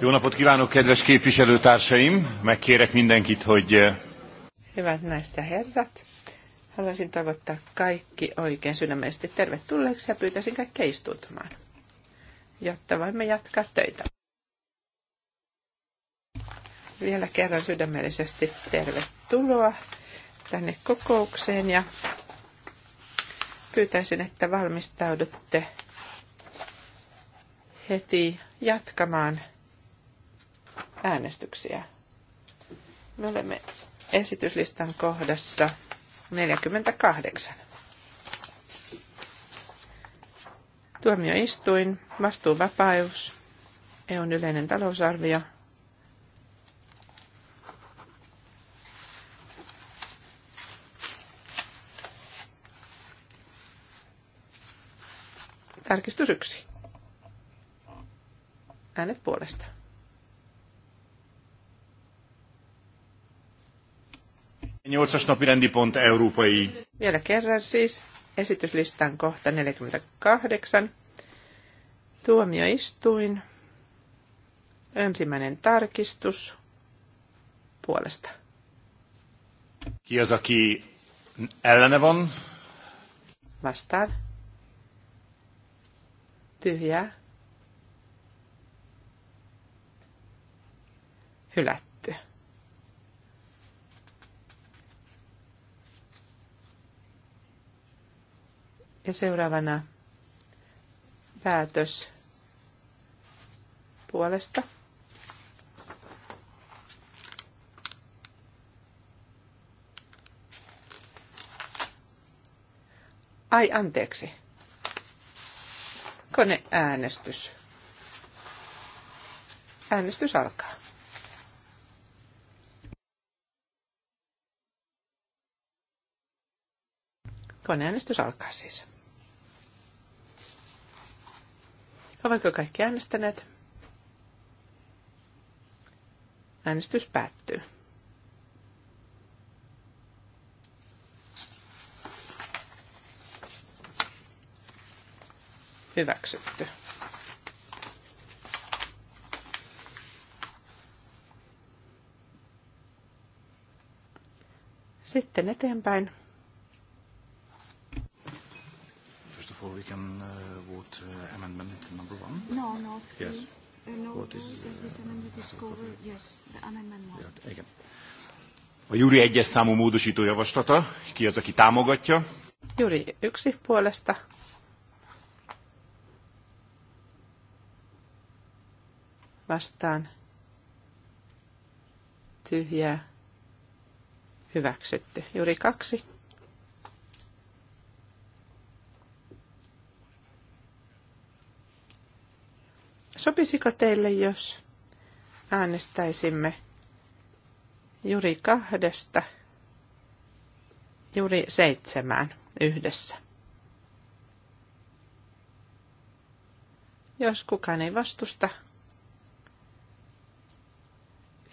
Jó napot kívánok, kedves képviselőtársaim! Megkérek mindenkit, hogy... Eh, Hyvät naiset ja herrat! Haluaisin tavoittaa kaikki oikein sydämellisesti tervetulleeksi ja pyytäisin kaikkia istuutumaan jotta voimme jatkaa töitä. Vielä kerran sydämellisesti tervetuloa tänne kokoukseen ja pyytäisin, että valmistaudutte heti jatkamaan äänestyksiä. Me olemme esityslistan kohdassa 48. Tuomioistuin, vastuuvapaus, EUn yleinen talousarvio. Tarkistus yksi. Äänet puolesta. Vielä kerran siis esityslistan kohta 48. Tuomioistuin. Ensimmäinen tarkistus puolesta. Ki Elenevon. Vastaan. Tyhjää. Hylät. Ja seuraavana päätös puolesta. Ai anteeksi. Koneäänestys. Äänestys alkaa. Koneäänestys alkaa siis. Ovatko kaikki äänestäneet? Äänestys päättyy. Hyväksytty. Sitten eteenpäin. we can uh, vote uh, amendment number one? No, no. Yes. Uh, no, this uh, amendment is covered. Yes, the amendment one. Yeah, A Júri egyes számú módosító javaslata. Ki az, aki támogatja? Júri yksi puolesta. Vastaan. Tyhjää. Hyväksytty. Júri kaksi Sopisiko teille, jos äänestäisimme juuri kahdesta juuri seitsemään yhdessä? Jos kukaan ei vastusta,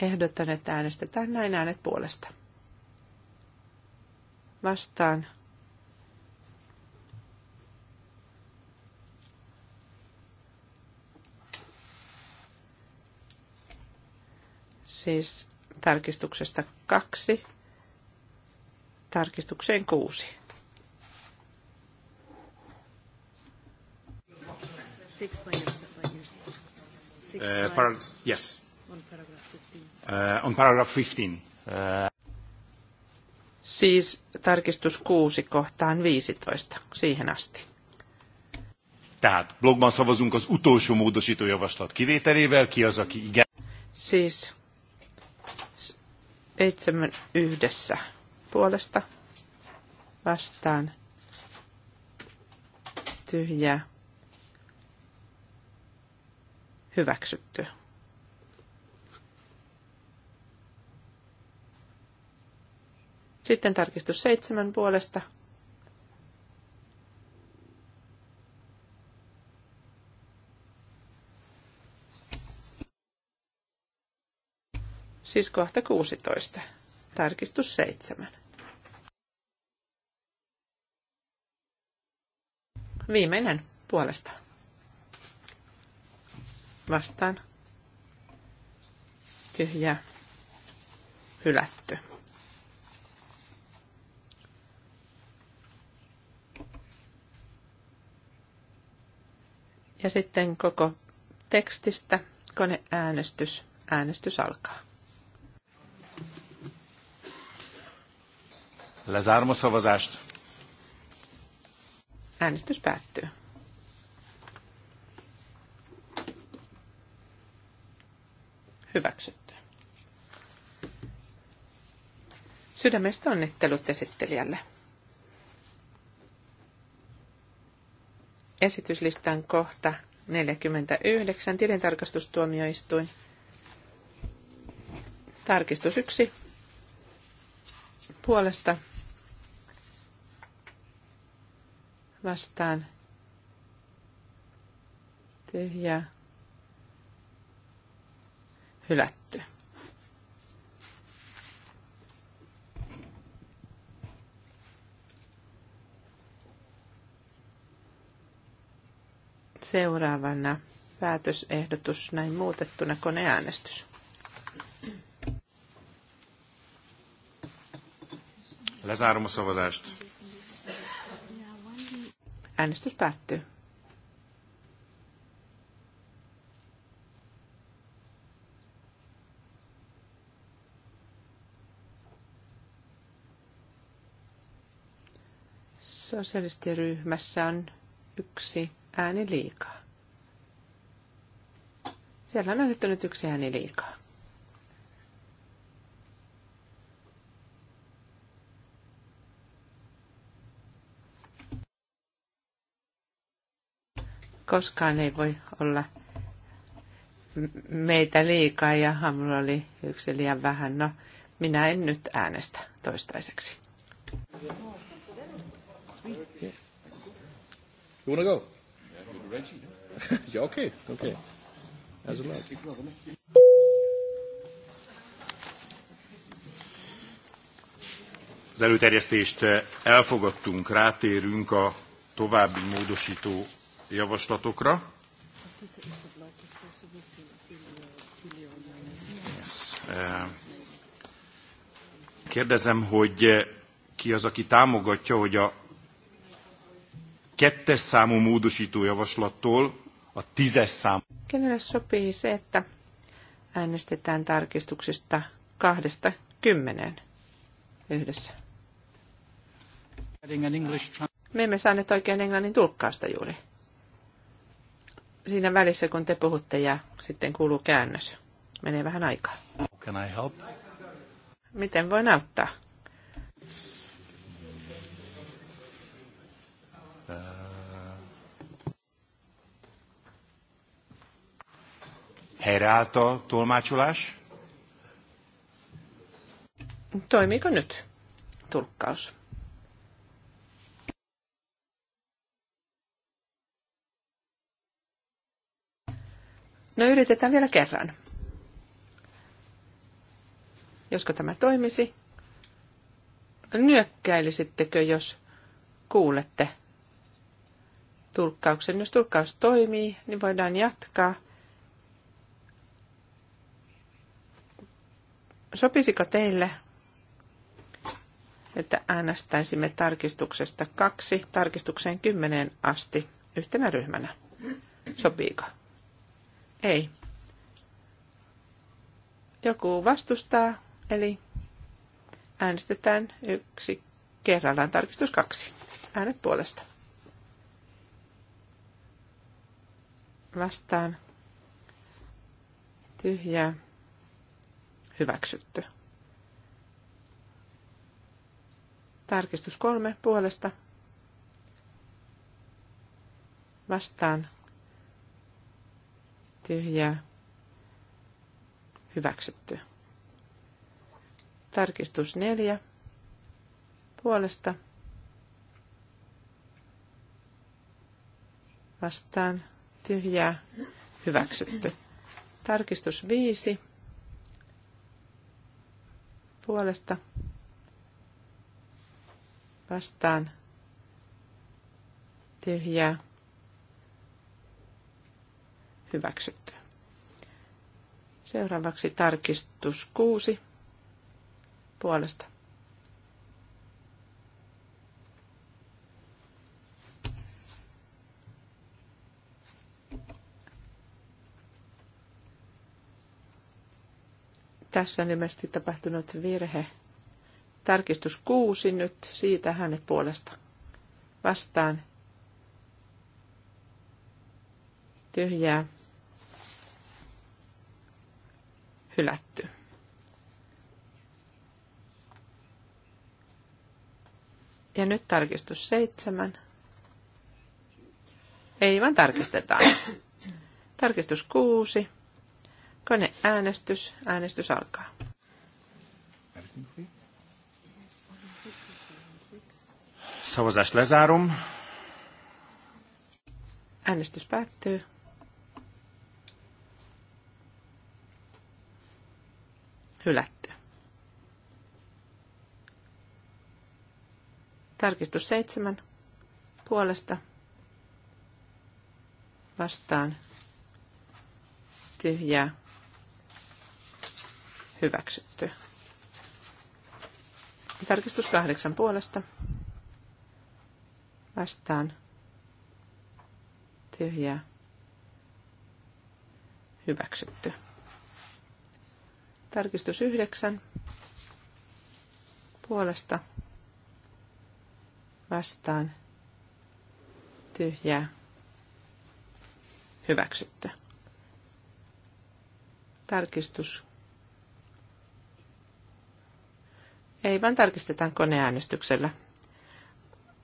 ehdotan, että äänestetään näin äänet puolesta. Vastaan siis tarkistuksesta kaksi tarkistukseen kuusi. Six uh, yes. On paragraph 15. Uh, uh, siis tarkistus 6 kohtaan 15 siihen asti. Tehát blogban szavazunk az utolsó módosítójavaslat kivételével, ki az, aki igen. Siis seitsemän yhdessä puolesta vastaan tyhjää hyväksytty. Sitten tarkistus seitsemän puolesta Siis kohta 16. Tarkistus 7. Viimeinen puolesta. Vastaan. Tyhjä. Hylätty. Ja sitten koko tekstistä koneäänestys. Äänestys alkaa. Lezárom a szavazást. Äänestys päättyy. Hyväksytty. Sydämestä onnittelut esittelijälle. Esityslistan kohta 49, tilintarkastustuomioistuin. Tarkistus 1. Puolesta vastaan tyhjä hylätty. Seuraavana päätösehdotus näin muutettuna koneäänestys. Lezárom a Äänestys päättyy. Sosialistiryhmässä on yksi ääni liikaa. Siellä on nyt yksi ääni liikaa. Koskaan ei voi olla meitä liikaa ja aamulla oli yksi liian vähän. No, minä en nyt äänestä toistaiseksi. You wanna go? yeah, okay, okay. As allowed. Az előterjesztést eh, elfogadtunk, rátérünk a további módosító javaslatokra. Eh, kérdezem, hogy eh, ki az, aki támogatja, hogy a kettes számú módosító javaslattól a tízes számú. Kenelle sopii se, että äänestetään tarkistuksesta kahdesta kymmeneen yhdessä? Me emme saaneet oikein englannin tulkkausta juuri siinä välissä, kun te puhutte ja sitten kuuluu käännös. Menee vähän aikaa. Can I help? Miten voin auttaa? Herato tulmaculas? Toimiiko nyt tulkkaus? No yritetään vielä kerran. Josko tämä toimisi? Nyökkäilisittekö, jos kuulette tulkkauksen? Jos tulkkaus toimii, niin voidaan jatkaa. Sopisiko teille, että äänestäisimme tarkistuksesta kaksi tarkistukseen kymmeneen asti yhtenä ryhmänä? Sopiiko? Ei. Joku vastustaa, eli äänestetään yksi kerrallaan tarkistus kaksi. Äänet puolesta. Vastaan. tyhjä Hyväksytty. Tarkistus kolme puolesta. Vastaan tyhjä hyväksytty. Tarkistus neljä puolesta vastaan tyhjää, hyväksytty. Tarkistus viisi puolesta vastaan tyhjää, Hyväksytty. Seuraavaksi tarkistus kuusi puolesta. Tässä on ilmeisesti tapahtunut virhe. Tarkistus kuusi nyt siitä hänet puolesta. Vastaan. Tyhjää. hylätty. Ja nyt tarkistus seitsemän. Ei, vaan tarkistetaan. Tarkistus kuusi. Kone Äänestys äänestys alkaa. Szavazás lezárom. Äänestys päättyy. Hylätty. Tarkistus seitsemän puolesta vastaan tyhjää hyväksytty. Tarkistus kahdeksan puolesta vastaan tyhjää hyväksytty. Tarkistus 9 puolesta vastaan tyhjää hyväksyttä. Tarkistus. Ei vaan tarkistetaan koneäänestyksellä.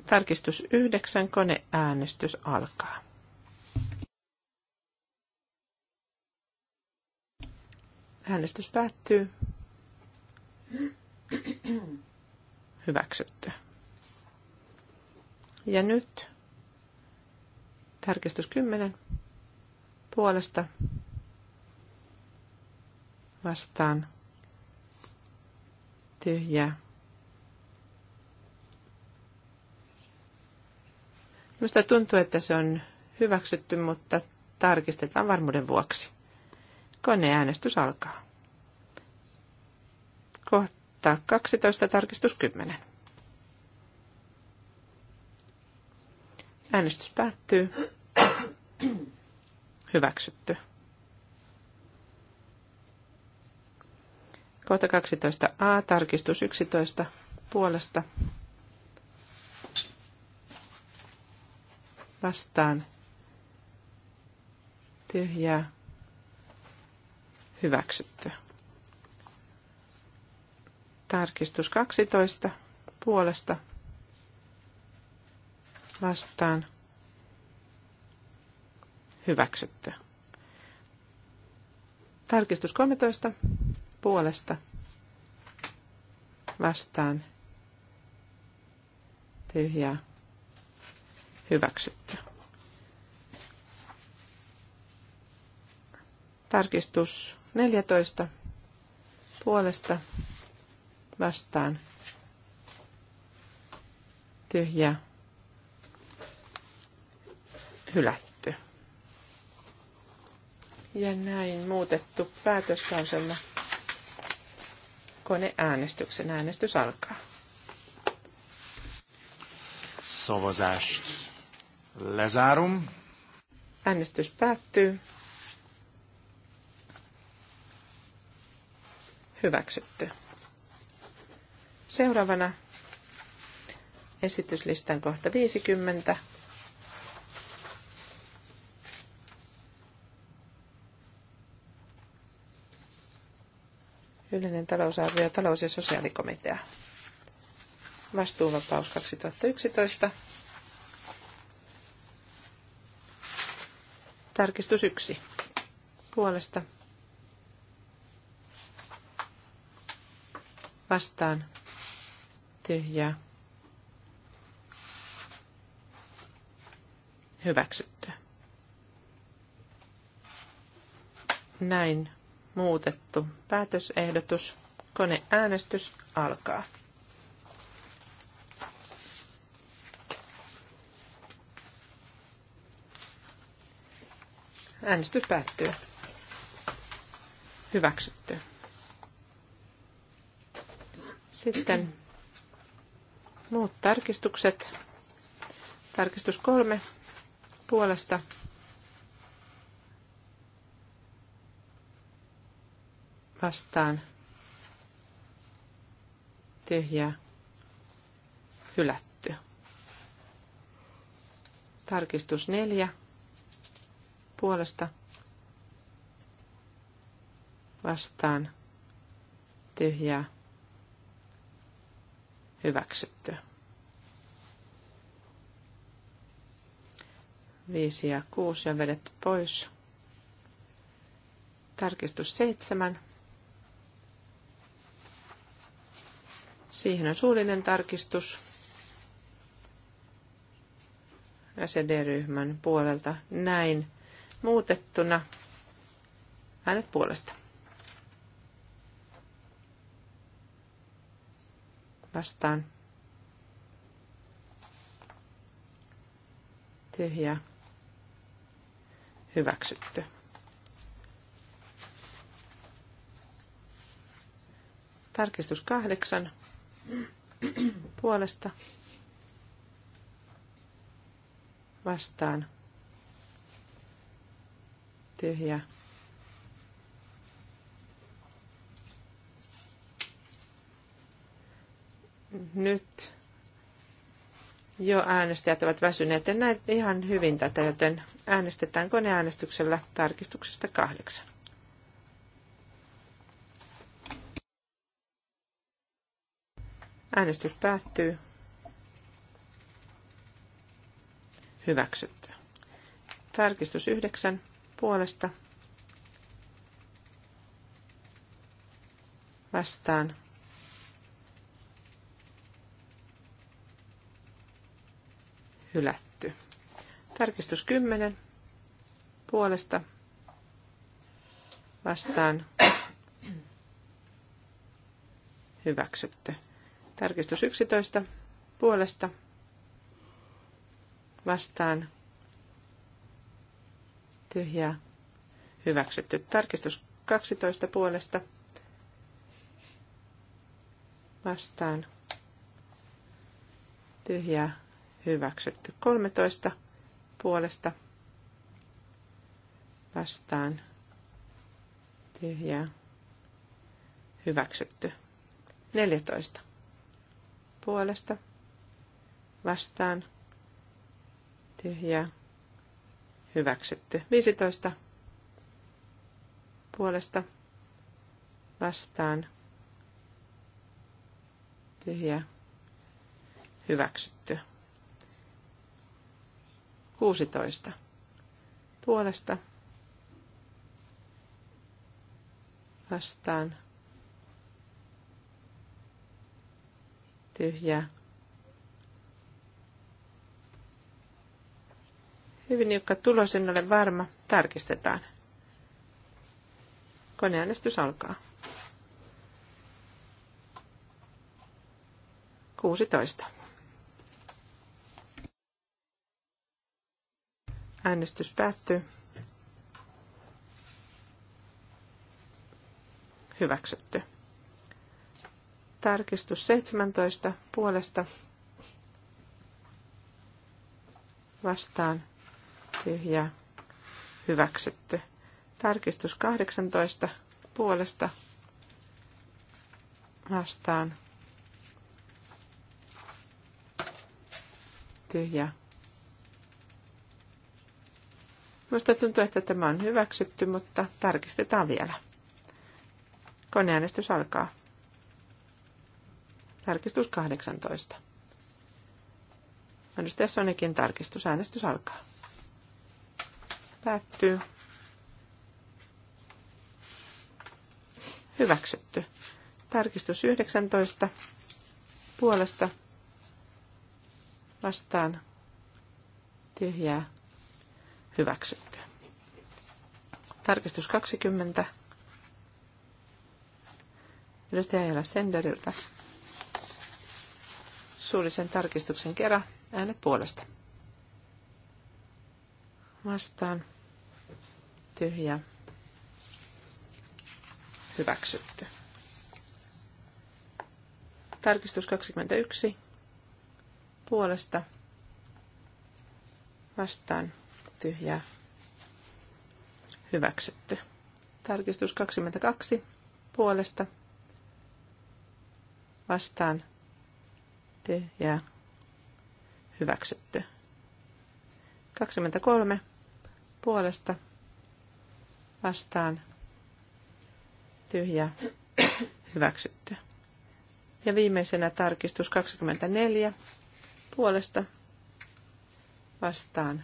Tarkistus 9 koneäänestys alkaa. Äänestys päättyy. Hyväksytty. Ja nyt tarkistus 10 puolesta vastaan tyhjää. Minusta tuntuu, että se on hyväksytty, mutta tarkistetaan varmuuden vuoksi. Koneäänestys alkaa. Kohta 12 tarkistus 10. Äänestys päättyy. Hyväksytty. Kohta 12a, tarkistus 11 puolesta. Vastaan. Tyhjää Hyväksytty. Tarkistus 12 puolesta vastaan. Hyväksytty. Tarkistus 13 puolesta vastaan. Tyhjää. Hyväksytty. Tarkistus 14 puolesta vastaan tyhjä hylätty. Ja näin muutettu päätöslauselma koneäänestyksen äänestys alkaa. Szavazást lezárom. Äänestys päättyy. Hyväksytty. Seuraavana esityslistan kohta 50. Yleinen talousarvio, talous- ja sosiaalikomitea. Vastuuvapaus 2011. Tarkistus 1. Puolesta vastaan tyhjää hyväksyttyä. Näin muutettu päätösehdotus. Koneäänestys alkaa. Äänestys päättyy. Hyväksytty. Sitten muut tarkistukset. Tarkistus kolme puolesta vastaan tyhjä hylätty. Tarkistus neljä puolesta vastaan tyhjää hyväksytty. Viisi ja kuusi on vedetty pois. Tarkistus seitsemän. Siihen on suullinen tarkistus SED-ryhmän puolelta näin muutettuna. Äänet puolesta. vastaan. tyhjä Hyväksytty. Tarkistus kahdeksan puolesta vastaan tyhjä nyt jo äänestäjät ovat väsyneet. ja näe ihan hyvin tätä, joten äänestetään koneäänestyksellä tarkistuksesta kahdeksan. Äänestys päättyy. Hyväksytty. Tarkistus yhdeksän puolesta vastaan hylätty. Tarkistus 10 puolesta vastaan hyväksytty. Tarkistus 11 puolesta vastaan tyhjää hyväksytty. Tarkistus 12 puolesta vastaan tyhjää hyväksytty. 13 puolesta vastaan tyhjää hyväksytty. 14 puolesta vastaan tyhjää hyväksytty. 15 puolesta vastaan tyhjää hyväksytty. 16 puolesta vastaan tyhjää. Hyvin niukka tulos, en ole varma. Tarkistetaan. Koneäänestys alkaa. 16. Äänestys päättyy. Hyväksytty. Tarkistus 17 puolesta vastaan tyhjää hyväksytty. Tarkistus 18 puolesta vastaan tyhjää Minusta tuntuu, että tämä on hyväksytty, mutta tarkistetaan vielä. Koneäänestys alkaa. Tarkistus 18. Edustaja Sonikin tarkistusäänestys alkaa. Päättyy. Hyväksytty. Tarkistus 19. Puolesta vastaan tyhjää hyväksyttyä. Tarkistus 20. Edustaja Jäljellä Senderiltä. Suullisen tarkistuksen kerran äänet puolesta. Vastaan. Tyhjä. Hyväksytty. Tarkistus 21. Puolesta. Vastaan ja hyväksytty. Tarkistus 22 puolesta vastaan tyhjää hyväksytty. 23 puolesta vastaan tyhjää hyväksytty. Ja viimeisenä tarkistus 24 puolesta vastaan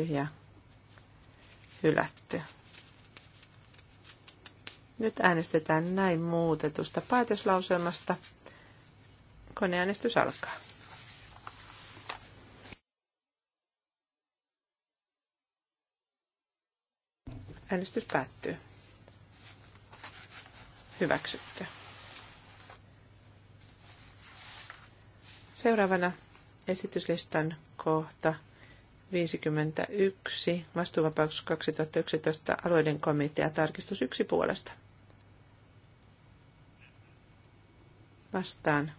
ja hylätty. Nyt äänestetään näin muutetusta päätöslauselmasta. Koneäänestys alkaa. Äänestys päättyy. Hyväksytty. Seuraavana esityslistan kohta 51, vastuuvapaus 2011, alueiden komitea, tarkistus yksi puolesta. Vastaan.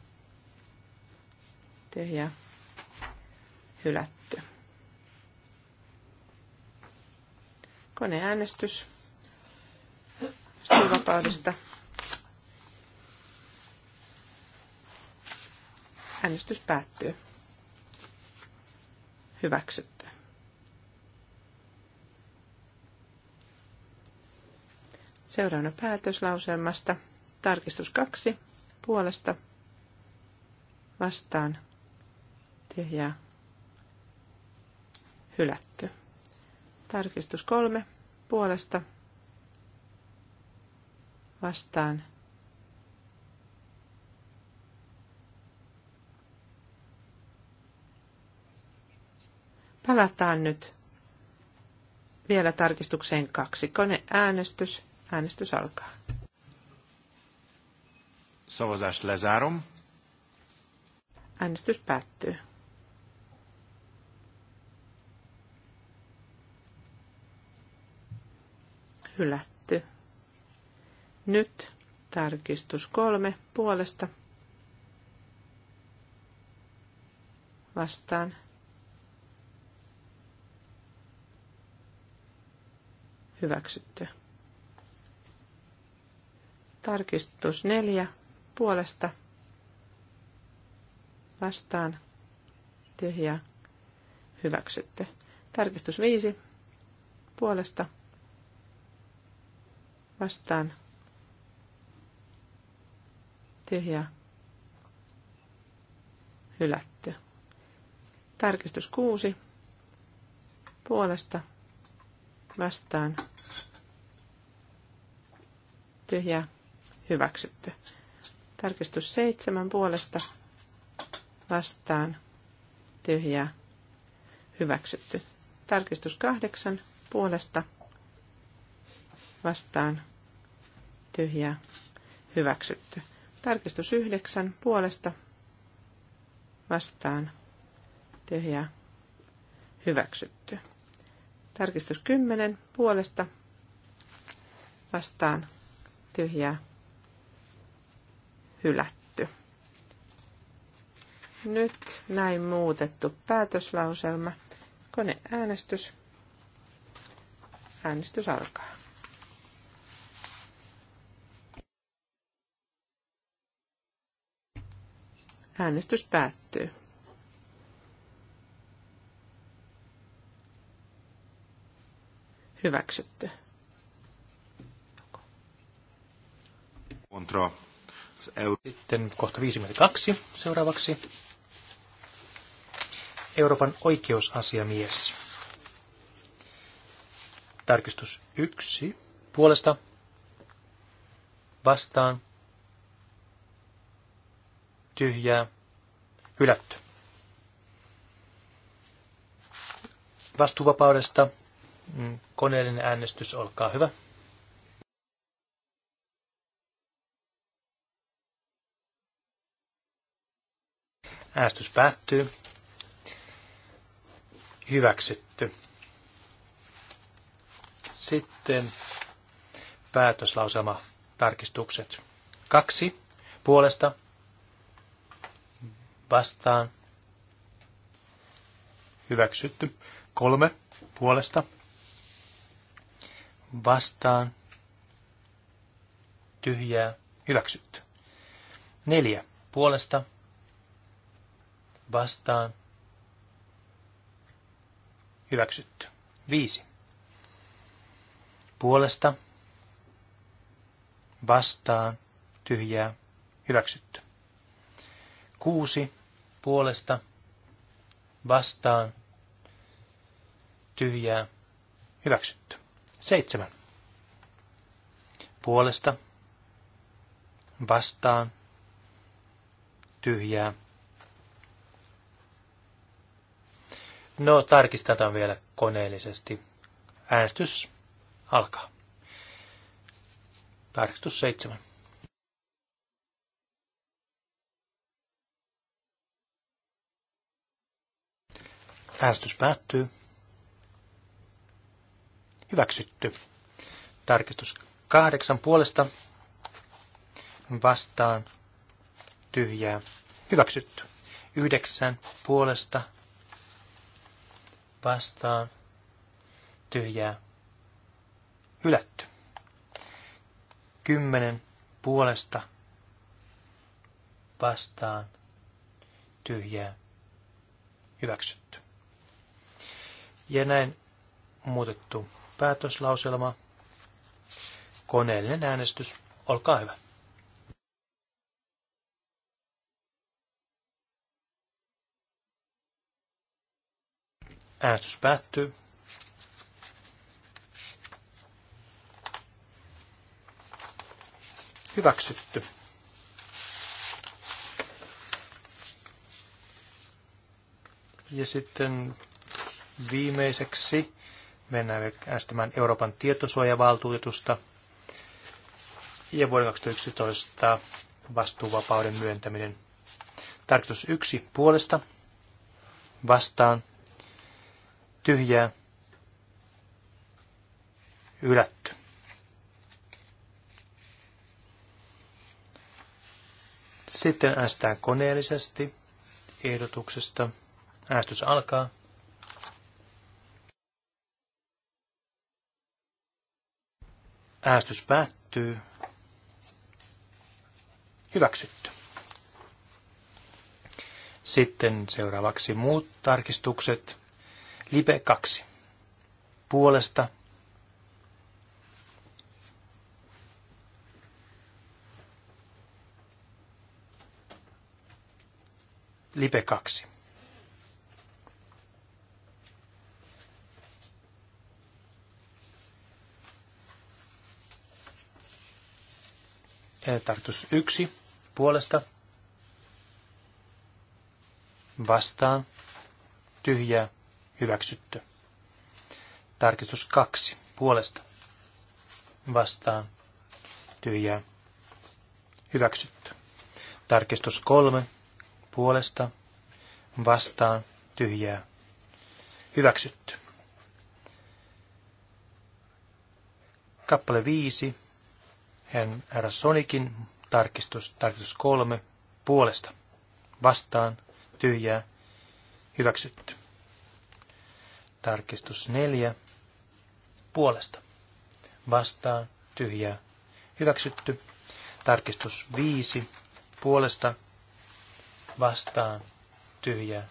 Tyhjä. Hylätty. Koneäänestys vastuuvapaudesta. Äänestys päättyy hyväksytty. Seuraavana päätöslauselmasta. Tarkistus kaksi puolesta vastaan tyhjää hylätty. Tarkistus kolme puolesta vastaan Palataan nyt vielä tarkistukseen kaksi. Koneäänestys. Äänestys alkaa. Szavazás lezárom. Äänestys päättyy. Hylätty. Nyt tarkistus kolme puolesta. Vastaan. Hyväksytty. Tarkistus neljä puolesta vastaan tyhjää hyväksytty. Tarkistus viisi puolesta vastaan tyhjää hylätty. Tarkistus kuusi puolesta vastaan tyhjä hyväksytty. Tarkistus seitsemän puolesta vastaan tyhjää hyväksytty. Tarkistus kahdeksan puolesta vastaan tyhjää hyväksytty. Tarkistus yhdeksän puolesta vastaan tyhjää hyväksytty. Tarkistus kymmenen puolesta vastaan tyhjää hylätty. Nyt näin muutettu päätöslauselma. Koneäänestys. Äänestys alkaa. Äänestys päättyy. Hyväksytty. Kontra sitten kohta 52 seuraavaksi. Euroopan oikeusasiamies. Tarkistus 1 puolesta vastaan tyhjää hylätty. Vastuvapaudesta. Mm, koneellinen äänestys, olkaa hyvä. äästys päättyy. Hyväksytty. Sitten päätöslauselma tarkistukset. Kaksi puolesta vastaan hyväksytty. Kolme puolesta vastaan tyhjää hyväksytty. Neljä puolesta vastaan hyväksytty. Viisi. Puolesta vastaan tyhjää hyväksytty. Kuusi. Puolesta vastaan tyhjää hyväksytty. Seitsemän. Puolesta vastaan tyhjää No, tarkistetaan vielä koneellisesti. Äänestys alkaa. Tarkistus 7. Äänestys päättyy. Hyväksytty. Tarkistus kahdeksan puolesta vastaan tyhjää. Hyväksytty. Yhdeksän puolesta vastaan, tyhjää, hylätty. Kymmenen puolesta vastaan, tyhjää, hyväksytty. Ja näin muutettu päätöslauselma. Koneellinen äänestys, olkaa hyvä. Äänestys päättyy. Hyväksytty. Ja sitten viimeiseksi mennään äänestämään Euroopan tietosuojavaltuutetusta ja vuoden 2011 vastuuvapauden myöntäminen. Tarkoitus yksi puolesta vastaan tyhjää, ylätty. Sitten äästään koneellisesti ehdotuksesta. Äästys alkaa. Äästys päättyy. Hyväksytty. Sitten seuraavaksi muut tarkistukset. Libe 2. Puolesta. Libe 2. Tartus 1 puolesta vastaan tyhjää hyväksytty. Tarkistus kaksi puolesta vastaan tyhjää hyväksytty. Tarkistus kolme puolesta vastaan tyhjää hyväksytty. Kappale viisi hän herra Sonikin tarkistus, tarkistus kolme puolesta vastaan tyhjää hyväksytty. Tarkistus neljä puolesta. Vastaan tyhjää hyväksytty. Tarkistus viisi puolesta. Vastaan tyhjää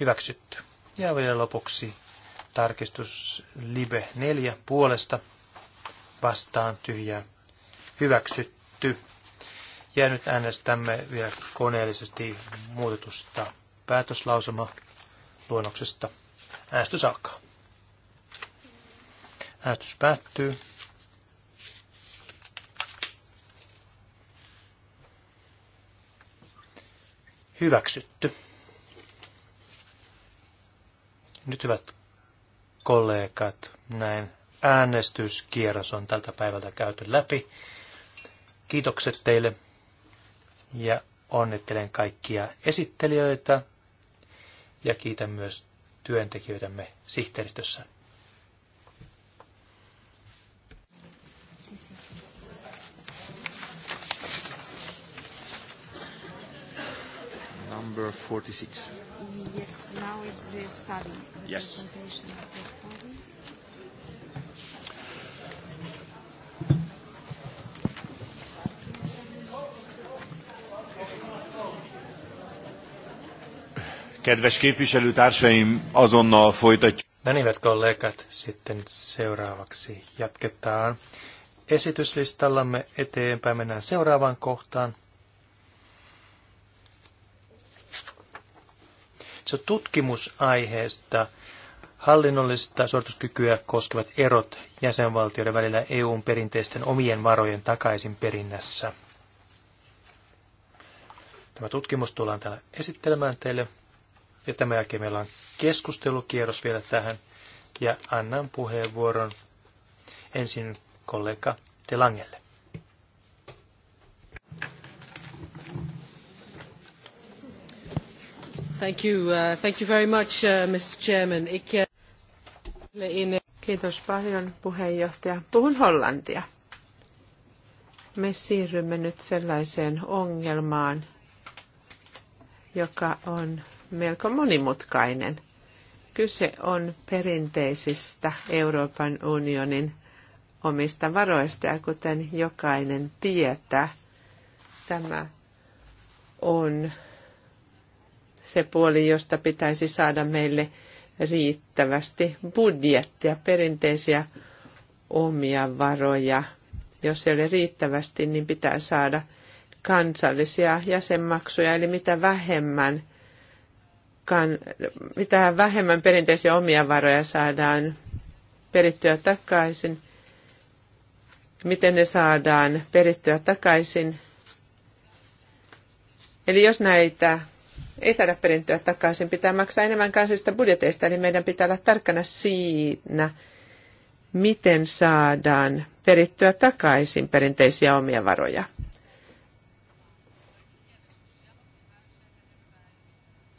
hyväksytty. Ja vielä lopuksi tarkistus Libe 4 puolesta vastaan tyhjää hyväksytty. Ja nyt äänestämme vielä koneellisesti muutetusta päätöslausuma luonnoksesta. Äänestys alkaa. Äänestys päättyy. Hyväksytty. Nyt hyvät kollegat, näin äänestyskierros on tältä päivältä käyty läpi. Kiitokset teille ja onnittelen kaikkia esittelijöitä ja kiitän myös työntekijöitämme sihteeristössä. Number 46. Yes, now is the study. The yes. presentation of the study. Kedves képviselőtársaim, azonnal folytatjuk. No kollégat sitten seuraavaksi jatketaan. Esityslistallamme eteenpäin mennään seuraavaan kohtaan. Se on tutkimusaiheesta hallinnollista suorituskykyä koskevat erot jäsenvaltioiden välillä EUn perinteisten omien varojen takaisin perinnässä. Tämä tutkimus tullaan täällä esittelemään teille ja tämän jälkeen meillä on keskustelukierros vielä tähän. Ja annan puheenvuoron ensin kollega Delangelle. Thank you, uh, thank you very much, uh, Mr. Chairman. Ik, uh, Kiitos paljon puheenjohtaja. Puhun hollantia. Me siirrymme nyt sellaiseen ongelmaan, joka on melko monimutkainen. Kyse on perinteisistä Euroopan unionin omista varoista ja kuten jokainen tietää, tämä on se puoli, josta pitäisi saada meille riittävästi budjettia, perinteisiä omia varoja. Jos ei ole riittävästi, niin pitää saada – kansallisia jäsenmaksuja, eli mitä vähemmän, kan, mitä vähemmän perinteisiä omia varoja saadaan perittyä takaisin, miten ne saadaan perittyä takaisin. Eli jos näitä ei saada perintöä takaisin, pitää maksaa enemmän kansallisista budjeteista, eli meidän pitää olla tarkkana siinä, miten saadaan perittyä takaisin perinteisiä omia varoja.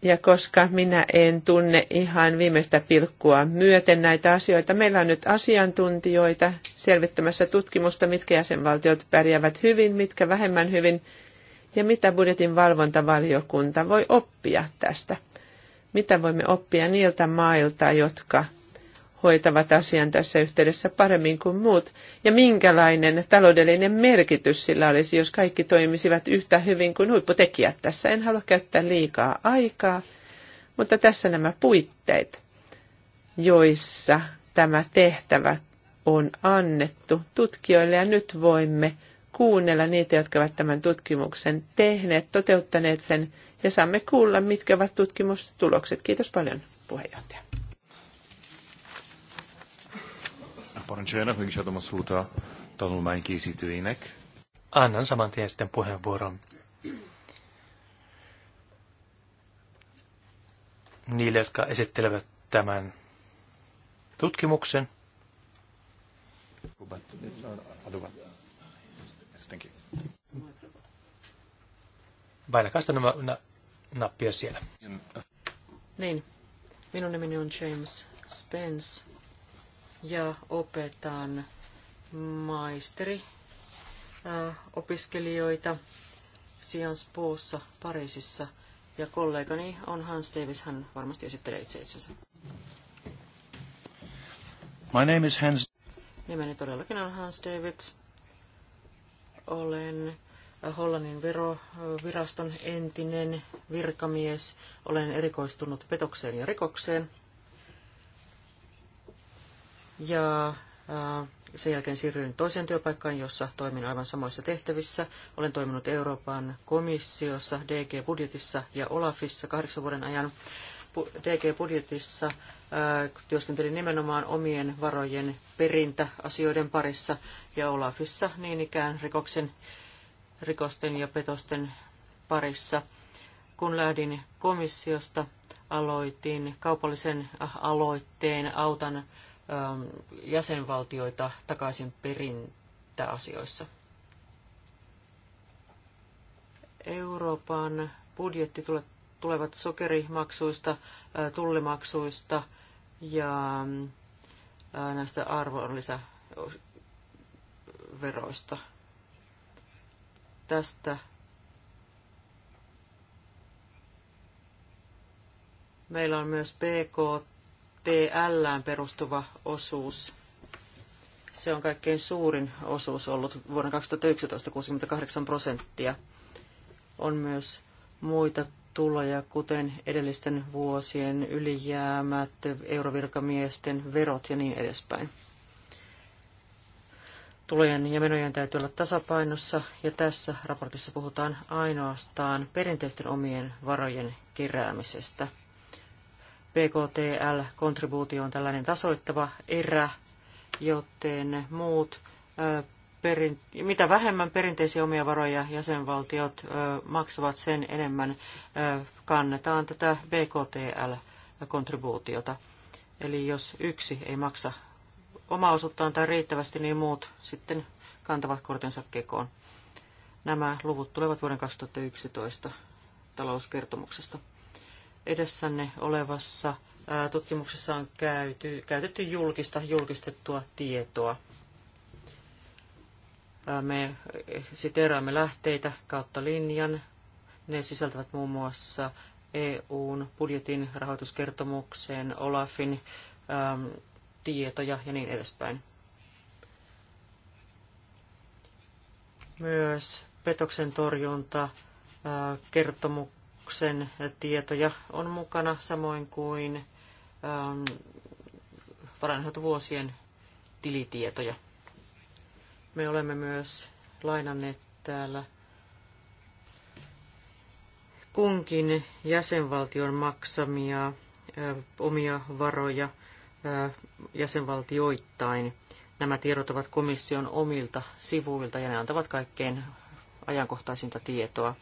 Ja koska minä en tunne ihan viimeistä pilkkua myöten näitä asioita, meillä on nyt asiantuntijoita selvittämässä tutkimusta, mitkä jäsenvaltiot pärjäävät hyvin, mitkä vähemmän hyvin, ja mitä budjetin valvontavaliokunta voi oppia tästä. Mitä voimme oppia niiltä mailta, jotka hoitavat asian tässä yhteydessä paremmin kuin muut, ja minkälainen taloudellinen merkitys sillä olisi, jos kaikki toimisivat yhtä hyvin kuin huipputekijät tässä. En halua käyttää liikaa aikaa, mutta tässä nämä puitteet, joissa tämä tehtävä on annettu tutkijoille, ja nyt voimme kuunnella niitä, jotka ovat tämän tutkimuksen tehneet, toteuttaneet sen, ja saamme kuulla, mitkä ovat tutkimustulokset. Kiitos paljon, puheenjohtaja. Parancsoljanak, meg is adom a szót a tanulmány készítőjének. Annan saman tien sitten puheenvuoron. Niille, jotka esittelevät tämän tutkimuksen. Painakaa sitä nämä na, nappia siellä. Niin. Minun nimeni on James Spence ja opetan maisteri äh, opiskelijoita Sciences Poossa Pariisissa. Ja kollegani on Hans Davis, hän varmasti esittelee itse itsensä. My name is Hans. Nimeni todellakin on Hans Davids. Olen äh, Hollannin veroviraston äh, entinen virkamies. Olen erikoistunut petokseen ja rikokseen ja äh, sen jälkeen siirryin toiseen työpaikkaan, jossa toimin aivan samoissa tehtävissä. Olen toiminut Euroopan komissiossa, DG-budjetissa ja Olafissa kahdeksan vuoden ajan. DG-budjetissa äh, työskentelin nimenomaan omien varojen perintäasioiden parissa ja Olafissa niin ikään rikoksen, rikosten ja petosten parissa. Kun lähdin komissiosta, aloitin kaupallisen aloitteen autan Ähm, jäsenvaltioita takaisin perintäasioissa. Euroopan budjetti tulevat sokerimaksuista, äh, tullimaksuista ja mm, äh, näistä arvonlisäveroista. Tästä meillä on myös BKT STLään perustuva osuus. Se on kaikkein suurin osuus ollut vuonna 2011, 68 prosenttia. On myös muita tuloja, kuten edellisten vuosien ylijäämät, eurovirkamiesten verot ja niin edespäin. Tulojen ja menojen täytyy olla tasapainossa, ja tässä raportissa puhutaan ainoastaan perinteisten omien varojen keräämisestä – PKTL-kontribuutio on tällainen tasoittava erä, joten muut, perin, mitä vähemmän perinteisiä omia varoja jäsenvaltiot maksavat, sen enemmän kannetaan tätä BKTL-kontribuutiota. Eli jos yksi ei maksa omaa osuuttaan tai riittävästi, niin muut sitten kantavat kortensa kekoon. Nämä luvut tulevat vuoden 2011 talouskertomuksesta edessänne olevassa tutkimuksessa on käyty, käytetty julkista, julkistettua tietoa. Me siteeraamme lähteitä kautta linjan. Ne sisältävät muun muassa EUn budjetin rahoituskertomukseen, Olafin äm, tietoja ja niin edespäin. Myös petoksen torjunta kertomuksen keskuksen tietoja on mukana, samoin kuin ähm, varainhoitovuosien tilitietoja. Me olemme myös lainanneet täällä kunkin jäsenvaltion maksamia äh, omia varoja äh, jäsenvaltioittain. Nämä tiedot ovat komission omilta sivuilta ja ne antavat kaikkein ajankohtaisinta tietoa.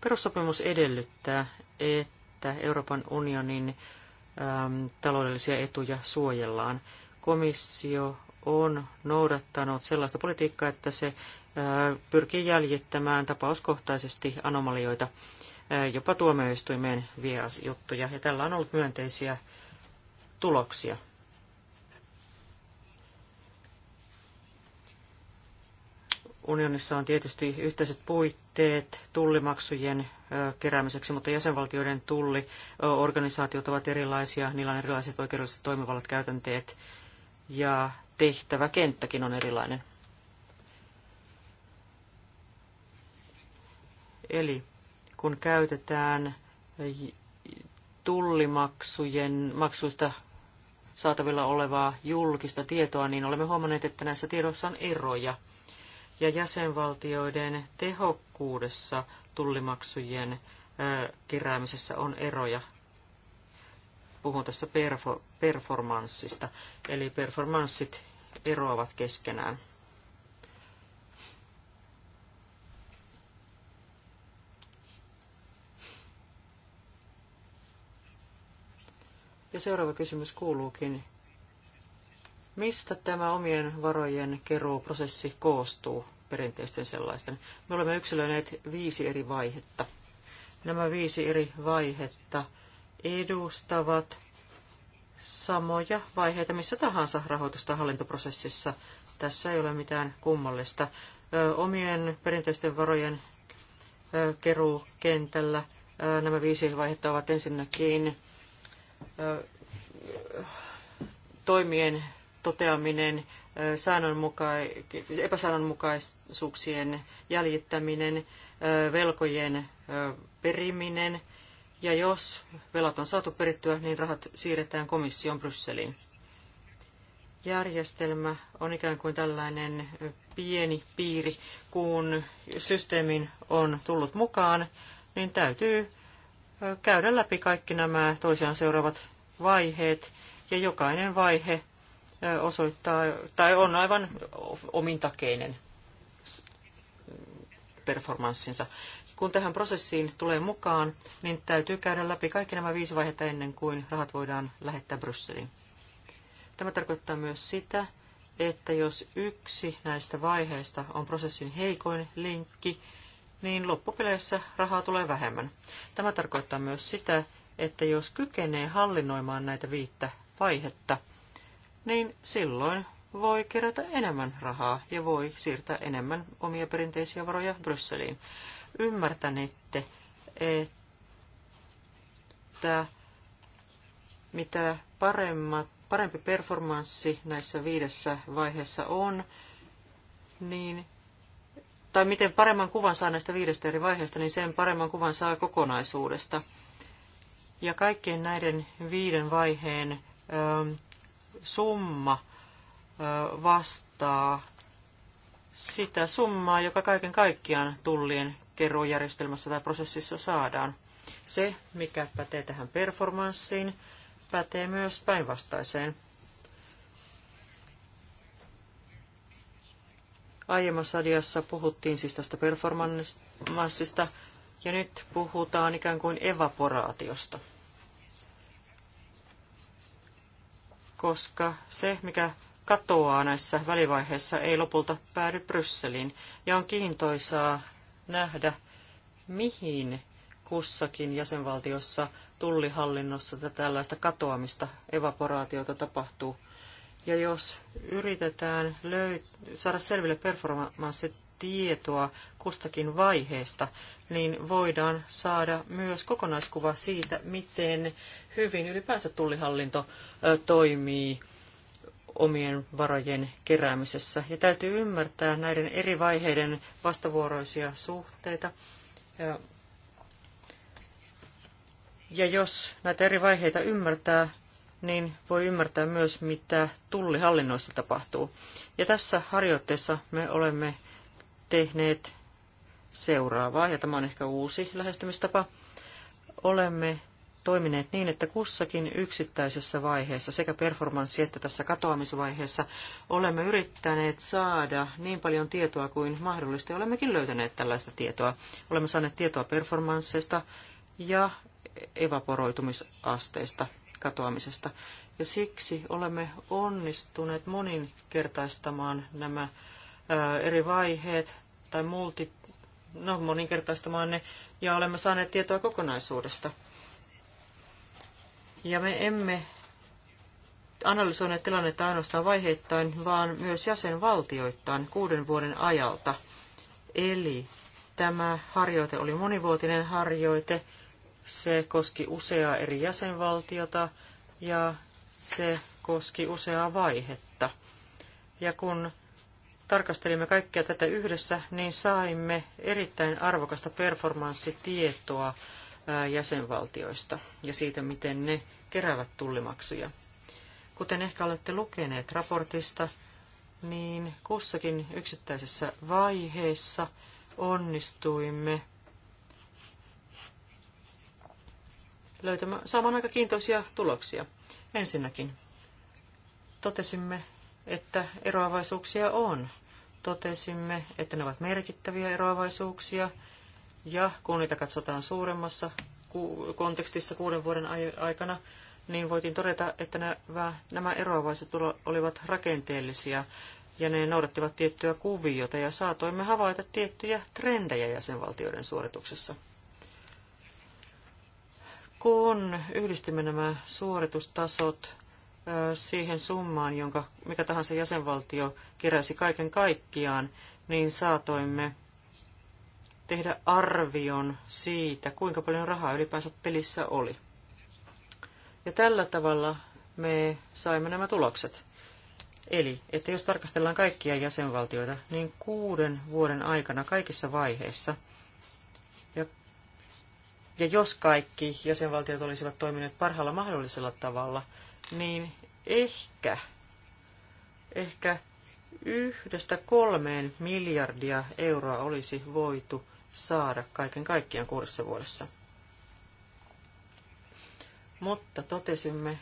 Perussopimus edellyttää, että Euroopan unionin ähm, taloudellisia etuja suojellaan. Komissio on noudattanut sellaista politiikkaa, että se äh, pyrkii jäljittämään tapauskohtaisesti anomalioita, äh, jopa tuomioistuimeen vie ja tällä on ollut myönteisiä tuloksia. Unionissa on tietysti yhteiset puitteet tullimaksujen keräämiseksi, mutta jäsenvaltioiden tulliorganisaatiot ovat erilaisia, niillä on erilaiset oikeudelliset toimivallat käytänteet ja tehtäväkenttäkin on erilainen. Eli kun käytetään tullimaksujen maksuista saatavilla olevaa julkista tietoa, niin olemme huomanneet, että näissä tiedoissa on eroja – ja jäsenvaltioiden tehokkuudessa tullimaksujen keräämisessä on eroja. Puhun tässä perfo, performanssista, eli performanssit eroavat keskenään. Ja seuraava kysymys kuuluukin, Mistä tämä omien varojen keruuprosessi koostuu perinteisten sellaisten? Me olemme yksilöineet viisi eri vaihetta. Nämä viisi eri vaihetta edustavat samoja vaiheita missä tahansa rahoitusta hallintoprosessissa. Tässä ei ole mitään kummallista. Omien perinteisten varojen keruukentällä nämä viisi vaihetta ovat ensinnäkin toimien toteaminen, epäsäännönmukaisuuksien jäljittäminen, velkojen periminen ja jos velat on saatu perittyä, niin rahat siirretään komission Brysseliin. Järjestelmä on ikään kuin tällainen pieni piiri, kun systeemin on tullut mukaan, niin täytyy käydä läpi kaikki nämä toisiaan seuraavat vaiheet, ja jokainen vaihe osoittaa, tai on aivan omintakeinen performanssinsa. Kun tähän prosessiin tulee mukaan, niin täytyy käydä läpi kaikki nämä viisi vaihetta ennen kuin rahat voidaan lähettää Brysseliin. Tämä tarkoittaa myös sitä, että jos yksi näistä vaiheista on prosessin heikoin linkki, niin loppupeleissä rahaa tulee vähemmän. Tämä tarkoittaa myös sitä, että jos kykenee hallinnoimaan näitä viittä vaihetta, niin silloin voi kerätä enemmän rahaa ja voi siirtää enemmän omia perinteisiä varoja Brysseliin. Ymmärtänette, että mitä paremmat, parempi performanssi näissä viidessä vaiheessa on, niin, tai miten paremman kuvan saa näistä viidestä eri vaiheesta, niin sen paremman kuvan saa kokonaisuudesta. Ja kaikkien näiden viiden vaiheen ö, ähm, summa vastaa sitä summaa, joka kaiken kaikkiaan tullien keruujärjestelmässä tai prosessissa saadaan. Se, mikä pätee tähän performanssiin, pätee myös päinvastaiseen. Aiemmassa adiassa puhuttiin siis tästä performanssista, ja nyt puhutaan ikään kuin evaporaatiosta – koska se, mikä katoaa näissä välivaiheissa, ei lopulta päädy Brysseliin. Ja on kiintoisaa nähdä, mihin kussakin jäsenvaltiossa tullihallinnossa tällaista katoamista, evaporaatiota tapahtuu. Ja jos yritetään löy- saada selville performanssitietoa kustakin vaiheesta, niin voidaan saada myös kokonaiskuva siitä, miten hyvin ylipäänsä tullihallinto toimii omien varojen keräämisessä. Ja täytyy ymmärtää näiden eri vaiheiden vastavuoroisia suhteita. Ja jos näitä eri vaiheita ymmärtää, niin voi ymmärtää myös, mitä tullihallinnoissa tapahtuu. Ja tässä harjoitteessa me olemme tehneet seuraavaa, ja tämä on ehkä uusi lähestymistapa. Olemme toimineet niin, että kussakin yksittäisessä vaiheessa, sekä performanssi että tässä katoamisvaiheessa, olemme yrittäneet saada niin paljon tietoa kuin mahdollista, ja olemmekin löytäneet tällaista tietoa. Olemme saaneet tietoa performansseista ja evaporoitumisasteista, katoamisesta. Ja siksi olemme onnistuneet moninkertaistamaan nämä eri vaiheet tai multi no, moninkertaistamaan ne, ja olemme saaneet tietoa kokonaisuudesta. Ja me emme analysoineet tilannetta ainoastaan vaiheittain, vaan myös jäsenvaltioittain kuuden vuoden ajalta. Eli tämä harjoite oli monivuotinen harjoite, se koski useaa eri jäsenvaltiota ja se koski useaa vaihetta. Ja kun tarkastelimme kaikkea tätä yhdessä, niin saimme erittäin arvokasta performanssitietoa jäsenvaltioista ja siitä, miten ne keräävät tullimaksuja. Kuten ehkä olette lukeneet raportista, niin kussakin yksittäisessä vaiheessa onnistuimme löytämään, saamaan aika kiintoisia tuloksia. Ensinnäkin totesimme, että eroavaisuuksia on. Totesimme, että ne ovat merkittäviä eroavaisuuksia, ja kun niitä katsotaan suuremmassa kontekstissa kuuden vuoden aikana, niin voitiin todeta, että nämä eroavaiset olivat rakenteellisia ja ne noudattivat tiettyä kuviota ja saatoimme havaita tiettyjä trendejä jäsenvaltioiden suorituksessa. Kun yhdistimme nämä suoritustasot siihen summaan, jonka mikä tahansa jäsenvaltio keräsi kaiken kaikkiaan, niin saatoimme tehdä arvion siitä, kuinka paljon rahaa ylipäänsä pelissä oli. Ja tällä tavalla me saimme nämä tulokset. Eli, että jos tarkastellaan kaikkia jäsenvaltioita, niin kuuden vuoden aikana kaikissa vaiheissa, ja, ja jos kaikki jäsenvaltiot olisivat toimineet parhaalla mahdollisella tavalla – niin ehkä, ehkä yhdestä kolmeen miljardia euroa olisi voitu saada kaiken kaikkiaan kuudessa vuodessa. Mutta totesimme,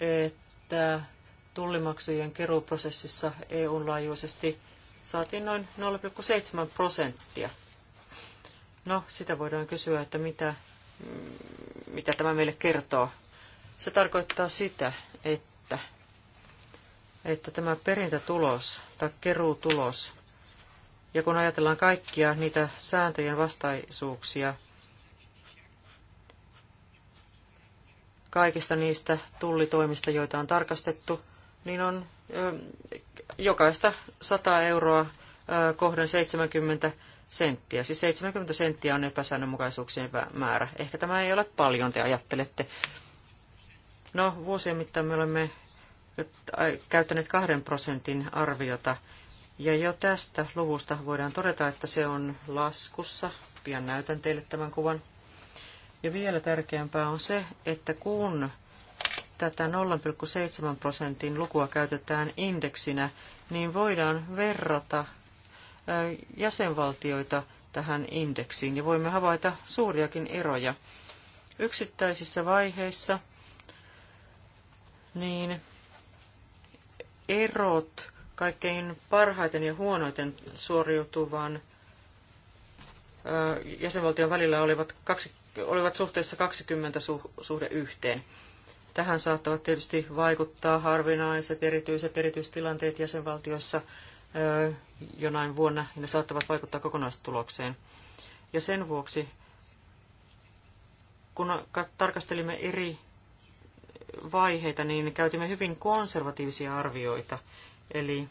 että tullimaksujen keruuprosessissa EUn laajuisesti saatiin noin 0,7 prosenttia. No, sitä voidaan kysyä, että mitä, mitä tämä meille kertoo se tarkoittaa sitä, että, että tämä perintätulos tai keruutulos, ja kun ajatellaan kaikkia niitä sääntöjen vastaisuuksia, kaikista niistä tullitoimista, joita on tarkastettu, niin on ö, jokaista 100 euroa ö, kohden 70 senttiä. Siis 70 senttiä on epäsäännönmukaisuuksien määrä. Ehkä tämä ei ole paljon, te ajattelette, No, vuosien mittaan me olemme käyttäneet kahden prosentin arviota, ja jo tästä luvusta voidaan todeta, että se on laskussa. Pian näytän teille tämän kuvan. Ja vielä tärkeämpää on se, että kun tätä 0,7 prosentin lukua käytetään indeksinä, niin voidaan verrata jäsenvaltioita tähän indeksiin ja voimme havaita suuriakin eroja. Yksittäisissä vaiheissa – niin erot kaikkein parhaiten ja huonoiten suoriutuvan jäsenvaltion välillä olivat, kaksi, olivat suhteessa 20 su, suhde yhteen. Tähän saattavat tietysti vaikuttaa harvinaiset, erityiset erityistilanteet jäsenvaltioissa jonain vuonna, ja ne saattavat vaikuttaa kokonaistulokseen. Ja sen vuoksi, kun tarkastelimme eri vaiheita, niin käytimme hyvin konservatiivisia arvioita. Eli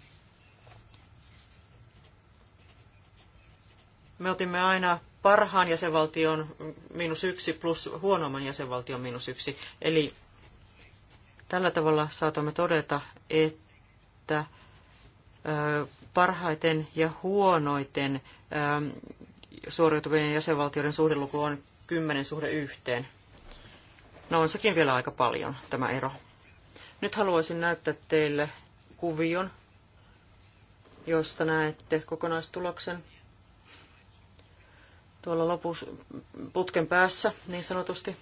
me otimme aina parhaan jäsenvaltion miinus yksi plus huonomman jäsenvaltion miinus yksi. Eli tällä tavalla saatamme todeta, että parhaiten ja huonoiten suoriutuvien jäsenvaltioiden suhdeluku on kymmenen suhde yhteen. No on sekin vielä aika paljon tämä ero. Nyt haluaisin näyttää teille kuvion, josta näette kokonaistuloksen tuolla lopus, putken päässä niin sanotusti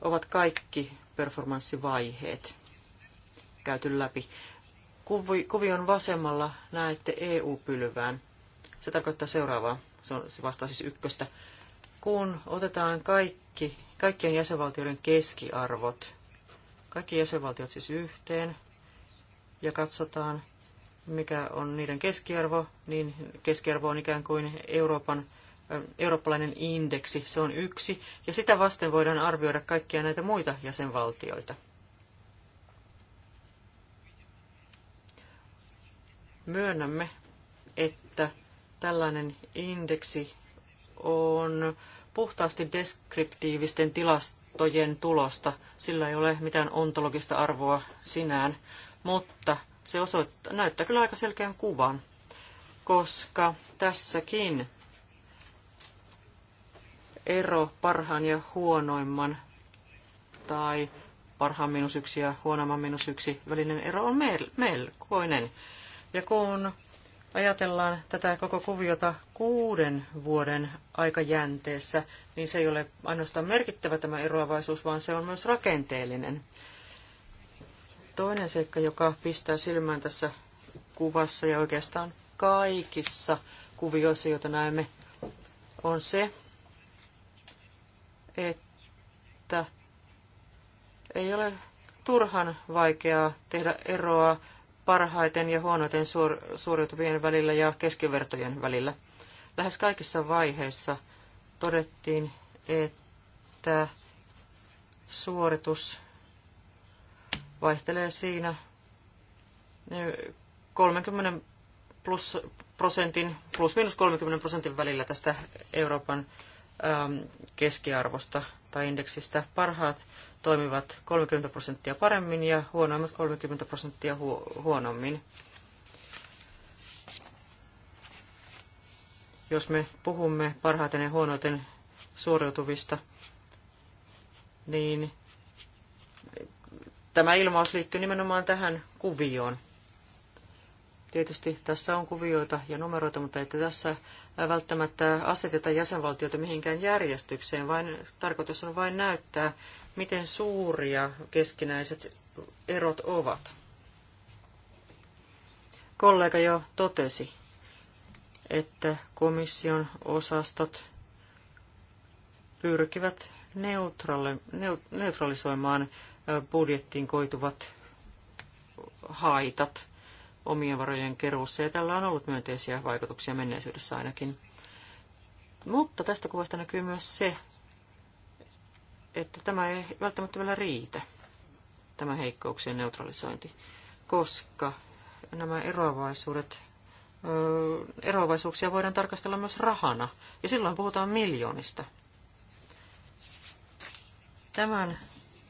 ovat kaikki performanssivaiheet käyty läpi. Kuvi, kuvion vasemmalla näette EU-pylvään. Se tarkoittaa seuraavaa. Se, on, se vastaa siis ykköstä kun otetaan kaikki, kaikkien jäsenvaltioiden keskiarvot, kaikki jäsenvaltiot siis yhteen, ja katsotaan, mikä on niiden keskiarvo, niin keskiarvo on ikään kuin Euroopan, eurooppalainen indeksi, se on yksi, ja sitä vasten voidaan arvioida kaikkia näitä muita jäsenvaltioita. Myönnämme, että tällainen indeksi on puhtaasti deskriptiivisten tilastojen tulosta. Sillä ei ole mitään ontologista arvoa sinään, mutta se osoittaa, näyttää kyllä aika selkeän kuvan, koska tässäkin ero parhaan ja huonoimman tai parhaan miinus yksi ja huonomman miinus yksi välinen ero on melkoinen. Ja kun ajatellaan tätä koko kuviota kuuden vuoden aikajänteessä, niin se ei ole ainoastaan merkittävä tämä eroavaisuus, vaan se on myös rakenteellinen. Toinen seikka, joka pistää silmään tässä kuvassa ja oikeastaan kaikissa kuvioissa, joita näemme, on se, että ei ole turhan vaikeaa tehdä eroa parhaiten ja huonoiten suor- suoriutuvien välillä ja keskivertojen välillä. Lähes kaikissa vaiheissa todettiin, että suoritus vaihtelee siinä 30 plus prosentin, plus miinus 30 prosentin välillä tästä Euroopan keskiarvosta tai indeksistä. Parhaat toimivat 30 prosenttia paremmin ja huonoimmat 30 prosenttia huonommin. Jos me puhumme parhaiten ja huonoiten suoriutuvista, niin tämä ilmaus liittyy nimenomaan tähän kuvioon. Tietysti tässä on kuvioita ja numeroita, mutta että tässä välttämättä aseteta jäsenvaltioita mihinkään järjestykseen, vain tarkoitus on vain näyttää, miten suuria keskinäiset erot ovat. Kollega jo totesi, että komission osastot pyrkivät neutralisoimaan budjettiin koituvat haitat omien varojen keruussa, ja tällä on ollut myönteisiä vaikutuksia menneisyydessä ainakin. Mutta tästä kuvasta näkyy myös se, että tämä ei välttämättä vielä riitä, tämä heikkouksien neutralisointi, koska nämä eroavaisuudet, eroavaisuuksia voidaan tarkastella myös rahana, ja silloin puhutaan miljoonista. Tämän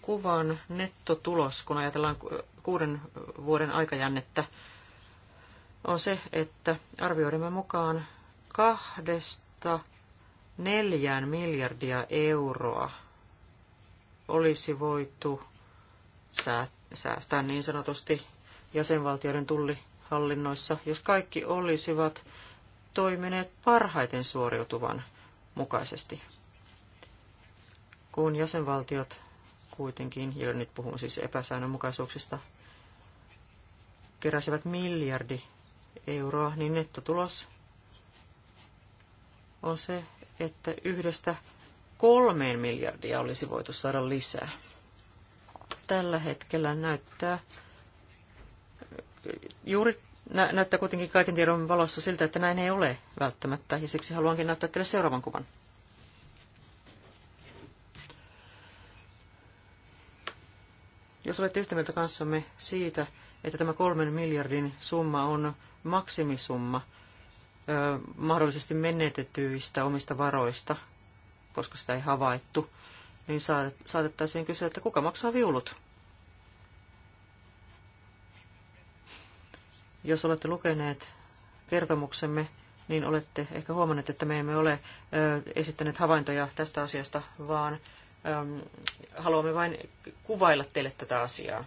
kuvan nettotulos, kun ajatellaan kuuden vuoden aikajännettä, on se, että arvioidemme mukaan kahdesta neljään miljardia euroa olisi voitu säästää niin sanotusti jäsenvaltioiden tullihallinnoissa, jos kaikki olisivat toimineet parhaiten suoriutuvan mukaisesti. Kun jäsenvaltiot kuitenkin, jo nyt puhun siis epäsäännönmukaisuuksista, keräsivät miljardi euroa, niin nettotulos on se, että yhdestä kolmeen miljardia olisi voitu saada lisää. Tällä hetkellä näyttää juuri nä, näyttää kuitenkin kaiken tiedon valossa siltä, että näin ei ole välttämättä, ja siksi haluankin näyttää teille seuraavan kuvan. Jos olette yhtä mieltä kanssamme siitä, että tämä kolmen miljardin summa on maksimisumma ö, mahdollisesti menetetyistä omista varoista koska sitä ei havaittu, niin saatettaisiin kysyä, että kuka maksaa viulut? Jos olette lukeneet kertomuksemme, niin olette ehkä huomanneet, että me emme ole esittäneet havaintoja tästä asiasta, vaan haluamme vain kuvailla teille tätä asiaa.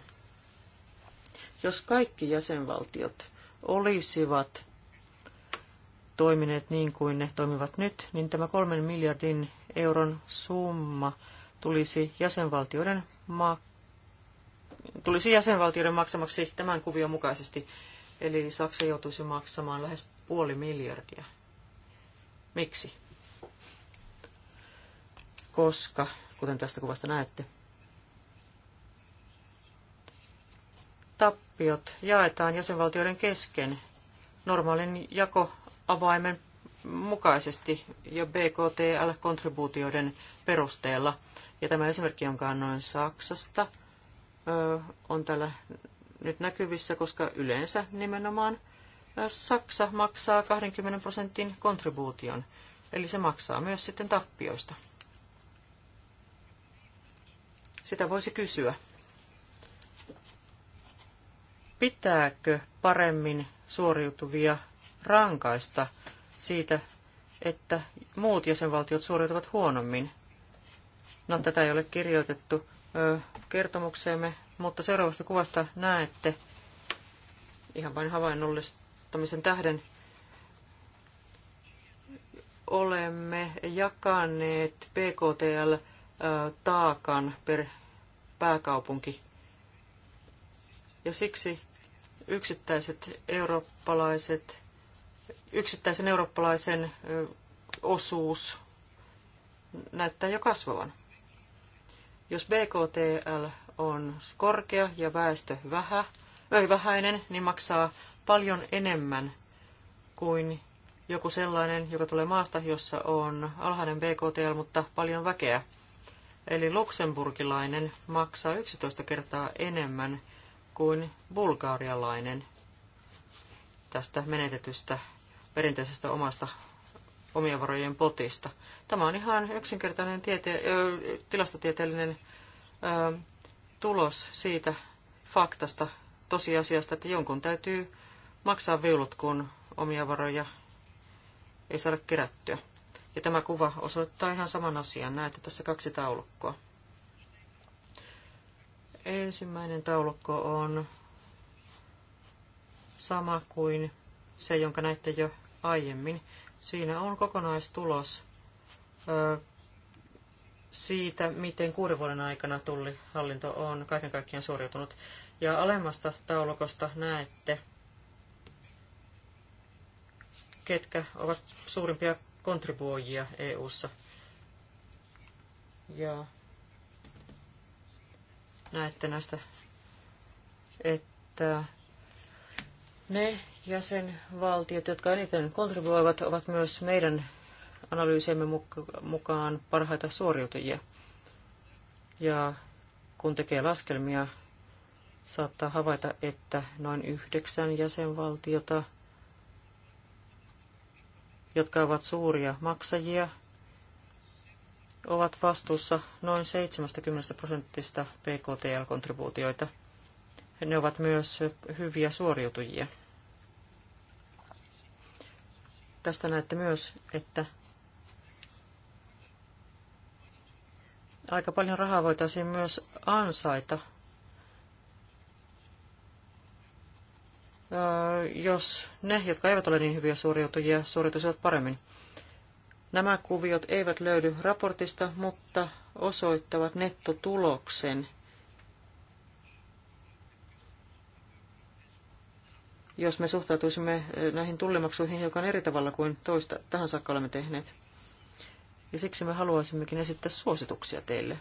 Jos kaikki jäsenvaltiot olisivat toimineet niin kuin ne toimivat nyt, niin tämä kolmen miljardin euron summa tulisi jäsenvaltioiden, ma- tulisi jäsenvaltioiden maksamaksi tämän kuvion mukaisesti, eli Saksa joutuisi maksamaan lähes puoli miljardia. Miksi? Koska, kuten tästä kuvasta näette, tappiot jaetaan jäsenvaltioiden kesken normaalin jakoavaimen mukaisesti ja BKTL-kontribuutioiden perusteella. Ja tämä esimerkki, jonka annoin Saksasta, on täällä nyt näkyvissä, koska yleensä nimenomaan Saksa maksaa 20 prosentin kontribuution, eli se maksaa myös sitten tappioista. Sitä voisi kysyä. Pitääkö paremmin suoriutuvia rankaista siitä, että muut jäsenvaltiot suoriutuvat huonommin. No, tätä ei ole kirjoitettu ö, kertomukseemme, mutta seuraavasta kuvasta näette ihan vain havainnollistamisen tähden. Olemme jakaneet PKTL-taakan per pääkaupunki. Ja siksi yksittäiset eurooppalaiset yksittäisen eurooppalaisen osuus näyttää jo kasvavan. Jos BKTL on korkea ja väestö vähä, vähäinen, niin maksaa paljon enemmän kuin joku sellainen, joka tulee maasta, jossa on alhainen BKTL, mutta paljon väkeä. Eli luksemburgilainen maksaa 11 kertaa enemmän kuin bulgaarialainen tästä menetetystä perinteisestä omasta omien varojen potista. Tämä on ihan yksinkertainen tiete- tilastotieteellinen ö, tulos siitä faktasta, tosiasiasta, että jonkun täytyy maksaa viulut, kun omia varoja ei saada kerättyä. Ja tämä kuva osoittaa ihan saman asian. Näette tässä kaksi taulukkoa. Ensimmäinen taulukko on sama kuin se, jonka näitte jo aiemmin. Siinä on kokonaistulos siitä, miten kuuden vuoden aikana tullihallinto on kaiken kaikkiaan suoriutunut. Ja alemmasta taulukosta näette, ketkä ovat suurimpia kontribuoijia EU-ssa. Ja näette näistä, että ne jäsenvaltiot, jotka eniten kontribuoivat, ovat myös meidän analyysiemme mukaan parhaita suoriutujia. Ja kun tekee laskelmia, saattaa havaita, että noin yhdeksän jäsenvaltiota, jotka ovat suuria maksajia, ovat vastuussa noin 70 prosentista PKTL-kontribuutioita. Ne ovat myös hyviä suoriutujia. Tästä näette myös, että aika paljon rahaa voitaisiin myös ansaita, jos ne, jotka eivät ole niin hyviä suoriutujia, suoriutuisivat paremmin. Nämä kuviot eivät löydy raportista, mutta osoittavat nettotuloksen – jos me suhtautuisimme eh, näihin tullimaksuihin hiukan eri tavalla kuin toista tähän saakka olemme tehneet. Ja siksi me haluaisimmekin esittää suosituksia teille,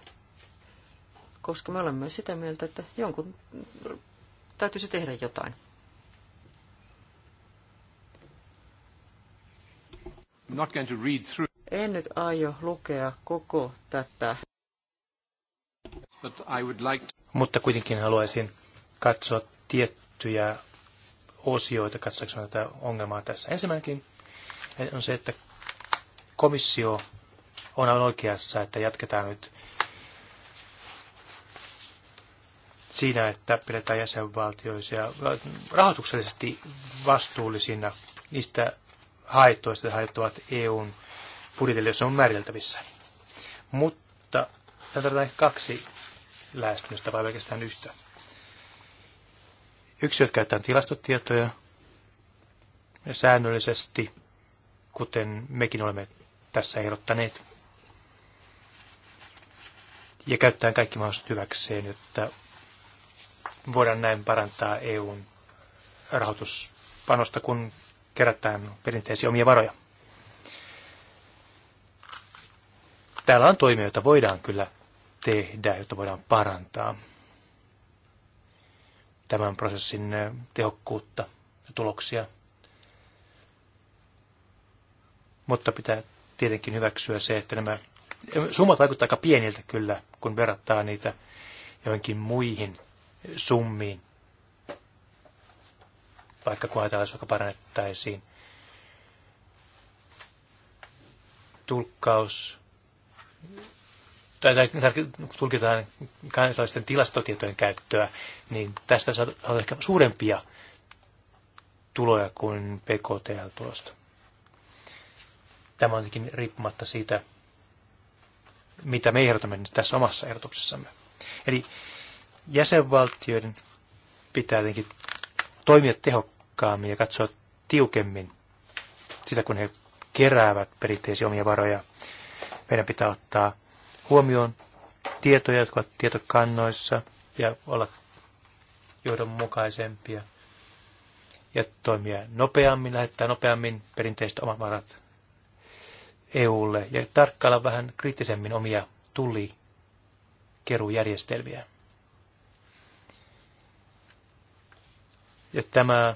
koska me olemme sitä mieltä, että jonkun täytyisi tehdä jotain. En nyt aio lukea koko tätä. Like to... Mutta kuitenkin haluaisin katsoa tiettyjä osioita, katsotaanko tätä ongelmaa tässä. Ensimmäinenkin on se, että komissio on aivan oikeassa, että jatketaan nyt siinä, että pidetään jäsenvaltioisia rahoituksellisesti vastuullisina niistä haittoista, jotka haittavat EUn budjetille, jos on määriteltävissä. Mutta tämä tarvitaan kaksi lähestymistapaa, oikeastaan yhtä. Yksilöt käyttävät tilastotietoja säännöllisesti, kuten mekin olemme tässä ehdottaneet. Ja käyttää kaikki mahdolliset hyväkseen, jotta voidaan näin parantaa EUn rahoituspanosta, kun kerätään perinteisiä omia varoja. Täällä on toimia, joita voidaan kyllä tehdä, jotta voidaan parantaa tämän prosessin eh, tehokkuutta ja tuloksia. Mutta pitää tietenkin hyväksyä se, että nämä summat vaikuttavat aika pieniltä kyllä, kun verrataan niitä johonkin muihin summiin, vaikka kun ajatellaan, joka parannettaisiin. Tulkkaus tai tulkitaan kansallisten tilastotietojen käyttöä, niin tästä saadaan ehkä suurempia tuloja kuin PKTL-tulosta. Tämä on tietenkin riippumatta siitä, mitä me ehdotamme nyt tässä omassa ehdotuksessamme. Eli jäsenvaltioiden pitää jotenkin toimia tehokkaammin ja katsoa tiukemmin sitä, kun he keräävät perinteisiä omia varoja. Meidän pitää ottaa huomioon tietoja, jotka ovat tietokannoissa ja olla johdonmukaisempia ja toimia nopeammin, lähettää nopeammin perinteistä omat varat EUlle ja tarkkailla vähän kriittisemmin omia tullikerujärjestelmiä. Ja tämä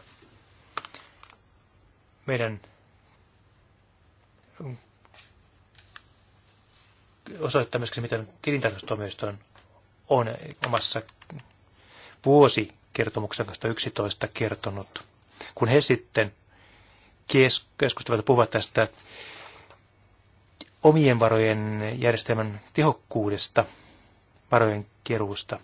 meidän osoittamiseksi, miten tilintarkastustuomioistuin on omassa vuosikertomuksen 2011 kertonut. Kun he sitten keskustelivat ja puhuvat tästä omien varojen järjestelmän tehokkuudesta, varojen keruusta.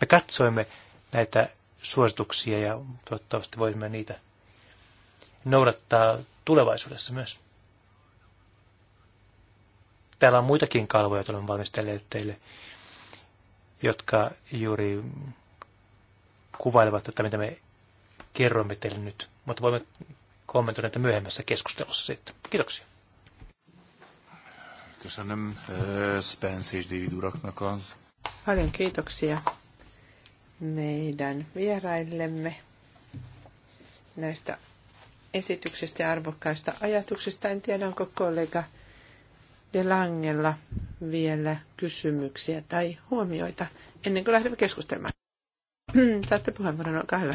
Me katsoimme näitä suosituksia ja toivottavasti voimme niitä noudattaa tulevaisuudessa myös. Täällä on muitakin kalvoja, joita olen valmistelleet teille, jotka juuri kuvailevat tätä, mitä me kerromme teille nyt. Mutta voimme kommentoida näitä myöhemmässä keskustelussa sitten. Kiitoksia. Eh, Paljon kiitoksia meidän vieraillemme näistä esityksistä ja arvokkaista ajatuksista. En tiedä, onko kollega De Langella vielä kysymyksiä tai huomioita ennen kuin lähdemme keskustelemaan. Hmm, saatte puheenvuoron, olkaa hyvä.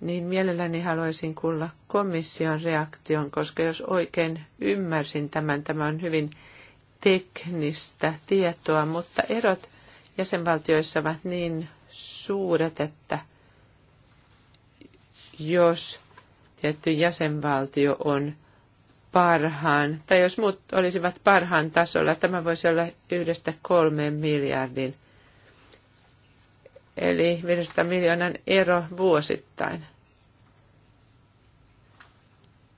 Niin mielelläni haluaisin kuulla komission reaktion, koska jos oikein ymmärsin tämän, tämä on hyvin teknistä tietoa, mutta erot jäsenvaltioissa ovat niin suuret, että jos tietty jäsenvaltio on parhaan, tai jos muut olisivat parhaan tasolla, tämä voisi olla yhdestä kolmeen miljardin, eli 500 miljoonan ero vuosittain.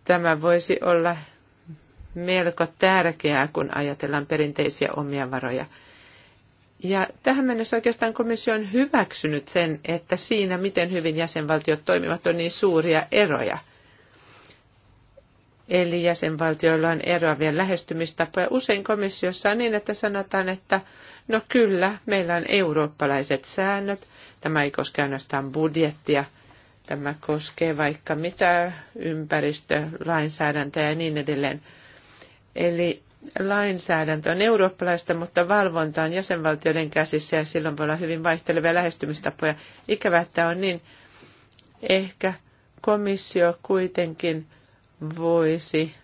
Tämä voisi olla melko tärkeää, kun ajatellaan perinteisiä omia varoja. Ja tähän mennessä oikeastaan komissio on hyväksynyt sen, että siinä, miten hyvin jäsenvaltiot toimivat, on niin suuria eroja – Eli jäsenvaltioilla on eroavia lähestymistapoja. Usein komissiossa on niin, että sanotaan, että no kyllä, meillä on eurooppalaiset säännöt. Tämä ei koske ainoastaan budjettia. Tämä koskee vaikka mitä ympäristölainsäädäntöä ja niin edelleen. Eli lainsäädäntö on eurooppalaista, mutta valvonta on jäsenvaltioiden käsissä ja silloin voi olla hyvin vaihtelevia lähestymistapoja. Ikävä, että on niin. Ehkä komissio kuitenkin voisi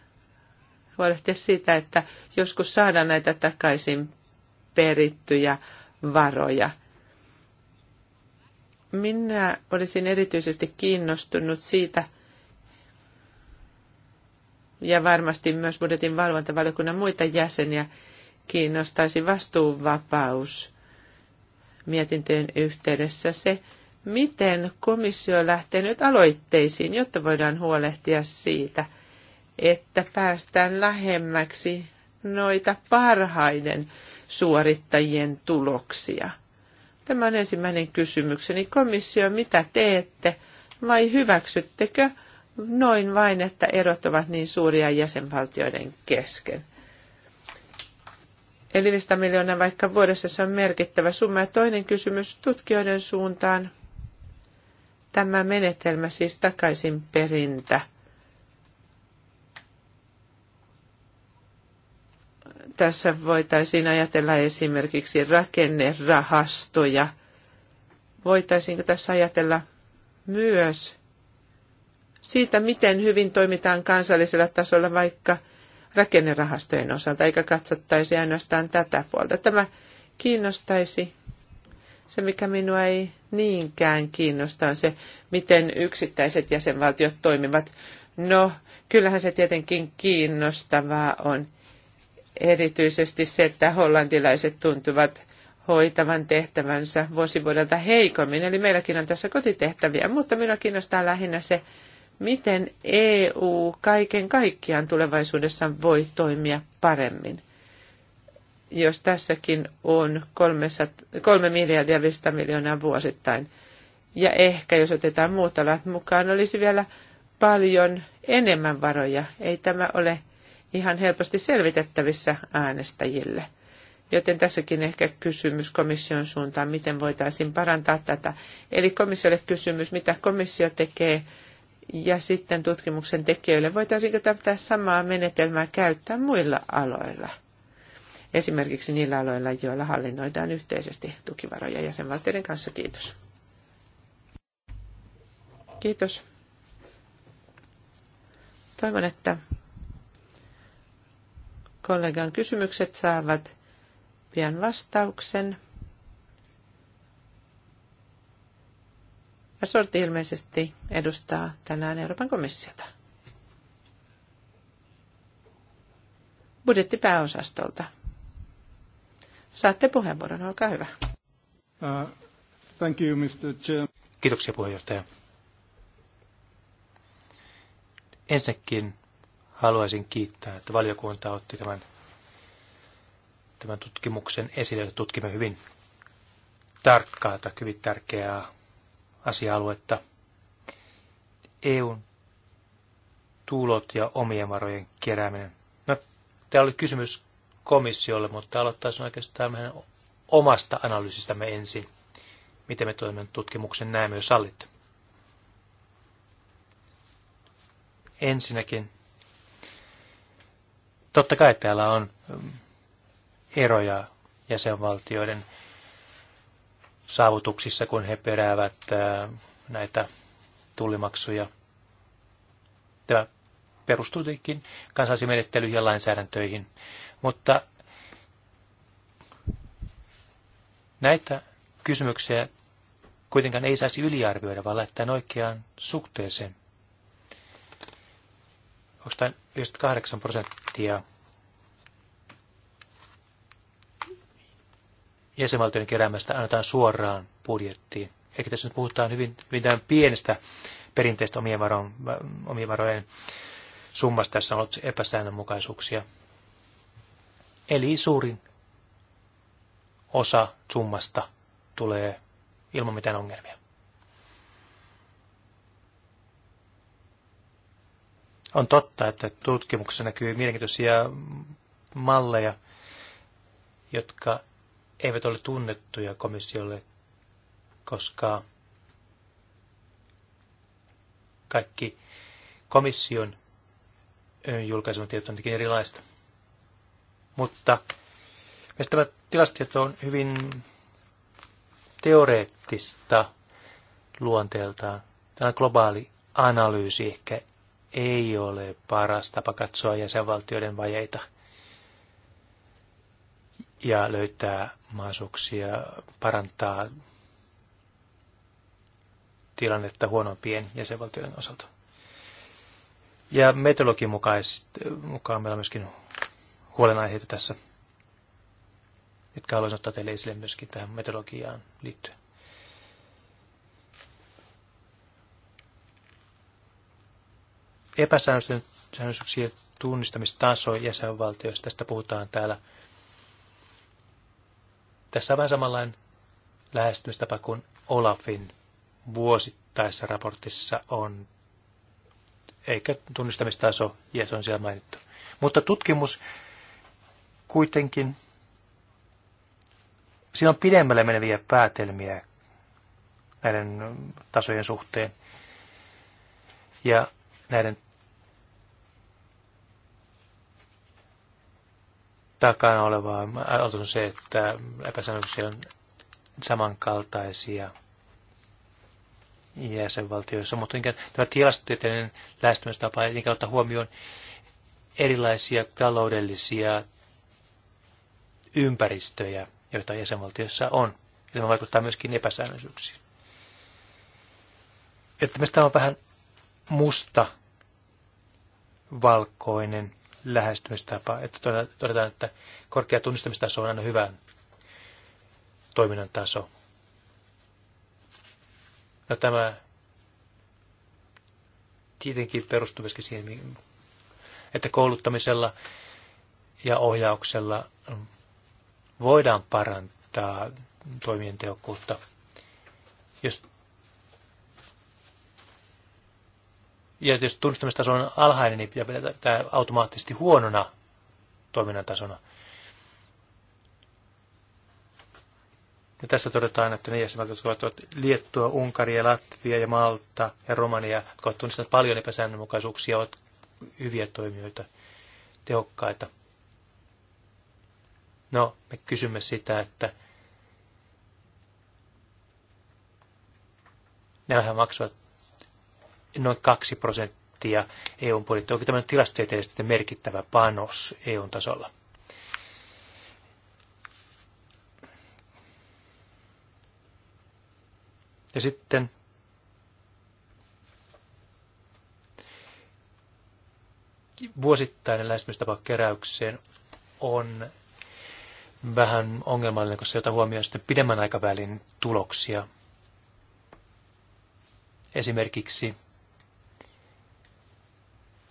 huolehtia siitä, että joskus saadaan näitä takaisin perittyjä varoja. Minä olisin erityisesti kiinnostunut siitä, ja varmasti myös budjetin valvontavaliokunnan muita jäseniä kiinnostaisi vastuuvapaus mietintöjen yhteydessä se, miten komissio lähtee nyt aloitteisiin, jotta voidaan huolehtia siitä, että päästään lähemmäksi noita parhaiden suorittajien tuloksia. Tämä on ensimmäinen kysymykseni. Komissio, mitä teette vai hyväksyttekö noin vain, että erot ovat niin suuria jäsenvaltioiden kesken? Eli 500 miljoonaa vaikka vuodessa se on merkittävä summa. Ja toinen kysymys tutkijoiden suuntaan tämä menetelmä, siis takaisin perintä, tässä voitaisiin ajatella esimerkiksi rakennerahastoja. Voitaisiinko tässä ajatella myös siitä, miten hyvin toimitaan kansallisella tasolla vaikka rakennerahastojen osalta, eikä katsottaisi ainoastaan tätä puolta. Tämä kiinnostaisi se, mikä minua ei niinkään kiinnosta, on se, miten yksittäiset jäsenvaltiot toimivat. No, kyllähän se tietenkin kiinnostavaa on. Erityisesti se, että hollantilaiset tuntuvat hoitavan tehtävänsä vuosi vuodelta heikommin. Eli meilläkin on tässä kotitehtäviä, mutta minua kiinnostaa lähinnä se, miten EU kaiken kaikkiaan tulevaisuudessa voi toimia paremmin jos tässäkin on 3 miljardia 500 miljoonaa vuosittain. Ja ehkä jos otetaan muut alat mukaan, olisi vielä paljon enemmän varoja. Ei tämä ole ihan helposti selvitettävissä äänestäjille. Joten tässäkin ehkä kysymys komission suuntaan, miten voitaisiin parantaa tätä. Eli komissiolle kysymys, mitä komissio tekee, ja sitten tutkimuksen tekijöille, voitaisiinko tätä samaa menetelmää käyttää muilla aloilla esimerkiksi niillä aloilla, joilla hallinnoidaan yhteisesti tukivaroja jäsenvaltioiden kanssa. Kiitos. Kiitos. Toivon, että kollegan kysymykset saavat pian vastauksen. Ja sorti ilmeisesti edustaa tänään Euroopan komissiota. Budjettipääosastolta. Saatte puheenvuoron, olkaa hyvä. Uh, thank you, Mr. Chair. Kiitoksia puheenjohtaja. Ensinnäkin haluaisin kiittää, että valiokunta otti tämän, tämän tutkimuksen esille, että tutkimme hyvin tarkkaa tai hyvin tärkeää asia-aluetta. EUn tulot ja omien varojen kerääminen. No, oli kysymys komissiolle, mutta aloittaisin oikeastaan meidän omasta analyysistämme ensin, miten me toimen tutkimuksen näemme, jos sallit. Ensinnäkin, totta kai täällä on mm, eroja jäsenvaltioiden saavutuksissa, kun he peräävät näitä tullimaksuja. Tämä perustuu tietenkin kansallisiin menettelyihin ja lainsäädäntöihin. Mutta näitä kysymyksiä kuitenkaan ei saisi yliarvioida, vaan laittaa oikeaan suhteeseen. Onko tämä 98 prosenttia jäsenvaltioiden keräämästä annetaan suoraan budjettiin. Eli tässä nyt puhutaan hyvin, hyvin pienestä perinteistä omien, varo, omien varojen summasta. Tässä on ollut epäsäännönmukaisuuksia. Eli suurin osa summasta tulee ilman mitään ongelmia. On totta, että tutkimuksessa näkyy mielenkiintoisia malleja, jotka eivät ole tunnettuja komissiolle, koska kaikki komission julkaisun tieto on erilaista. Mutta myös tämä tilastieto on hyvin teoreettista luonteeltaan. Tämä globaali analyysi ehkä ei ole paras tapa katsoa jäsenvaltioiden vajeita ja löytää mahdollisuuksia parantaa tilannetta huonompien jäsenvaltioiden osalta. Ja metodologin mukaan meillä on myöskin huolenaiheita tässä, jotka haluaisin ottaa teille esille myöskin tähän metodologiaan liittyen. Epäsäännöllisyyksien tunnistamistaso jäsenvaltioissa, tästä puhutaan täällä. Tässä on vähän samanlainen lähestymistapa kuin Olafin vuosittaisessa raportissa on, eikä tunnistamistaso, ja se on siellä mainittu. Mutta tutkimus kuitenkin siinä on pidemmälle meneviä päätelmiä näiden tasojen suhteen ja näiden takana oleva ajatus on se, että epäsäännöksiä on samankaltaisia jäsenvaltioissa, mutta tämä tilastotieteellinen lähestymistapa ei ottaa huomioon erilaisia taloudellisia ympäristöjä, joita jäsenvaltiossa on. Eli tämä vaikuttaa myöskin epäsäännöllisyyksiin. Että mistä on vähän musta valkoinen lähestymistapa, että todetaan, että korkea tunnistamistaso on aina hyvä toiminnan taso. No tämä tietenkin perustuu myöskin siihen, että kouluttamisella ja ohjauksella on voidaan parantaa toimien tehokkuutta. Jos ja jos tunnistamistaso on alhainen, niin pitää pitää automaattisesti huonona toiminnan tasona. Ja tässä todetaan, että ne jäsenvaltiot, jotka ovat Liettua, Unkaria, Latvia ja Malta ja Romania, jotka ovat tunnistaneet paljon epäsäännönmukaisuuksia, ovat hyviä toimijoita, tehokkaita. No, me kysymme sitä, että nämähän maksavat noin 2 prosenttia EUn budjettia. Onko tämä tilastotieteellisesti merkittävä panos EUn tasolla? Ja sitten vuosittainen lähestymistapa keräykseen on vähän ongelmallinen, koska se ottaa huomioon sitten pidemmän aikavälin tuloksia. Esimerkiksi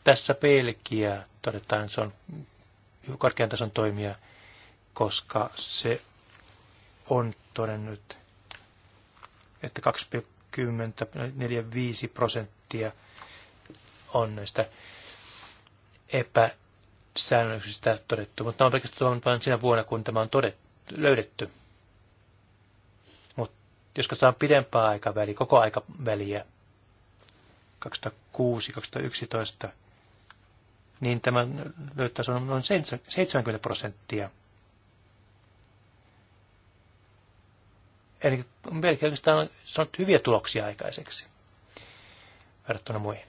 tässä pelkiä todetaan, se on korkean tason toimija, koska se on todennut, että 2,45 prosenttia on näistä epä säännöksistä todettu, mutta nämä on pelkästään vain siinä vuonna, kun tämä on todettu, löydetty. Mutta jos katsotaan pidempää aikaväliä, koko aikaväliä, 2006-2011, niin tämä löytäisi on noin 70 prosenttia. Eli melkein oikeastaan on saanut hyviä tuloksia aikaiseksi verrattuna muihin.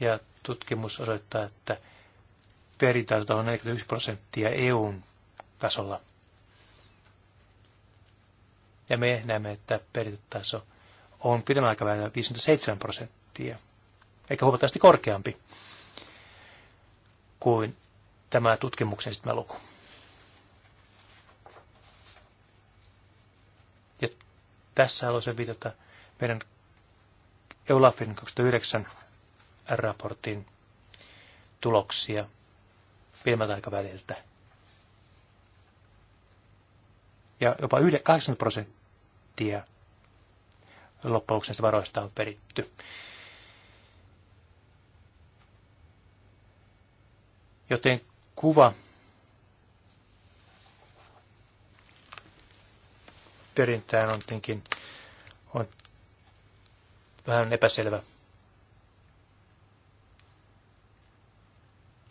ja tutkimus osoittaa, että perintäystä on 41 prosenttia EUn tasolla. Ja me näemme, että perintätaso on pidemmän aikavälillä 57 prosenttia, eikä huomattavasti korkeampi kuin tämä tutkimuksen sitten luku. Ja tässä haluaisin viitata meidän Eulafin 2009 raportin tuloksia pidemmältä aikaväliltä. Ja jopa 80 prosenttia loppujen varoista on peritty. Joten kuva perintään on, tinkin, on vähän epäselvä.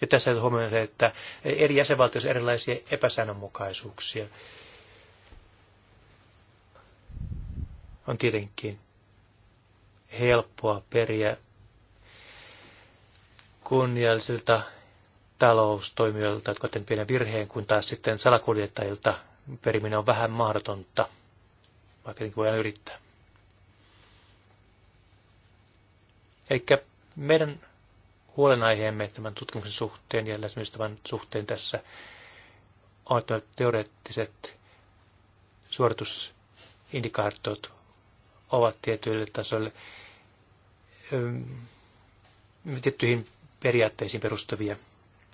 Ja tässä huomioon se, että eri jäsenvaltioissa on erilaisia epäsäännönmukaisuuksia. On tietenkin helppoa periä kunniallisilta taloustoimijoilta, jotka ovat pienen virheen, kun taas sitten salakuljettajilta periminen on vähän mahdotonta, vaikka niin voidaan yrittää. Eli meidän huolenaiheemme tämän tutkimuksen suhteen ja läsnäolistavan suhteen tässä ovat teoreettiset suoritusindikaattorit ovat tietyille tasoille tiettyihin periaatteisiin perustuvia.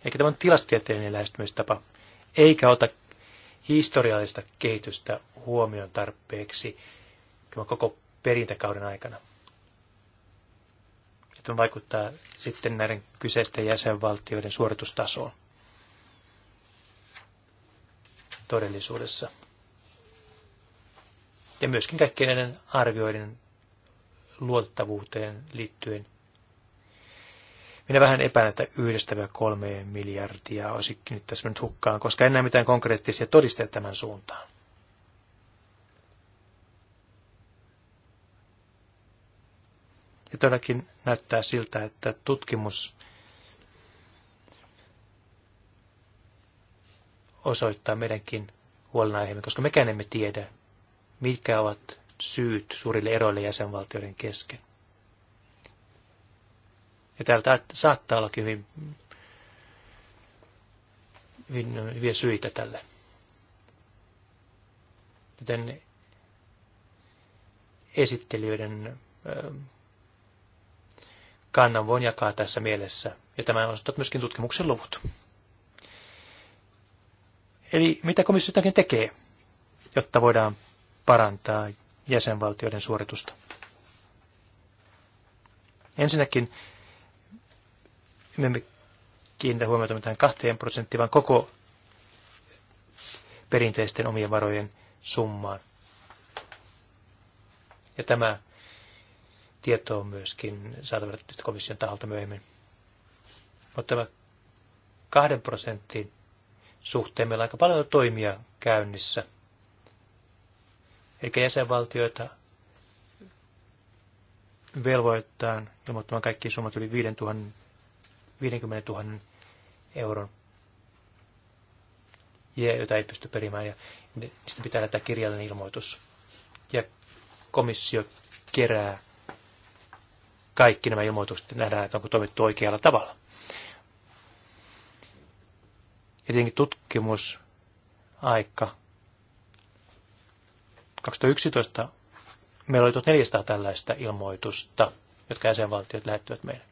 Eikä tämä on tilastotieteellinen lähestymistapa, eikä ota historiallista kehitystä huomioon tarpeeksi tämän koko perintäkauden aikana sitten vaikuttaa sitten näiden kyseisten jäsenvaltioiden suoritustasoon todellisuudessa. Ja myöskin kaikkien näiden arvioiden luottavuuteen liittyen. Minä vähän epäilen, että yhdestä kolmeen miljardia olisikin nyt tässä nyt hukkaan, koska en näe mitään konkreettisia todisteita tämän suuntaan. Ja todellakin näyttää siltä, että tutkimus osoittaa meidänkin huolenaiheemme, koska mekään emme tiedä, mitkä ovat syyt suurille eroille jäsenvaltioiden kesken. Ja täältä saattaa olla hyvin, hyvin hyviä syitä tälle. Joten esittelijöiden kannan voin jakaa tässä mielessä, ja tämä on myöskin tutkimuksen luvut. Eli mitä komissio jotakin tekee, jotta voidaan parantaa jäsenvaltioiden suoritusta? Ensinnäkin me emme kiinnitä huomiota mitään kahteen prosenttiin, vaan koko perinteisten omien varojen summaan. Ja tämä tietoa myöskin saatavilla komission taholta myöhemmin. Mutta tämä kahden prosentin suhteen meillä on aika paljon toimia käynnissä. Eli jäsenvaltioita velvoittaa ilmoittamaan kaikki summat yli 50 000 euron, ja, jota ei pysty perimään, ja niistä pitää lähettää kirjallinen ilmoitus. Ja komissio kerää kaikki nämä ilmoitukset, nähdään, että onko toimittu oikealla tavalla. Ja tietenkin tutkimusaika 2011 meillä oli 1400 tällaista ilmoitusta, jotka jäsenvaltiot lähettivät meille.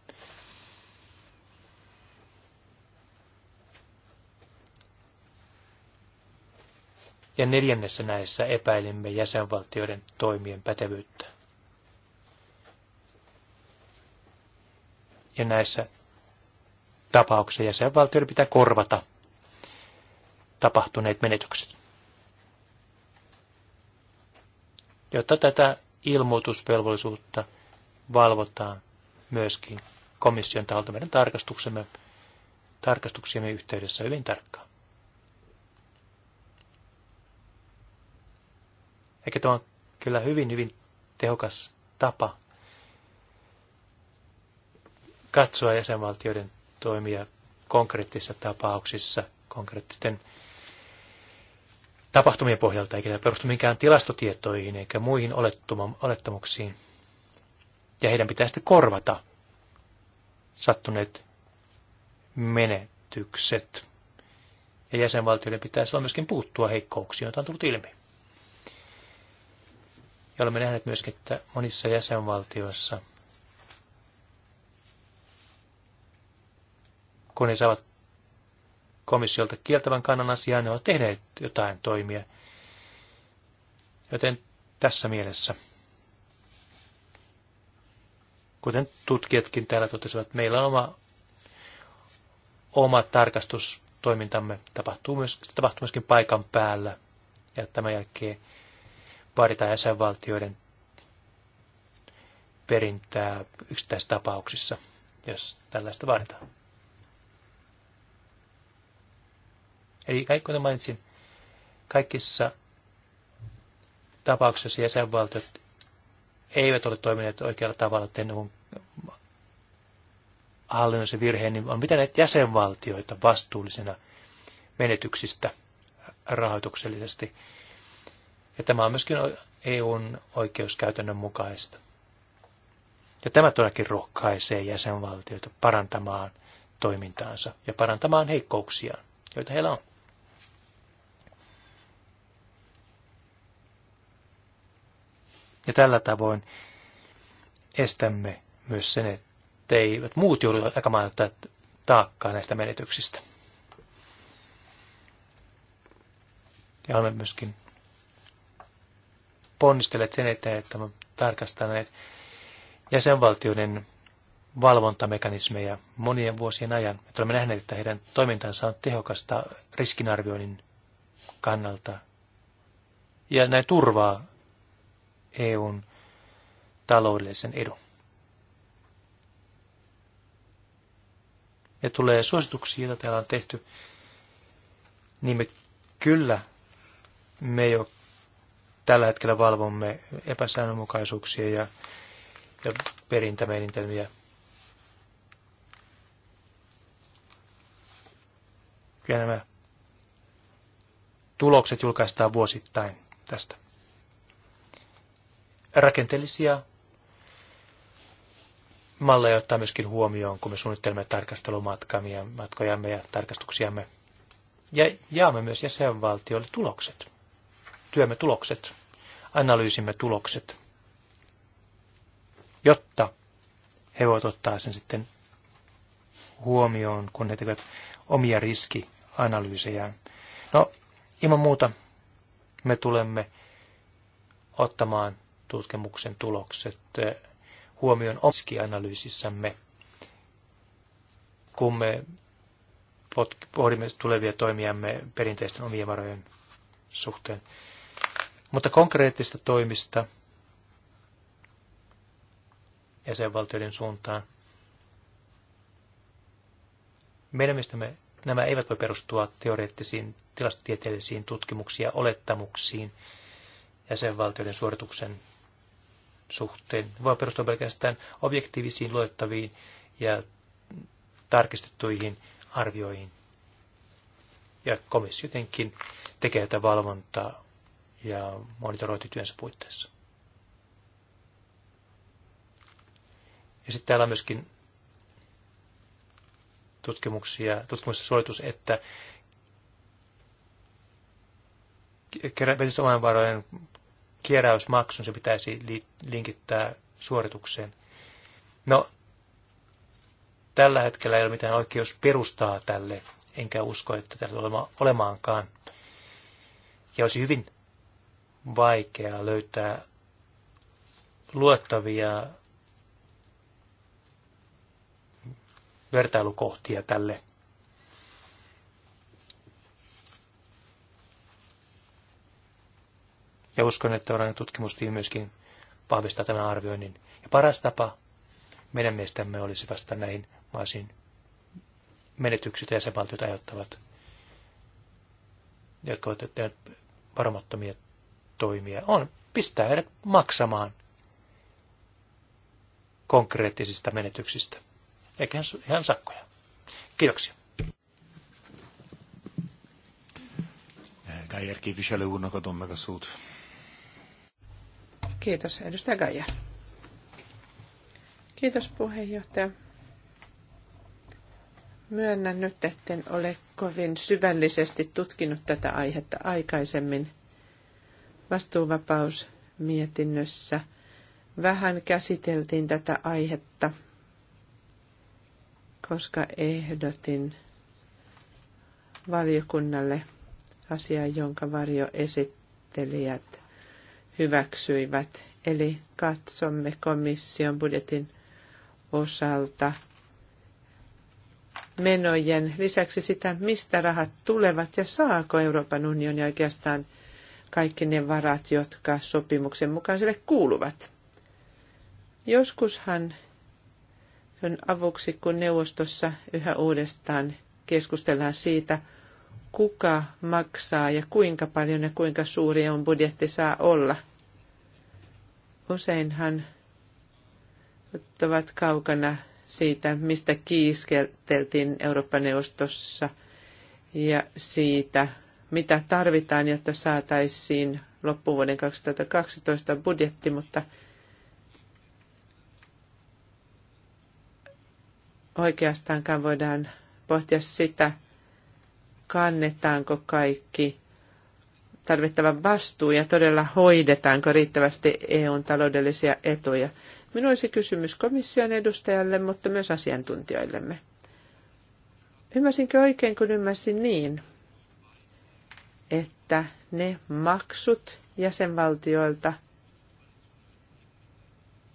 Ja neljännessä näissä epäilimme jäsenvaltioiden toimien pätevyyttä. ja näissä tapauksissa jäsenvaltioiden pitää korvata tapahtuneet menetykset. Jotta tätä ilmoitusvelvollisuutta valvotaan myöskin komission taholta meidän tarkastuksemme, tarkastuksiemme yhteydessä hyvin tarkkaan. Eikä tämä on kyllä hyvin, hyvin tehokas tapa katsoa jäsenvaltioiden toimia konkreettisissa tapauksissa, konkreettisten tapahtumien pohjalta, eikä perustu minkään tilastotietoihin eikä muihin olettamuksiin. Ja heidän pitää sitten korvata sattuneet menetykset. Ja jäsenvaltioiden pitää silloin myöskin puuttua heikkouksiin, joita on tullut ilmi. Ja olemme nähneet myöskin, että monissa jäsenvaltioissa – kun ne saavat komissiolta kieltävän kannan asiaa, ne ovat tehneet jotain toimia. Joten tässä mielessä, kuten tutkijatkin täällä totesivat, meillä on oma, oma tarkastustoimintamme, tapahtuu, myös, tapahtuu myöskin paikan päällä ja tämän jälkeen vaaditaan jäsenvaltioiden perintää yksittäistapauksissa, jos tällaista vaaditaan. Eli kaikki, kuten mainitsin, kaikissa tapauksissa jäsenvaltiot eivät ole toimineet oikealla tavalla, tehneet hallinnollisen virheen, niin on pitäneet jäsenvaltioita vastuullisena menetyksistä rahoituksellisesti. Ja tämä on myöskin EUn oikeuskäytännön mukaista. Ja tämä todellakin rohkaisee jäsenvaltioita parantamaan toimintaansa ja parantamaan heikkouksiaan, joita heillä on. Ja tällä tavoin estämme myös sen, että että muut joudu jakamaan taakkaa näistä menetyksistä. Ja olemme myöskin ponnistelleet sen eteen, että olemme tarkastaneet jäsenvaltioiden valvontamekanismeja monien vuosien ajan. Että olemme nähneet, että heidän toimintansa on tehokasta riskinarvioinnin kannalta ja näin turvaa EUn taloudellisen edun. Ja tulee suosituksia, joita täällä on tehty, niin me kyllä me jo tällä hetkellä valvomme epäsäännönmukaisuuksia ja, ja perintämenintelmiä. Kyllä nämä tulokset julkaistaan vuosittain tästä rakenteellisia malleja ottaa myöskin huomioon, kun me suunnittelemme tarkastelumatkamme matkojamme ja tarkastuksiamme. Ja jaamme myös jäsenvaltioille tulokset, työmme tulokset, analyysimme tulokset, jotta he voivat ottaa sen sitten huomioon, kun he tekevät omia riskianalyysejään. No, ilman muuta me tulemme ottamaan tutkimuksen tulokset eh, huomioon oskianalyysissämme, kun me pohdimme tulevia toimiamme perinteisten omien varojen suhteen. Mutta konkreettista toimista jäsenvaltioiden suuntaan. Meidän mielestämme nämä eivät voi perustua teoreettisiin tilastotieteellisiin tutkimuksiin ja olettamuksiin jäsenvaltioiden suorituksen suhteen voi perustua pelkästään objektiivisiin, luettaviin ja tarkistettuihin arvioihin. Ja komissio jotenkin tekee tätä valvontaa ja työnsä puitteissa. Ja sitten täällä on myöskin tutkimuksia, tutkimuksessa suoritus, että vesistöomainvarojen kieräysmaksun, se pitäisi linkittää suoritukseen. No, tällä hetkellä ei ole mitään oikeus perustaa tälle, enkä usko, että tällä olemaankaan. Ja olisi hyvin vaikeaa löytää luottavia vertailukohtia tälle Ja uskon, että tällainen tutkimustiimi myöskin vahvistaa tämän arvioinnin. Ja paras tapa meidän mielestämme olisi vastata näihin maisiin menetykset ja jäsenvaltiot aiheuttavat, jotka ovat tehneet varmattomia toimia, on pistää heidät maksamaan konkreettisista menetyksistä, eikä ihan sakkoja. Kiitoksia. Geyer képviselő úrnak adom meg a Kiitos, edustaja Gaia. Kiitos, puheenjohtaja. Myönnän nyt, etten ole kovin syvällisesti tutkinut tätä aihetta aikaisemmin. Vastuuvapausmietinnössä vähän käsiteltiin tätä aihetta, koska ehdotin valiokunnalle asiaa, jonka varjoesittelijät hyväksyivät. Eli katsomme komission budjetin osalta menojen lisäksi sitä, mistä rahat tulevat ja saako Euroopan unioni oikeastaan kaikki ne varat, jotka sopimuksen mukaan sille kuuluvat. Joskushan on avuksi, kun neuvostossa yhä uudestaan keskustellaan siitä, kuka maksaa ja kuinka paljon ja kuinka suuri on budjetti saa olla. Useinhan ottavat kaukana siitä, mistä kiiskelteltiin Eurooppa-neuvostossa ja siitä, mitä tarvitaan, jotta saataisiin loppuvuoden 2012 budjetti, mutta oikeastaankaan voidaan pohtia sitä, kannetaanko kaikki tarvittava vastuu ja todella hoidetaanko riittävästi EUn taloudellisia etuja. Minun olisi kysymys komission edustajalle, mutta myös asiantuntijoillemme. Ymmärsinkö oikein, kun ymmärsin niin, että ne maksut jäsenvaltioilta,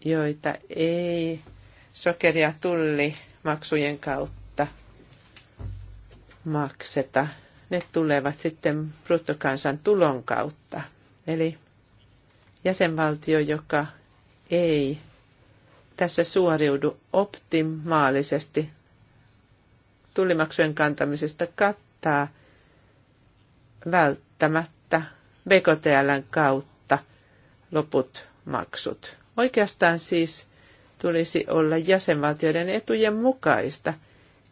joita ei sokeria tulli maksujen kautta, makseta. Ne tulevat sitten bruttokansan tulon kautta. Eli jäsenvaltio, joka ei tässä suoriudu optimaalisesti tullimaksujen kantamisesta kattaa välttämättä BKTLn kautta loput maksut. Oikeastaan siis tulisi olla jäsenvaltioiden etujen mukaista –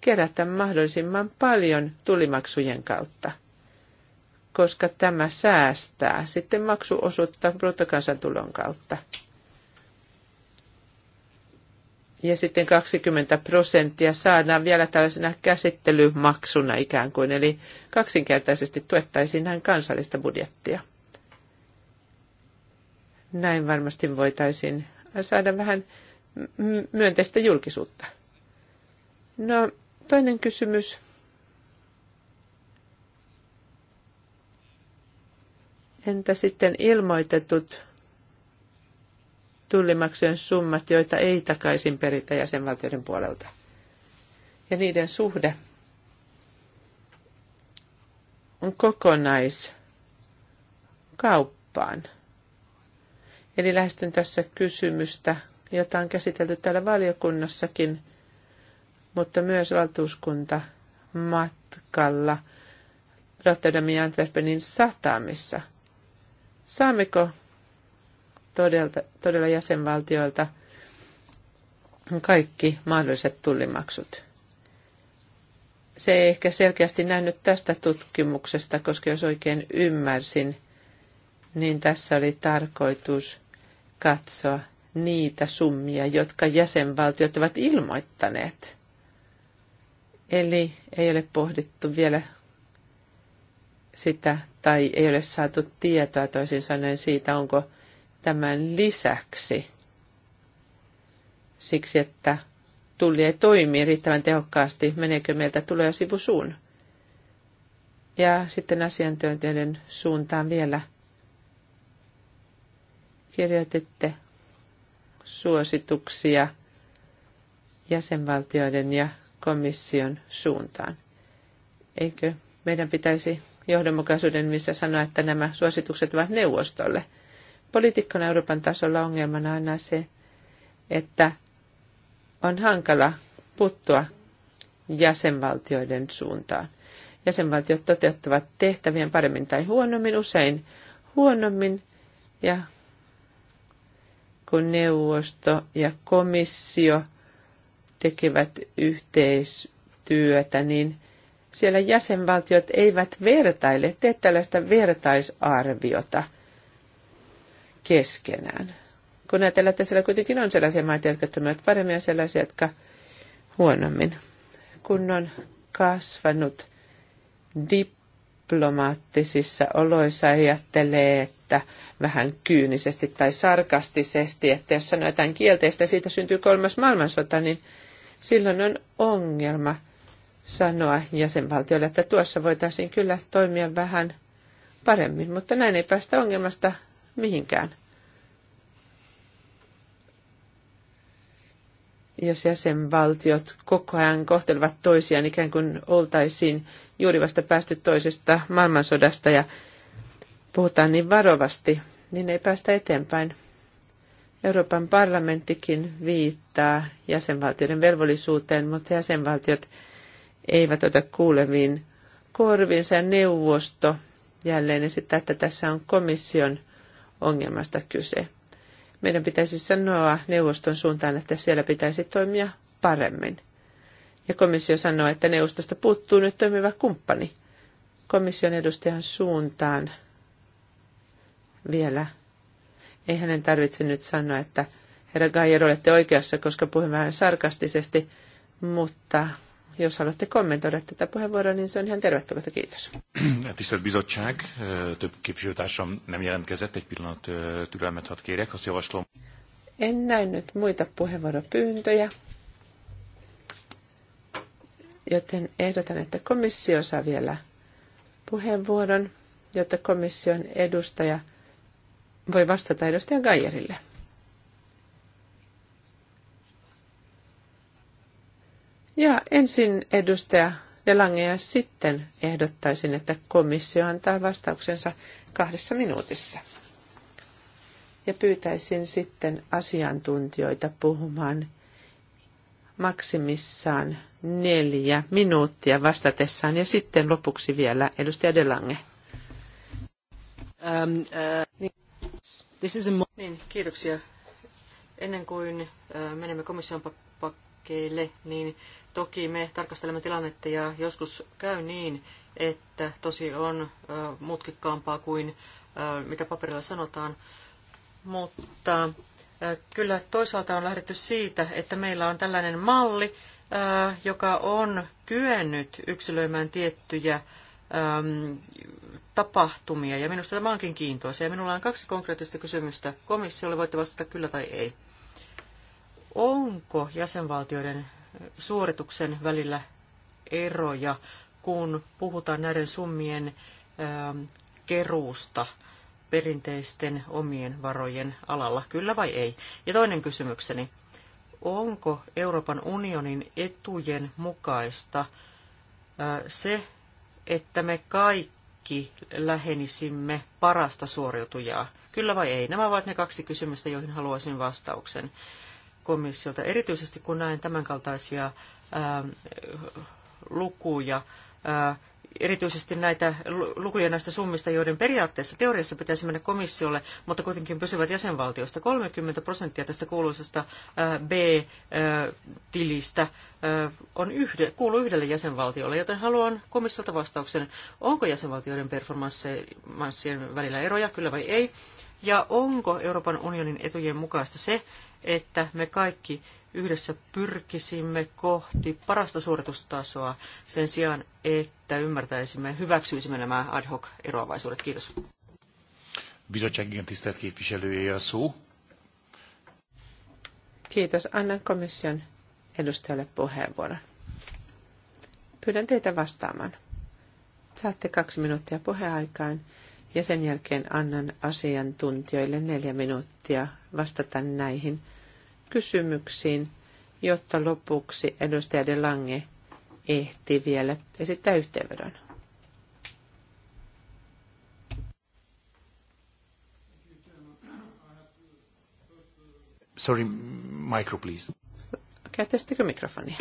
kerätä mahdollisimman paljon tulimaksujen kautta, koska tämä säästää sitten maksuosuutta bruttokansantulon kautta. Ja sitten 20 prosenttia saadaan vielä tällaisena käsittelymaksuna ikään kuin, eli kaksinkertaisesti tuettaisiin näin kansallista budjettia. Näin varmasti voitaisiin saada vähän myönteistä julkisuutta. No, Toinen kysymys. Entä sitten ilmoitetut tullimaksujen summat, joita ei takaisin peritä jäsenvaltioiden puolelta? Ja niiden suhde on kokonaiskauppaan. Eli lähestyn tässä kysymystä, jota on käsitelty täällä valiokunnassakin – mutta myös valtuuskunta matkalla Rotterdamin ja Antwerpenin satamissa. Saammeko todella, todella jäsenvaltioilta kaikki mahdolliset tullimaksut? Se ei ehkä selkeästi nähnyt tästä tutkimuksesta, koska jos oikein ymmärsin, niin tässä oli tarkoitus katsoa niitä summia, jotka jäsenvaltiot ovat ilmoittaneet – Eli ei ole pohdittu vielä sitä tai ei ole saatu tietoa toisin sanoen siitä, onko tämän lisäksi siksi, että tulli ei toimi riittävän tehokkaasti, meneekö meiltä tulee sivusuun. Ja sitten asiantuntijoiden suuntaan vielä kirjoititte suosituksia jäsenvaltioiden ja komission suuntaan. Eikö meidän pitäisi johdonmukaisuuden missä sanoa, että nämä suositukset ovat neuvostolle? Poliitikkona Euroopan tasolla ongelmana on aina se, että on hankala puuttua jäsenvaltioiden suuntaan. Jäsenvaltiot toteuttavat tehtävien paremmin tai huonommin, usein huonommin, ja kun neuvosto ja komissio – tekevät yhteistyötä, niin siellä jäsenvaltiot eivät vertaile, tee tällaista vertaisarviota keskenään. Kun ajatellaan, että siellä kuitenkin on sellaisia maita, jotka toimivat paremmin ja sellaisia, jotka huonommin. Kun on kasvanut diplomaattisissa oloissa, ajattelee, että vähän kyynisesti tai sarkastisesti, että jos sanoo jotain kielteistä siitä syntyy kolmas maailmansota, niin – silloin on ongelma sanoa jäsenvaltiolle, että tuossa voitaisiin kyllä toimia vähän paremmin, mutta näin ei päästä ongelmasta mihinkään. Jos jäsenvaltiot koko ajan kohtelevat toisiaan ikään kuin oltaisiin juuri vasta päästy toisesta maailmansodasta ja puhutaan niin varovasti, niin ei päästä eteenpäin. Euroopan parlamenttikin viittaa jäsenvaltioiden velvollisuuteen, mutta jäsenvaltiot eivät ota kuuleviin korviinsa. Neuvosto jälleen esittää, että tässä on komission ongelmasta kyse. Meidän pitäisi sanoa neuvoston suuntaan, että siellä pitäisi toimia paremmin. Ja komissio sanoo, että neuvostosta puuttuu nyt toimiva kumppani. Komission edustajan suuntaan vielä ei hänen tarvitse nyt sanoa, että herra Gajer olette oikeassa, koska puhun vähän sarkastisesti, mutta jos haluatte kommentoida tätä puheenvuoroa, niin se on ihan tervetullutta. Kiitos. Tisztelt bizottság, eh, több képviselőtársam nem jelentkezett, egy pillanat eh, türelmet hat kérek, azt javaslom. En nyt muita puheenvuoropyyntöjä, joten ehdotan, että komissio saa vielä puheenvuoron, jotta komission edustaja – voi vastata edustaja Gajerille. Ja ensin edustaja Delange ja sitten ehdottaisin, että komissio antaa vastauksensa kahdessa minuutissa. Ja pyytäisin sitten asiantuntijoita puhumaan maksimissaan neljä minuuttia vastatessaan ja sitten lopuksi vielä edustaja Delange. Um, ähm, uh, äh. niin. This is a... Niin, kiitoksia. Ennen kuin menemme komission pakkeille, niin toki me tarkastelemme tilannetta ja joskus käy niin, että tosi on mutkikkaampaa kuin mitä paperilla sanotaan, mutta kyllä toisaalta on lähdetty siitä, että meillä on tällainen malli, joka on kyennyt yksilöimään tiettyjä äm, tapahtumia, ja minusta tämä onkin kiintoisa. Ja minulla on kaksi konkreettista kysymystä komissiolle, voitte vastata kyllä tai ei. Onko jäsenvaltioiden suorituksen välillä eroja, kun puhutaan näiden summien äm, keruusta perinteisten omien varojen alalla, kyllä vai ei? Ja toinen kysymykseni, onko Euroopan unionin etujen mukaista äh, se, että me kaikki lähenisimme parasta suoriutujaa? Kyllä vai ei? Nämä ovat ne kaksi kysymystä, joihin haluaisin vastauksen komissiolta. Erityisesti kun näen tämänkaltaisia ää, ähm, lukuja, ää, äh, erityisesti näitä lukuja näistä summista, joiden periaatteessa teoriassa pitäisi mennä komissiolle, mutta kuitenkin pysyvät jäsenvaltioista. 30 prosenttia tästä kuuluisesta äh, B-tilistä äh, äh, on yhde, kuuluu yhdelle jäsenvaltiolle, joten haluan komissiolta vastauksen, onko jäsenvaltioiden performanssien välillä eroja, kyllä vai ei, ja onko Euroopan unionin etujen mukaista se, että me kaikki yhdessä pyrkisimme kohti parasta suoritustasoa sen sijaan, että ymmärtäisimme, hyväksyisimme nämä ad hoc eroavaisuudet. Kiitos. Kiitos. Annan komission edustajalle puheenvuoron. Pyydän teitä vastaamaan. Saatte kaksi minuuttia puheaikaan ja sen jälkeen annan asiantuntijoille neljä minuuttia vastata näihin kysymyksiin, jotta lopuksi edustaja De Lange ehti vielä esittää yhteenvedon. Sorry, micro please. Käyttäisittekö mikrofonia?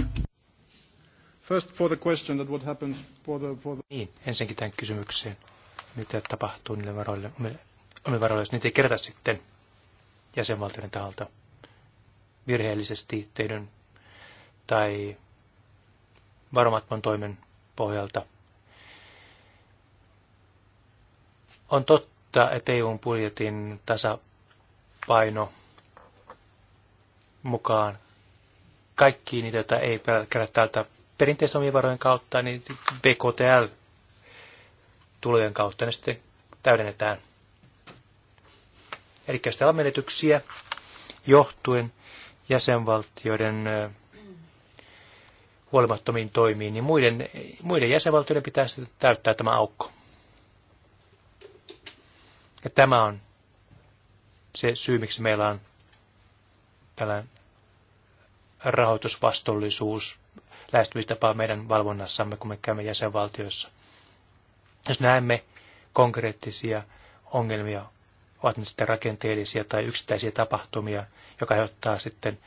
First for the question that what happens for the... For the... Niin, ensinnäkin tämän kysymykseen, mitä tapahtuu niille varoille, omille varoille, jos niitä ei kerätä sitten jäsenvaltioiden taholta virheellisesti teidän tai varomattoman toimen pohjalta. On totta, että EUn budjetin tasapaino mukaan kaikki niitä, joita ei kerätä täältä perinteisten omien varojen kautta, niin BKTL-tulojen kautta ne sitten täydennetään. Eli jos täällä on menetyksiä johtuen jäsenvaltioiden huolimattomiin toimiin, niin muiden, muiden jäsenvaltioiden pitää täyttää tämä aukko. Ja tämä on se syy, miksi meillä on tällainen rahoitusvastuullisuus lähestymistapaa meidän valvonnassamme, kun me käymme jäsenvaltioissa. Jos näemme konkreettisia ongelmia ovat ne sitten rakenteellisia tai yksittäisiä tapahtumia, joka aiheuttaa sitten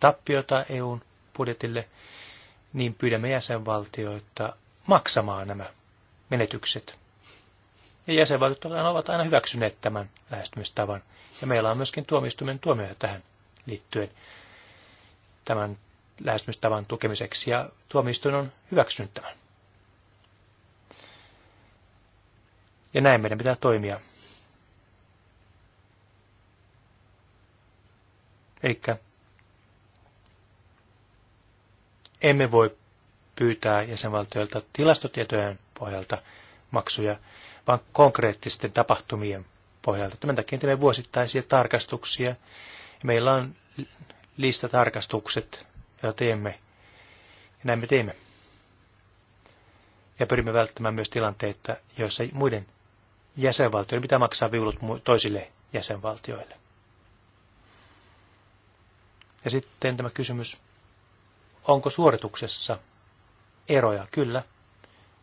tappiota EUn budjetille, niin pyydämme jäsenvaltioita maksamaan nämä menetykset. Ja jäsenvaltiot ovat aina hyväksyneet tämän lähestymistavan. Ja meillä on myöskin tuomioistuimen tuomioja tähän liittyen tämän lähestymistavan tukemiseksi, ja tuomioistuin on hyväksynyt tämän. Ja näin meidän pitää toimia. Eli emme voi pyytää jäsenvaltioilta tilastotietojen pohjalta maksuja, vaan konkreettisten tapahtumien pohjalta. Tämän takia teemme vuosittaisia tarkastuksia. Meillä on listatarkastukset, joita teemme. Ja näin me teemme. Ja pyrimme välttämään myös tilanteita, joissa muiden jäsenvaltioiden pitää maksaa viulut toisille jäsenvaltioille. Ja sitten tämä kysymys, onko suorituksessa eroja? Kyllä,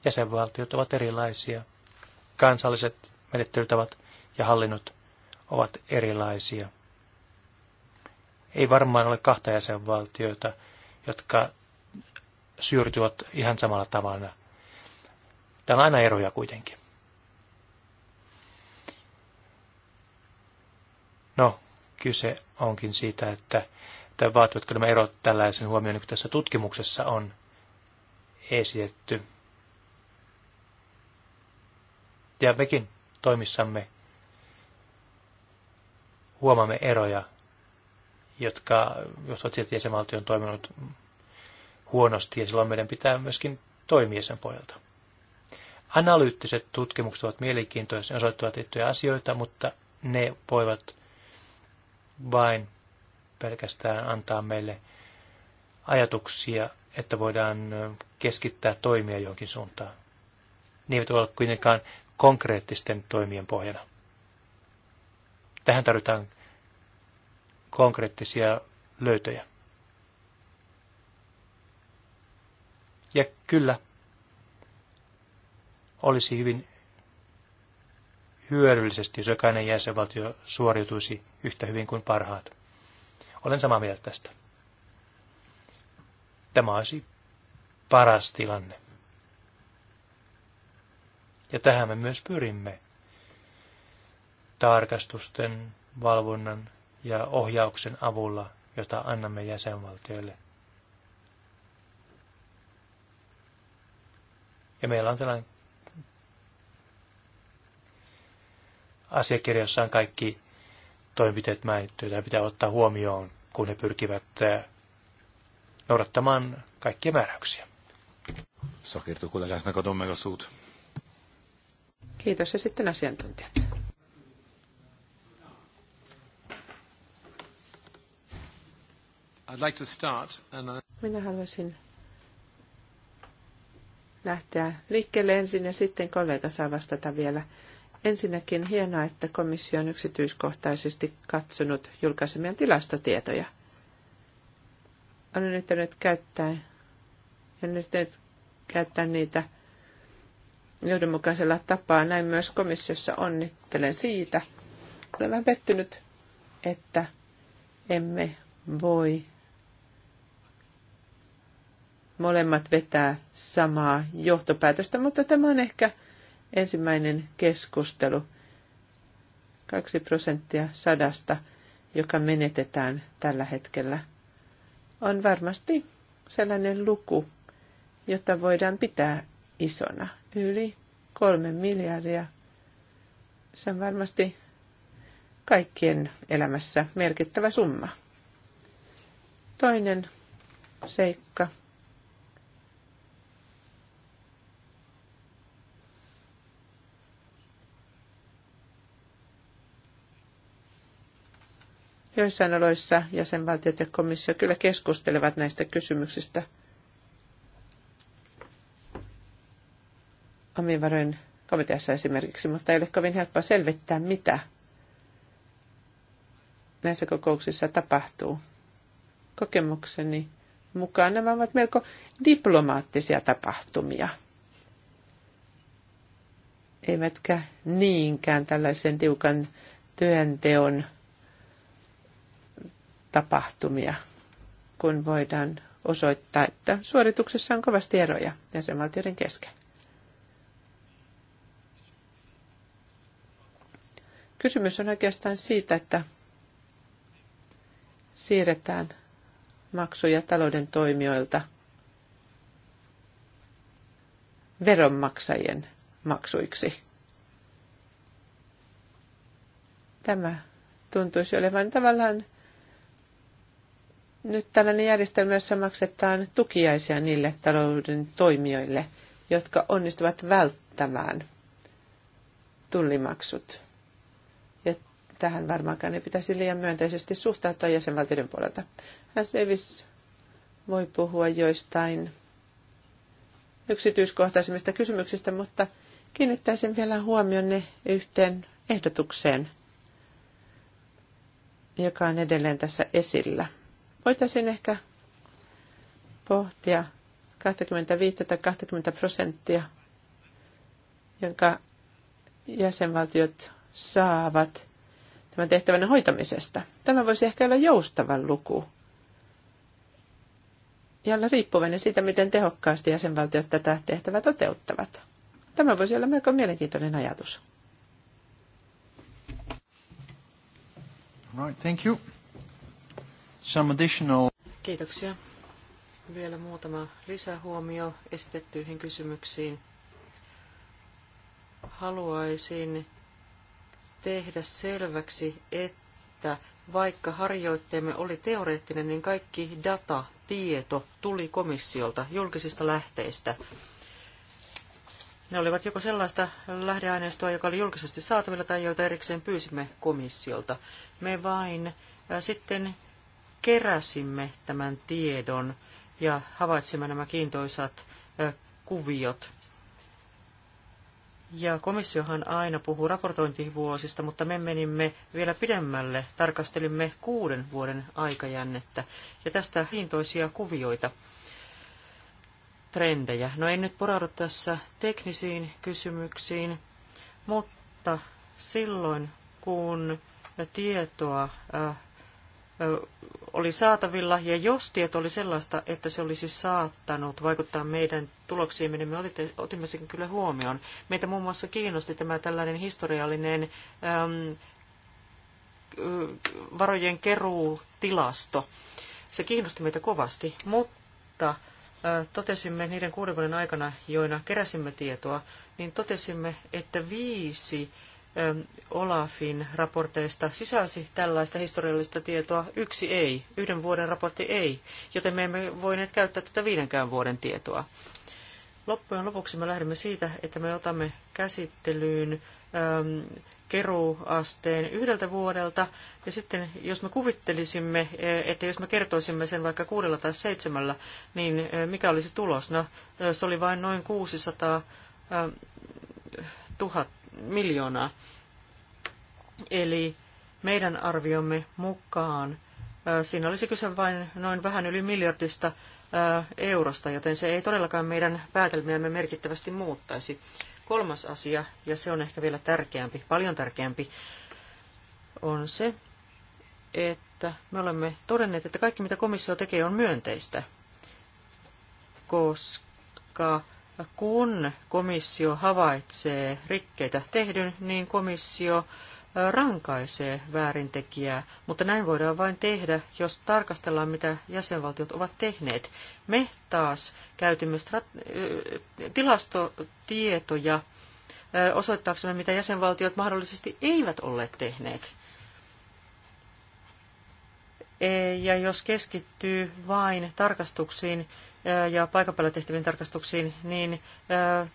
jäsenvaltiot ovat erilaisia, kansalliset menettelytavat ja hallinnot ovat erilaisia. Ei varmaan ole kahta jäsenvaltioita, jotka syrjyvät ihan samalla tavalla. Täällä on aina eroja kuitenkin. No, kyse onkin siitä, että tai vaativatko nämä erot tällaisen huomioon, niin kuin tässä tutkimuksessa on esitetty. Ja mekin toimissamme huomaamme eroja, jotka johtuvat siitä, että jäsenvaltio on toiminut huonosti, ja silloin meidän pitää myöskin toimia sen pohjalta. Analyyttiset tutkimukset ovat mielenkiintoisia, osoittavat tiettyjä asioita, mutta ne voivat vain pelkästään antaa meille ajatuksia, että voidaan keskittää toimia johonkin suuntaan. Ne eivät ole kuitenkaan konkreettisten toimien pohjana. Tähän tarvitaan konkreettisia löytöjä. Ja kyllä, olisi hyvin hyödyllisesti, jos jokainen jäsenvaltio suoriutuisi yhtä hyvin kuin parhaat. Olen samaa mieltä tästä. Tämä olisi paras tilanne. Ja tähän me myös pyrimme tarkastusten, valvonnan ja ohjauksen avulla, jota annamme jäsenvaltioille. Ja meillä on tällainen asiakirja, jossa on kaikki toimenpiteet mainittu, joita pitää ottaa huomioon, kun he pyrkivät eh, noudattamaan kaikkia määräyksiä. Kiitos ja sitten asiantuntijat. Minä haluaisin lähteä liikkeelle ensin ja sitten kollega saa vastata vielä Ensinnäkin hienoa, että komissio on yksityiskohtaisesti katsonut julkaisemia tilastotietoja. Olen yrittänyt käyttää, olen yrittänyt käyttää niitä johdonmukaisella tapaa. Näin myös komissiossa onnittelen siitä. Olen vähän pettynyt, että emme voi molemmat vetää samaa johtopäätöstä, mutta tämä on ehkä – ensimmäinen keskustelu. Kaksi prosenttia sadasta, joka menetetään tällä hetkellä, on varmasti sellainen luku, jota voidaan pitää isona. Yli kolme miljardia. Se on varmasti kaikkien elämässä merkittävä summa. Toinen seikka Joissain oloissa jäsenvaltiot ja komissio kyllä keskustelevat näistä kysymyksistä omin komiteassa esimerkiksi, mutta ei ole kovin helppoa selvittää, mitä näissä kokouksissa tapahtuu. Kokemukseni mukaan nämä ovat melko diplomaattisia tapahtumia. Eivätkä niinkään tällaisen tiukan työnteon tapahtumia, kun voidaan osoittaa, että suorituksessa on kovasti eroja jäsenvaltioiden kesken. Kysymys on oikeastaan siitä, että siirretään maksuja talouden toimijoilta veronmaksajien maksuiksi. Tämä tuntuisi olevan tavallaan nyt tällainen järjestelmä, jossa maksetaan tukiaisia niille talouden toimijoille, jotka onnistuvat välttämään tullimaksut. Ja tähän varmaankaan ei pitäisi liian myönteisesti suhtautua jäsenvaltioiden puolelta. Hän Davis voi puhua joistain yksityiskohtaisemmista kysymyksistä, mutta kiinnittäisin vielä huomionne yhteen ehdotukseen, joka on edelleen tässä esillä – Voitaisiin ehkä pohtia 25 tai 20 prosenttia, jonka jäsenvaltiot saavat tämän tehtävän hoitamisesta. Tämä voisi ehkä olla joustava luku ja olla riippuvainen siitä, miten tehokkaasti jäsenvaltiot tätä tehtävää toteuttavat. Tämä voisi olla melko mielenkiintoinen ajatus. Right, thank you. Some additional... Kiitoksia. Vielä muutama lisähuomio esitettyihin kysymyksiin. Haluaisin tehdä selväksi, että vaikka harjoitteemme oli teoreettinen, niin kaikki data, tieto tuli komissiolta, julkisista lähteistä. Ne olivat joko sellaista lähdeaineistoa, joka oli julkisesti saatavilla tai joita erikseen pyysimme komissiolta. Me vain sitten keräsimme tämän tiedon ja havaitsimme nämä kiintoisat kuviot. Ja komissiohan aina puhuu raportointivuosista, mutta me menimme vielä pidemmälle, tarkastelimme kuuden vuoden aikajännettä ja tästä kiintoisia kuvioita trendejä. No en nyt poraudu tässä teknisiin kysymyksiin, mutta silloin kun tietoa oli saatavilla, ja jos tieto oli sellaista, että se olisi saattanut vaikuttaa meidän tuloksiimme, niin me otimme sen kyllä huomioon. Meitä muun muassa kiinnosti tämä tällainen historiallinen äm, varojen keruutilasto. Se kiinnosti meitä kovasti, mutta totesimme niiden kuuden vuoden aikana, joina keräsimme tietoa, niin totesimme, että viisi Olafin raporteista sisälsi tällaista historiallista tietoa, yksi ei, yhden vuoden raportti ei, joten me emme voineet käyttää tätä viidenkään vuoden tietoa. Loppujen lopuksi me lähdemme siitä, että me otamme käsittelyyn äm, keruuasteen yhdeltä vuodelta, ja sitten jos me kuvittelisimme, e, että jos me kertoisimme sen vaikka kuudella tai seitsemällä, niin e, mikä olisi tulos? No, e, se oli vain noin 600 000 miljoonaa. Eli meidän arviomme mukaan siinä olisi kyse vain noin vähän yli miljardista eurosta, joten se ei todellakaan meidän päätelmiämme merkittävästi muuttaisi. Kolmas asia, ja se on ehkä vielä tärkeämpi, paljon tärkeämpi, on se, että me olemme todenneet, että kaikki mitä komissio tekee on myönteistä, koska kun komissio havaitsee rikkeitä tehdyn, niin komissio rankaisee väärintekijää, mutta näin voidaan vain tehdä, jos tarkastellaan, mitä jäsenvaltiot ovat tehneet. Me taas käytimme tilastotietoja osoittaaksemme, mitä jäsenvaltiot mahdollisesti eivät olleet tehneet. E, ja jos keskittyy vain tarkastuksiin, ja paikan päällä tehtäviin tarkastuksiin, niin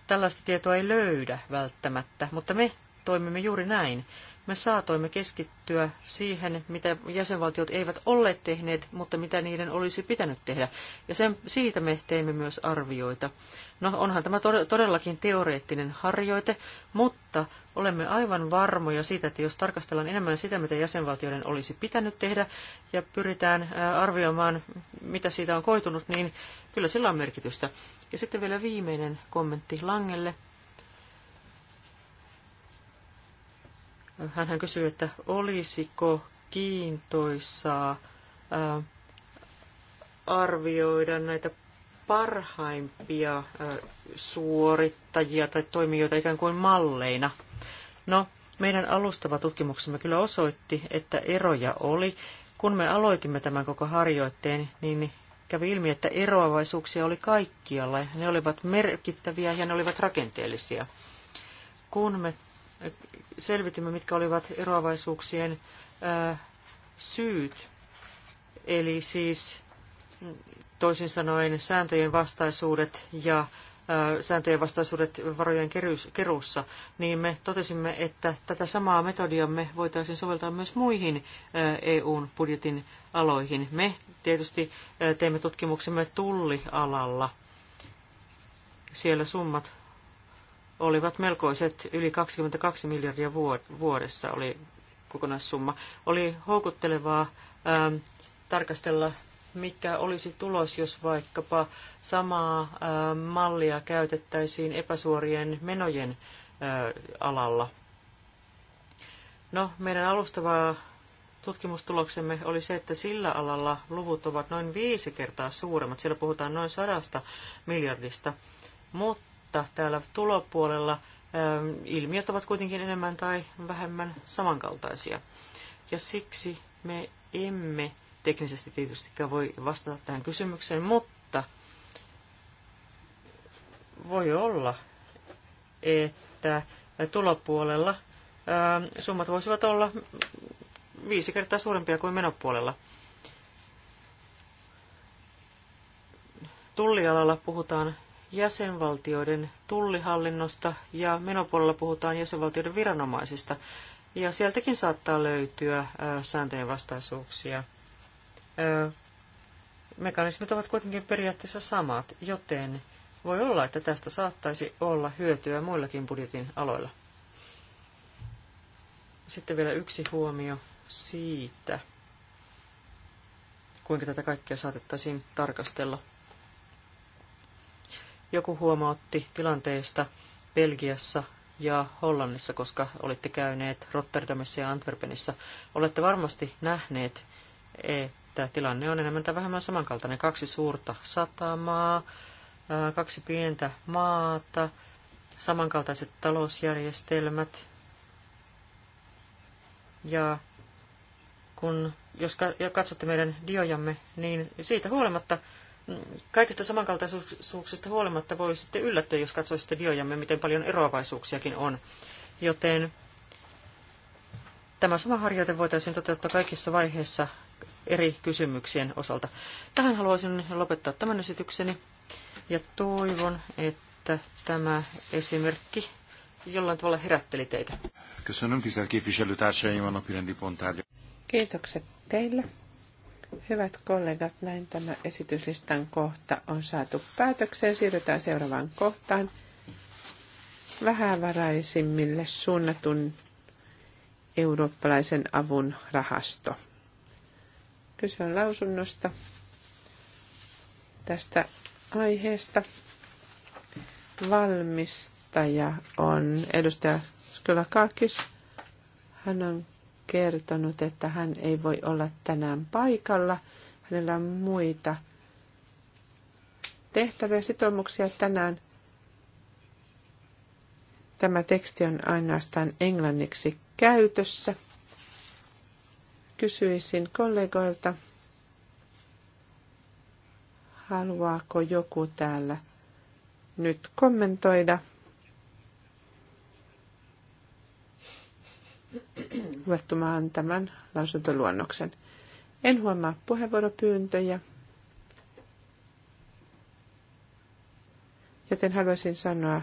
tällaista tietoa ei löydä välttämättä, mutta me toimimme juuri näin. Me saatoimme keskittyä siihen, mitä jäsenvaltiot eivät olleet tehneet, mutta mitä niiden olisi pitänyt tehdä. Ja sen, siitä me teimme myös arvioita. No onhan tämä todellakin teoreettinen harjoite, mutta olemme aivan varmoja siitä, että jos tarkastellaan enemmän sitä, mitä jäsenvaltioiden olisi pitänyt tehdä ja pyritään arvioimaan, mitä siitä on koitunut, niin kyllä sillä on merkitystä. Ja sitten vielä viimeinen kommentti Langelle. Hän kysyy, että olisiko kiintoisaa arvioida näitä parhaimpia suorittajia tai toimijoita ikään kuin malleina. No, meidän alustava tutkimuksemme kyllä osoitti, että eroja oli. Kun me aloitimme tämän koko harjoitteen, niin kävi ilmi, että eroavaisuuksia oli kaikkialla. Ne olivat merkittäviä ja ne olivat rakenteellisia. Kun me selvitimme, mitkä olivat eroavaisuuksien syyt. Eli siis toisin sanoen sääntöjen vastaisuudet ja sääntöjen vastaisuudet varojen keruussa, niin me totesimme, että tätä samaa metodiamme voitaisiin soveltaa myös muihin EUn budjetin aloihin. Me tietysti teemme tutkimuksemme tullialalla. Siellä summat olivat melkoiset, yli 22 miljardia vuodessa oli kokonaissumma. Oli houkuttelevaa ää, ähm, tarkastella, mikä olisi tulos, jos vaikkapa samaa ää, ähm, mallia käytettäisiin epäsuorien menojen ää, äh, alalla. No, meidän alustava tutkimustuloksemme oli se, että sillä alalla luvut ovat noin viisi kertaa suuremmat. Siellä puhutaan noin sadasta miljardista, mutta mutta täällä tulopuolella ähm, ilmiöt ovat kuitenkin enemmän tai vähemmän samankaltaisia. Ja siksi me emme teknisesti tietystikään voi vastata tähän kysymykseen, mutta voi olla, että tulopuolella ähm, summat voisivat olla viisi kertaa suurempia kuin menopuolella. Tullialalla puhutaan jäsenvaltioiden tullihallinnosta ja menopuolella puhutaan jäsenvaltioiden viranomaisista. Ja sieltäkin saattaa löytyä sääntöjen vastaisuuksia. Mekanismit ovat kuitenkin periaatteessa samat, joten voi olla, että tästä saattaisi olla hyötyä muillakin budjetin aloilla. Sitten vielä yksi huomio siitä, kuinka tätä kaikkea saatettaisiin tarkastella joku huomautti tilanteesta Belgiassa ja Hollannissa, koska olitte käyneet Rotterdamissa ja Antwerpenissa. Olette varmasti nähneet, että tilanne on enemmän tai vähemmän samankaltainen. Kaksi suurta satamaa, kaksi pientä maata, samankaltaiset talousjärjestelmät. Ja kun, jos katsotte meidän diojamme, niin siitä huolimatta kaikista samankaltaisuuksista huolimatta voisitte yllättyä, jos katsoisitte diojamme, miten paljon eroavaisuuksiakin on. Joten tämä sama harjoite voitaisiin toteuttaa kaikissa vaiheissa eri kysymyksien osalta. Tähän haluaisin lopettaa tämän esitykseni ja toivon, että tämä esimerkki jollain tavalla herätteli teitä. Kiitokset teille. Hyvät kollegat, näin tämä esityslistan kohta on saatu päätökseen. Siirrytään seuraavaan kohtaan. Vähävaraisimmille suunnatun eurooppalaisen avun rahasto. Kyse on lausunnosta tästä aiheesta. Valmistaja on edustaja Skylakakis. Hän on kertonut, että hän ei voi olla tänään paikalla. Hänellä on muita tehtäviä sitoumuksia tänään. Tämä teksti on ainoastaan englanniksi käytössä. Kysyisin kollegoilta, haluaako joku täällä nyt kommentoida – luettumaan tämän lausuntoluonnoksen. En huomaa puheenvuoropyyntöjä, joten haluaisin sanoa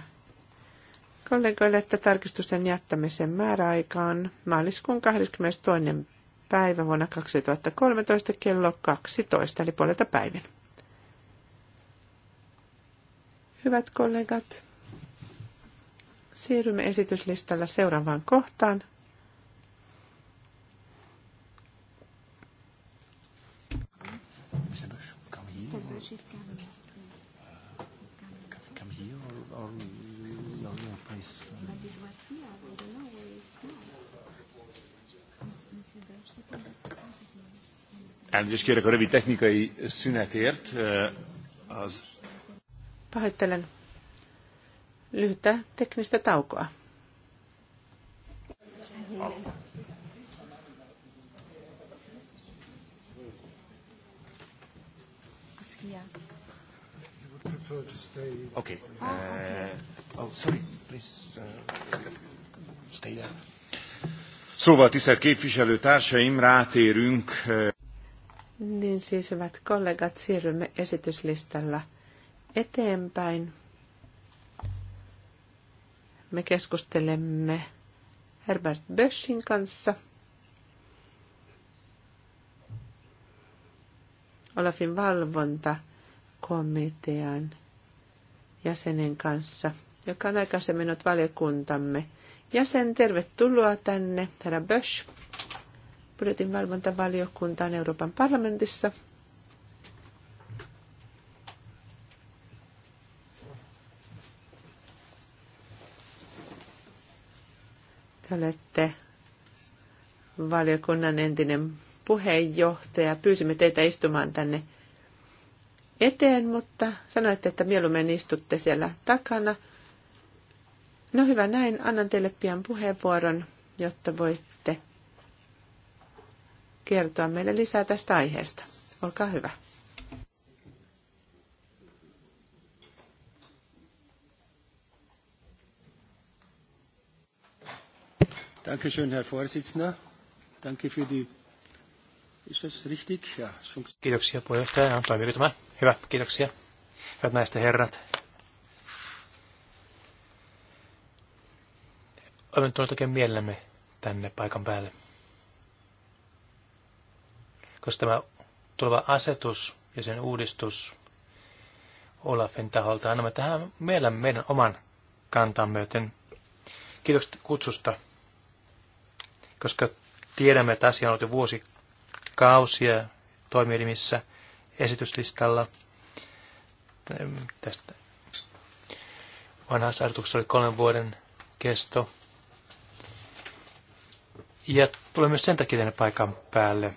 kollegoille, että tarkistusten jättämisen määräaika on maaliskuun 22. päivä vuonna 2013 kello 12, eli puolelta päivin. Hyvät kollegat, siirrymme esityslistalla seuraavaan kohtaan – she's coming. Come here or, or your, your place? But it was here. I don't know where it's now. Elnézést kérek a rövid technikai szünetért. Az... Pahoittelen lyhyttä teknistä taukoa. prefer to stay. Okay. Uh, oh, sorry, please uh, stay there. Szóval, tisztelt képviselőtársaim, rátérünk. Niin siis, hyvät kollegat, siirrymme esityslistalla eteenpäin. Me keskustelemme Herbert Böschin kanssa. Olafin valvonta komitean jäsenen kanssa, joka on aikaisemmin ollut valiokuntamme jäsen. Tervetuloa tänne, herra Bösch, valvontavaliokuntaan Euroopan parlamentissa. Te olette valiokunnan entinen puheenjohtaja. Pyysimme teitä istumaan tänne eteen, mutta sanoitte, että mieluummin istutte siellä takana. No hyvä näin, annan teille pian puheenvuoron, jotta voitte kertoa meille lisää tästä aiheesta. Olkaa hyvä. schön, Herr Vorsitzender. Danke für die Kiitoksia puheenjohtaja. Toimiiko tämä? Hyvä, kiitoksia. Hyvät näistä herrat. Olemme tulleet oikein mielellämme tänne paikan päälle. Koska tämä tuleva asetus ja sen uudistus Olafin taholta annamme tähän meillä meidän oman kantamme, joten kiitokset kutsusta, koska tiedämme, että asia on ollut jo vuosi kausia toimielimissä esityslistalla. Tästä vanhassa asetuksessa oli kolmen vuoden kesto. Ja tulee myös sen takia tänne paikan päälle.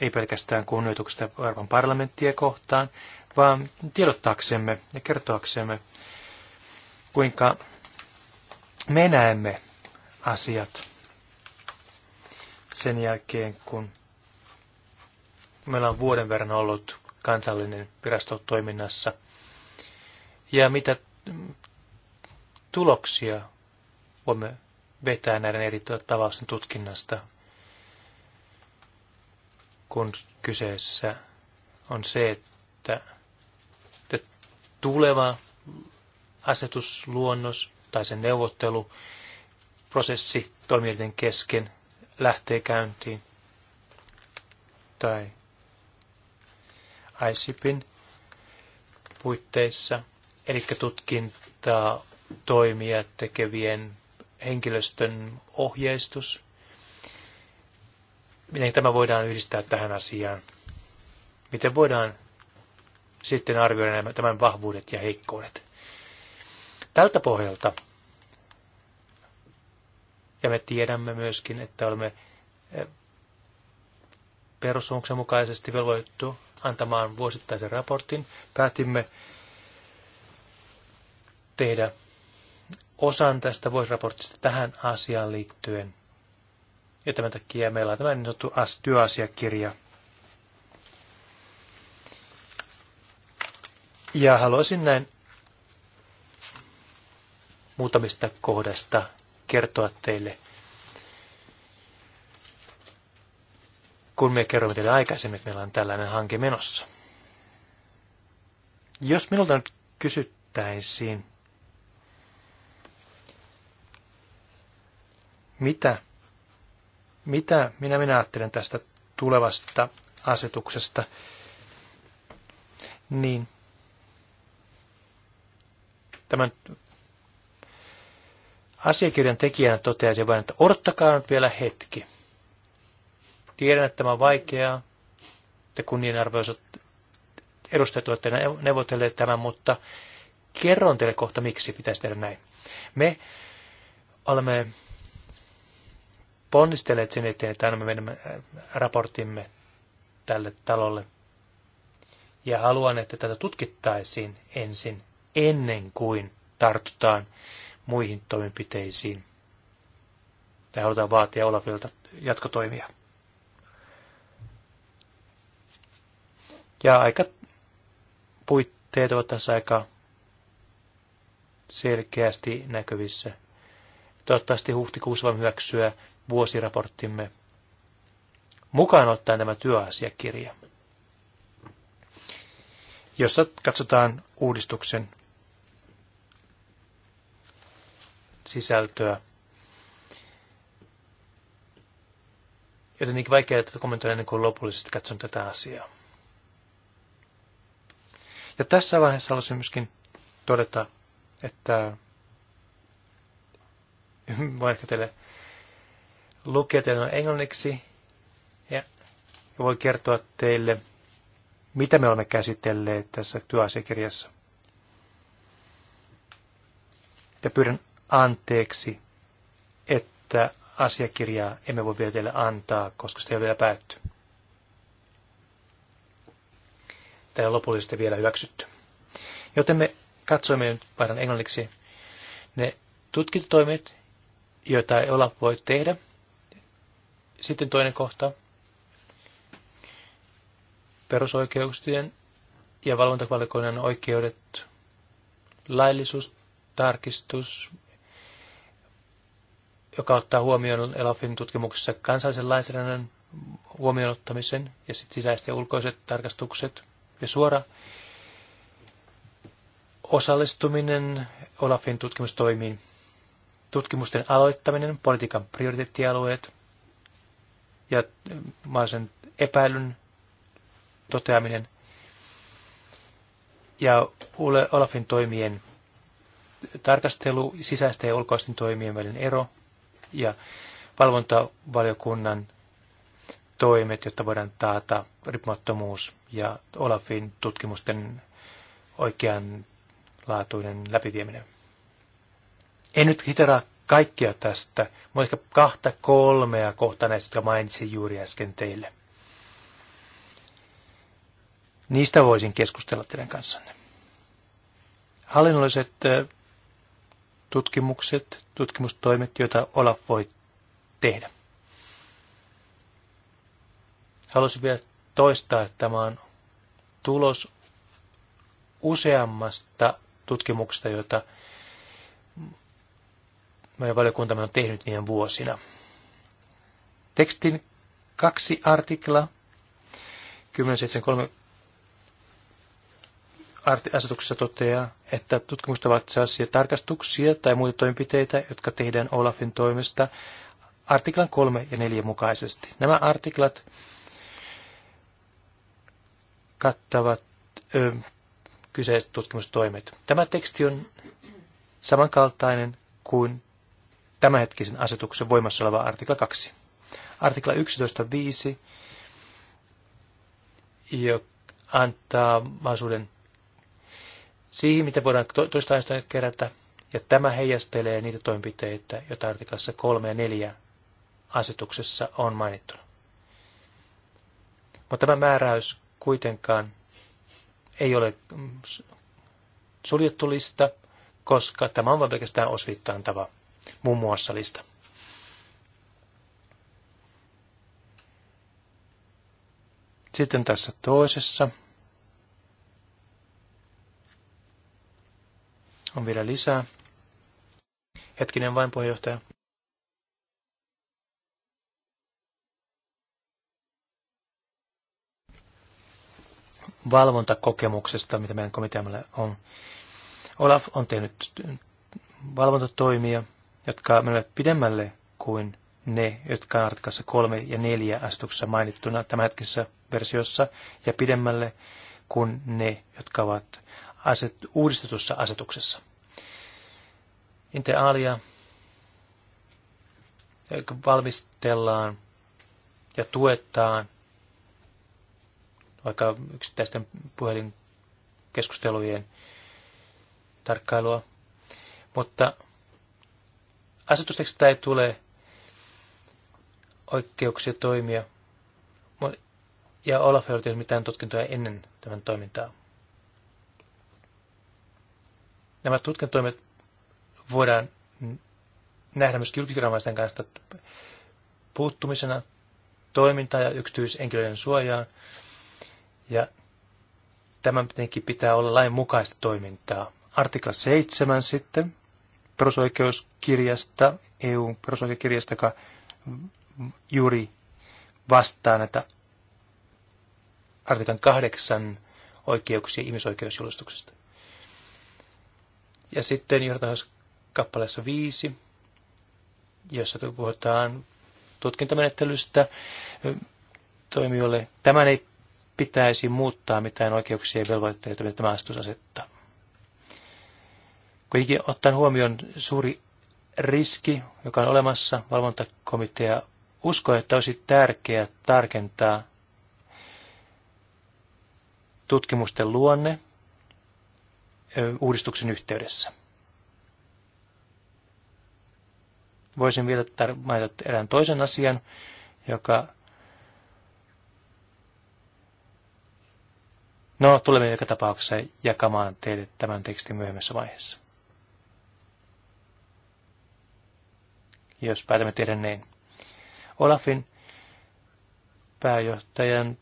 Ei pelkästään kunnioituksesta Euroopan parlamenttia kohtaan, vaan tiedottaaksemme ja kertoaksemme, kuinka me näemme asiat sen jälkeen, kun meillä on vuoden verran ollut kansallinen virasto toiminnassa. Ja mitä tuloksia voimme vetää näiden eri tavausten tutkinnasta, kun kyseessä on se, että tuleva asetusluonnos tai sen neuvotteluprosessi toimijoiden kesken lähtee käyntiin. Tai ICPin puitteissa, eli tutkintaa toimia tekevien henkilöstön ohjeistus. Miten tämä voidaan yhdistää tähän asiaan? Miten voidaan sitten arvioida tämän vahvuudet ja heikkoudet? Tältä pohjalta ja me tiedämme myöskin, että olemme eh, perussuunnuksen mukaisesti velvoittu antamaan vuosittaisen raportin. Päätimme tehdä osan tästä vuosiraportista tähän asiaan liittyen. Ja tämän takia meillä on tämä niin sanottu työasiakirja. Ja haluaisin näin muutamista kohdasta kertoa teille. Kun me kerromme teille aikaisemmin, että meillä on tällainen hanke menossa. Jos minulta nyt kysyttäisiin, mitä, mitä minä, minä ajattelen tästä tulevasta asetuksesta, niin tämän asiakirjan tekijänä toteaisin vain, että odottakaa nyt vielä hetki. Tiedän, että tämä on vaikeaa. Te kunnianarvoisat edustajat olette neuvotelleet tämän, mutta kerron teille kohta, miksi pitäisi tehdä näin. Me olemme ponnistelleet sen eteen, että annamme meidän äh, raportimme tälle talolle. Ja haluan, että tätä tutkittaisiin ensin, ennen kuin tartutaan muihin toimenpiteisiin. Tai halutaan vaatia Olafilta jatkotoimia. Ja aika puitteet ovat tässä aika selkeästi näkyvissä. Toivottavasti huhtikuussa voimme hyväksyä vuosiraporttimme mukaan ottaen tämä työasiakirja, jossa katsotaan uudistuksen sisältöä. Joten niin vaikea tätä kommentoida ennen kuin lopullisesti katson tätä asiaa. Ja tässä vaiheessa haluaisin myöskin todeta, että ehkä teille lukea teille on englanniksi ja voi kertoa teille, mitä me olemme käsitelleet tässä työasiakirjassa. Ja pyydän anteeksi, että asiakirjaa emme voi vielä teille antaa, koska se ei ole vielä päätty. Tämä on lopullisesti vielä hyväksytty. Joten me katsoimme nyt vaihdan englanniksi ne tutkintotoimet, joita ei olla voi tehdä. Sitten toinen kohta. Perusoikeuksien ja valvontavalikoinnan oikeudet, laillisuustarkistus, joka ottaa huomioon ELAFin tutkimuksessa kansallisen lainsäädännön huomioon ottamisen ja sitten sisäiset ja ulkoiset tarkastukset ja suora osallistuminen Olafin tutkimustoimiin, tutkimusten aloittaminen, politiikan prioriteettialueet ja mahdollisen epäilyn toteaminen ja Olafin toimien tarkastelu, sisäisten ja ulkoisten toimien välinen ero – ja valvontavaliokunnan toimet, jotta voidaan taata riippumattomuus ja Olafin tutkimusten oikeanlaatuinen läpivieminen. En nyt hiteraa kaikkia tästä, mutta ehkä kahta kolmea kohtaa näistä, jotka mainitsin juuri äsken teille. Niistä voisin keskustella teidän kanssanne. Hallinnolliset eh, tutkimukset, tutkimustoimet, joita Olaf voi tehdä. Haluaisin vielä toistaa, että tämä on tulos useammasta tutkimuksesta, joita meidän valiokuntamme on tehnyt viime vuosina. Tekstin kaksi artikla asetuksessa toteaa, että tutkimukset ovat sellaisia tarkastuksia tai muita toimenpiteitä, jotka tehdään Olafin toimesta artiklan 3 ja 4 mukaisesti. Nämä artiklat kattavat ö, kyseiset tutkimustoimet. Tämä teksti on samankaltainen kuin tämänhetkisen asetuksen voimassa oleva artikla 2. Artikla 11.5 joka antaa mahdollisuuden siihen, miten voidaan toista aineesta kerätä, ja tämä heijastelee niitä toimenpiteitä, joita artiklassa 3 ja 4 asetuksessa on mainittu. Mutta tämä määräys kuitenkaan ei ole suljettu lista, koska tämä on vain pelkästään osviittaantava muun muassa lista. Sitten tässä toisessa on vielä lisää. Hetkinen vain puheenjohtaja. valvontakokemuksesta, mitä meidän komiteamme on. Olaf on tehnyt valvontatoimia, jotka menevät pidemmälle kuin ne, jotka on artikassa 3 ja 4 asetuksessa mainittuna tämänhetkisessä versiossa, ja pidemmälle kuin ne, jotka ovat aset, uudistetussa asetuksessa alia valmistellaan ja tuetaan vaikka yksittäisten puhelinkeskustelujen tarkkailua. Mutta asetustekstistä ei tule oikeuksia toimia. Ja Olaf ei ole tehnyt mitään tutkintoja ennen tämän toimintaa. Nämä tutkintoimet voidaan nähdä myös julkisviranomaisten kanssa puuttumisena toimintaa ja yksityishenkilöiden suojaan. Ja tämän tietenkin pitää olla lain mukaista toimintaa. Artikla 7 sitten perusoikeuskirjasta, EUn perusoikeuskirjasta, joka juuri vastaa näitä artiklan 8 oikeuksia ihmisoikeusjulistuksesta. Ja sitten johdatus kappaleessa viisi, jossa puhutaan tutkintamenettelystä toimijoille. Tämän ei pitäisi muuttaa mitään oikeuksia ja velvoitteita, mitä tämä astus asettaa. Kuitenkin ottaen huomioon suuri riski, joka on olemassa, valvontakomitea uskoo, että olisi tärkeää tarkentaa tutkimusten luonne uudistuksen yhteydessä. Voisin vielä mainita erään toisen asian, joka No, tulemme joka tapauksessa jakamaan teille tämän tekstin myöhemmässä vaiheessa. Jos päätämme tehdä niin Olafin pääjohtajan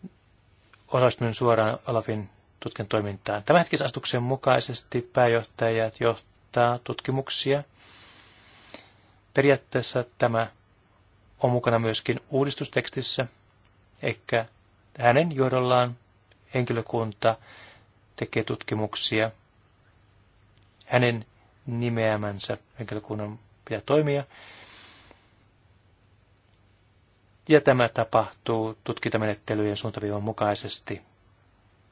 osallistuminen suoraan Olafin tutkintoimintaan. Tämänhetkisen astuksen mukaisesti pääjohtajat johtaa tutkimuksia, Periaatteessa tämä on mukana myöskin uudistustekstissä, eikä hänen johdollaan henkilökunta tekee tutkimuksia. Hänen nimeämänsä henkilökunnan pitää toimia. Ja tämä tapahtuu tutkintamenettelyjen suuntaviivan mukaisesti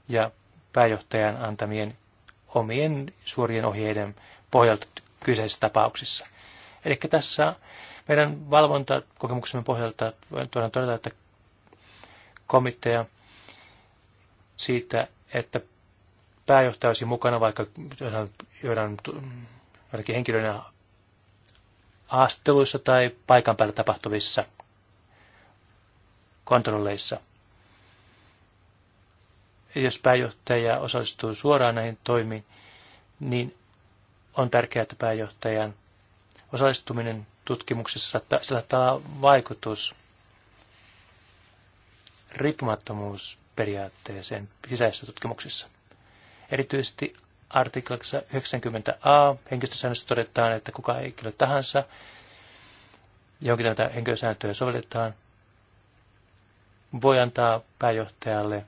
ja pääjohtajan antamien omien suorien ohjeiden pohjalta kyseisissä tapauksissa. Eli tässä meidän valvontakokemuksemme pohjalta voidaan todeta, että komitea siitä, että pääjohtaja olisi mukana vaikka joidaan joidenkin henkilöiden haastatteluissa tai paikan päällä tapahtuvissa kontrolleissa. Jos pääjohtaja osallistuu suoraan näihin toimiin, niin on tärkeää, että pääjohtajan osallistuminen tutkimuksessa saattaa, sillä saattaa vaikutus riippumattomuusperiaatteeseen sisäisessä tutkimuksissa. Erityisesti artiklassa 90a henkilöstösäännössä todetaan, että kuka henkilö tahansa, johonkin tätä henkilösääntöä sovelletaan, voi antaa pääjohtajalle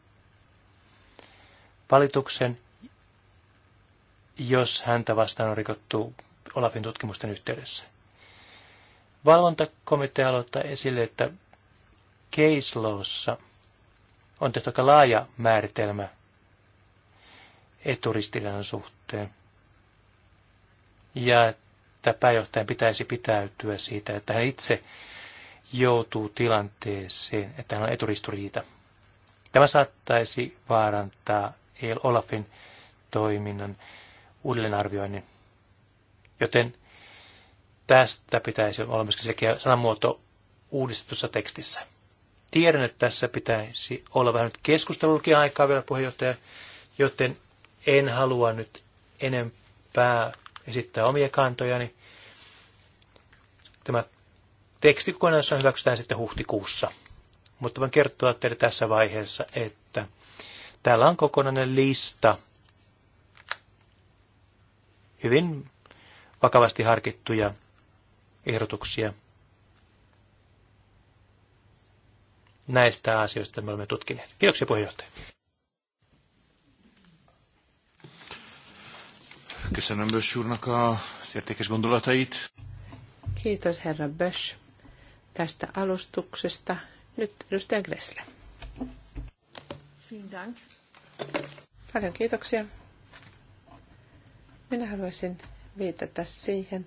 valituksen, jos häntä vastaan on rikottu Olafin tutkimusten yhteydessä. Valvontakomitea aloittaa esille, että case lawssa on tehty aika laaja määritelmä eturistiriidan suhteen. Ja että pääjohtajan pitäisi pitäytyä siitä, että hän itse joutuu tilanteeseen, että hän on eturistiriita. Tämä saattaisi vaarantaa Olafin toiminnan uudelleenarvioinnin. Joten tästä pitäisi olla myöskin selkeä sanamuoto uudistetussa tekstissä. Tiedän, että tässä pitäisi olla vähän nyt keskustelukin aikaa vielä puheenjohtaja, joten en halua nyt enempää esittää omia kantojani. Tämä tekstikokonaisuus hyväksytään sitten huhtikuussa. Mutta voin kertoa teille tässä vaiheessa, että täällä on kokonainen lista hyvin vakavasti harkittuja ehdotuksia. Näistä asioista me olemme tutkineet. Kiitoksia puheenjohtaja. Köszönöm Bös úrnak a értékes gondolatait. Kiitos herra Bös tästä alustuksesta. Nyt edustaja Gressle. Paljon kiitoksia. Minä haluaisin viitata siihen,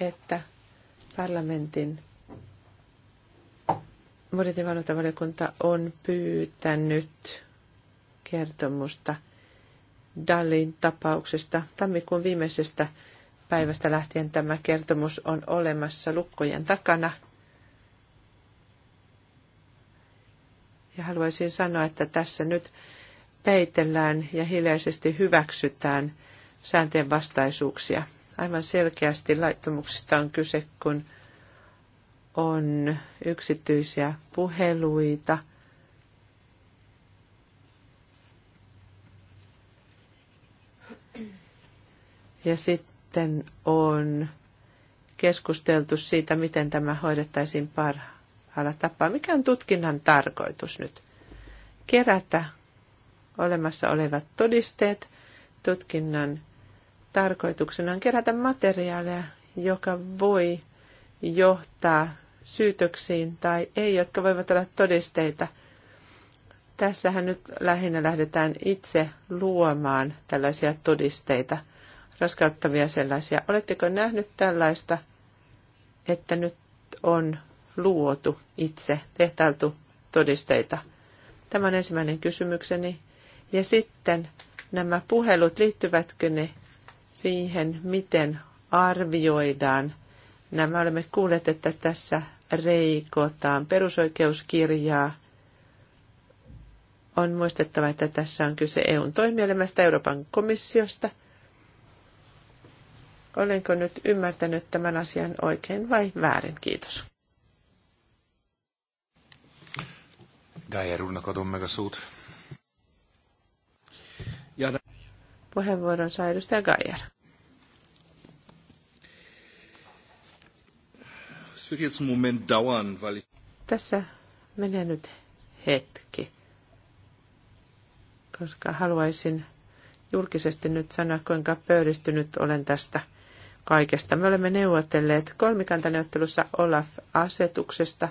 että parlamentin budjettivalvontavaliokunta on pyytänyt kertomusta Dallin tapauksesta. Tammikuun viimeisestä päivästä lähtien tämä kertomus on olemassa lukkojen takana. Ja haluaisin sanoa, että tässä nyt peitellään ja hiljaisesti hyväksytään – sääntöjen vastaisuuksia. Aivan selkeästi laittomuksista on kyse, kun on yksityisiä puheluita. Ja sitten on keskusteltu siitä, miten tämä hoidettaisiin parhaalla tapaa. Mikä on tutkinnan tarkoitus nyt? Kerätä olemassa olevat todisteet tutkinnan tarkoituksena on kerätä materiaalia, joka voi johtaa syytöksiin tai ei, jotka voivat olla todisteita. Tässähän nyt lähinnä lähdetään itse luomaan tällaisia todisteita, raskauttavia sellaisia. Oletteko nähnyt tällaista, että nyt on luotu itse, tehtailtu todisteita? Tämä on ensimmäinen kysymykseni. Ja sitten nämä puhelut, liittyvätkö ne siihen, miten arvioidaan. Nämä olemme kuulleet, että tässä reikotaan perusoikeuskirjaa. On muistettava, että tässä on kyse EUn toimielimestä, Euroopan komissiosta. Olenko nyt ymmärtänyt tämän asian oikein vai väärin? Kiitos. Gaia runnakodumme tummega suut. Puheenvuoron saa edustaja Geier. Tässä menee nyt hetki, koska haluaisin julkisesti nyt sanoa, kuinka pöydistynyt olen tästä kaikesta. Me olemme neuvotelleet kolmikantaneuvottelussa Olaf-asetuksesta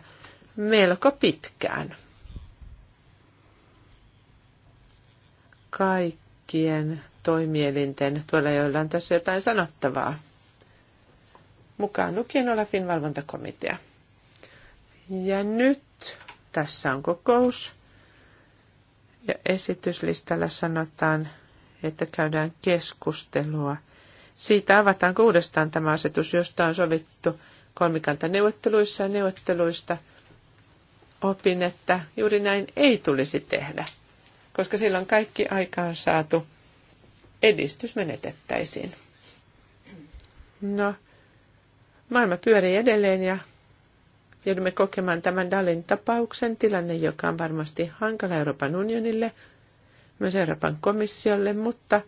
melko pitkään. Kaikkien toimielinten, tuolla joilla on tässä jotain sanottavaa, mukaan lukien Olafin valvontakomitea. Ja nyt tässä on kokous. Ja esityslistalla sanotaan, että käydään keskustelua. Siitä avataan uudestaan tämä asetus, josta on sovittu kolmikantaneuvotteluissa ja neuvotteluista. Opin, että juuri näin ei tulisi tehdä, koska silloin kaikki aika on saatu edistys menetettäisiin. No, maailma pyörii edelleen ja joudumme kokemaan tämän Dalin tapauksen tilanne, joka on varmasti hankala Euroopan unionille, myös Euroopan komissiolle, mutta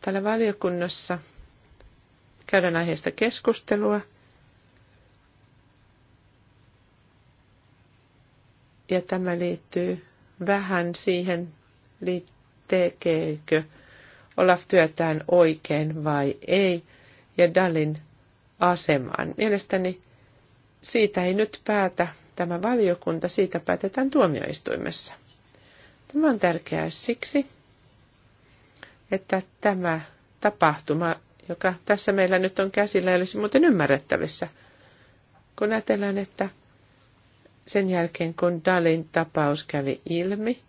täällä valiokunnassa käydään aiheesta keskustelua. Ja tämä liittyy vähän siihen, liittyy tekeekö Olaf työtään oikein vai ei, ja Dalin asemaan. Mielestäni siitä ei nyt päätä tämä valiokunta, siitä päätetään tuomioistuimessa. Tämä on tärkeää siksi, että tämä tapahtuma, joka tässä meillä nyt on käsillä, ei olisi muuten ymmärrettävissä, kun ajatellaan, että sen jälkeen kun Dalin tapaus kävi ilmi,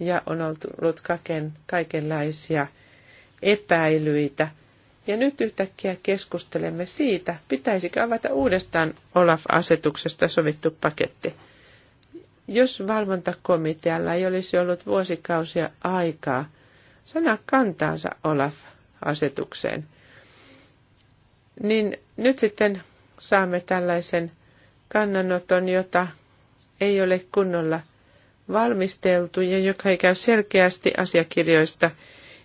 ja on ollut kaiken, kaikenlaisia epäilyitä. Ja nyt yhtäkkiä keskustelemme siitä, pitäisikö avata uudestaan Olaf-asetuksesta sovittu paketti. Jos valvontakomitealla ei olisi ollut vuosikausia aikaa sana kantaansa Olaf-asetukseen, niin nyt sitten saamme tällaisen kannanoton, jota ei ole kunnolla – valmisteltu ja joka ei käy selkeästi asiakirjoista.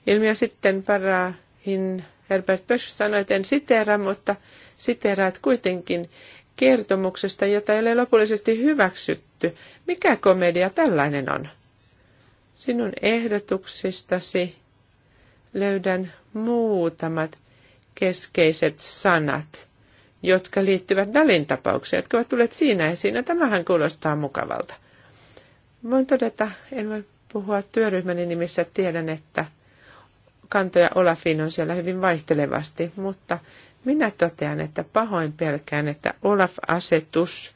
Ilmiö sitten parahin Herbert Pösch sanoi, että en siteera, mutta siteeraat kuitenkin kertomuksesta, jota ei ole lopullisesti hyväksytty. Mikä komedia tällainen on? Sinun ehdotuksistasi löydän muutamat keskeiset sanat, jotka liittyvät Dalin tapaukseen, jotka ovat tulleet siinä esiin. Tämähän kuulostaa mukavalta. Voin todeta, en voi puhua työryhmäni nimissä, tiedän, että kantoja Olafin on siellä hyvin vaihtelevasti, mutta minä totean, että pahoin pelkään, että Olaf-asetus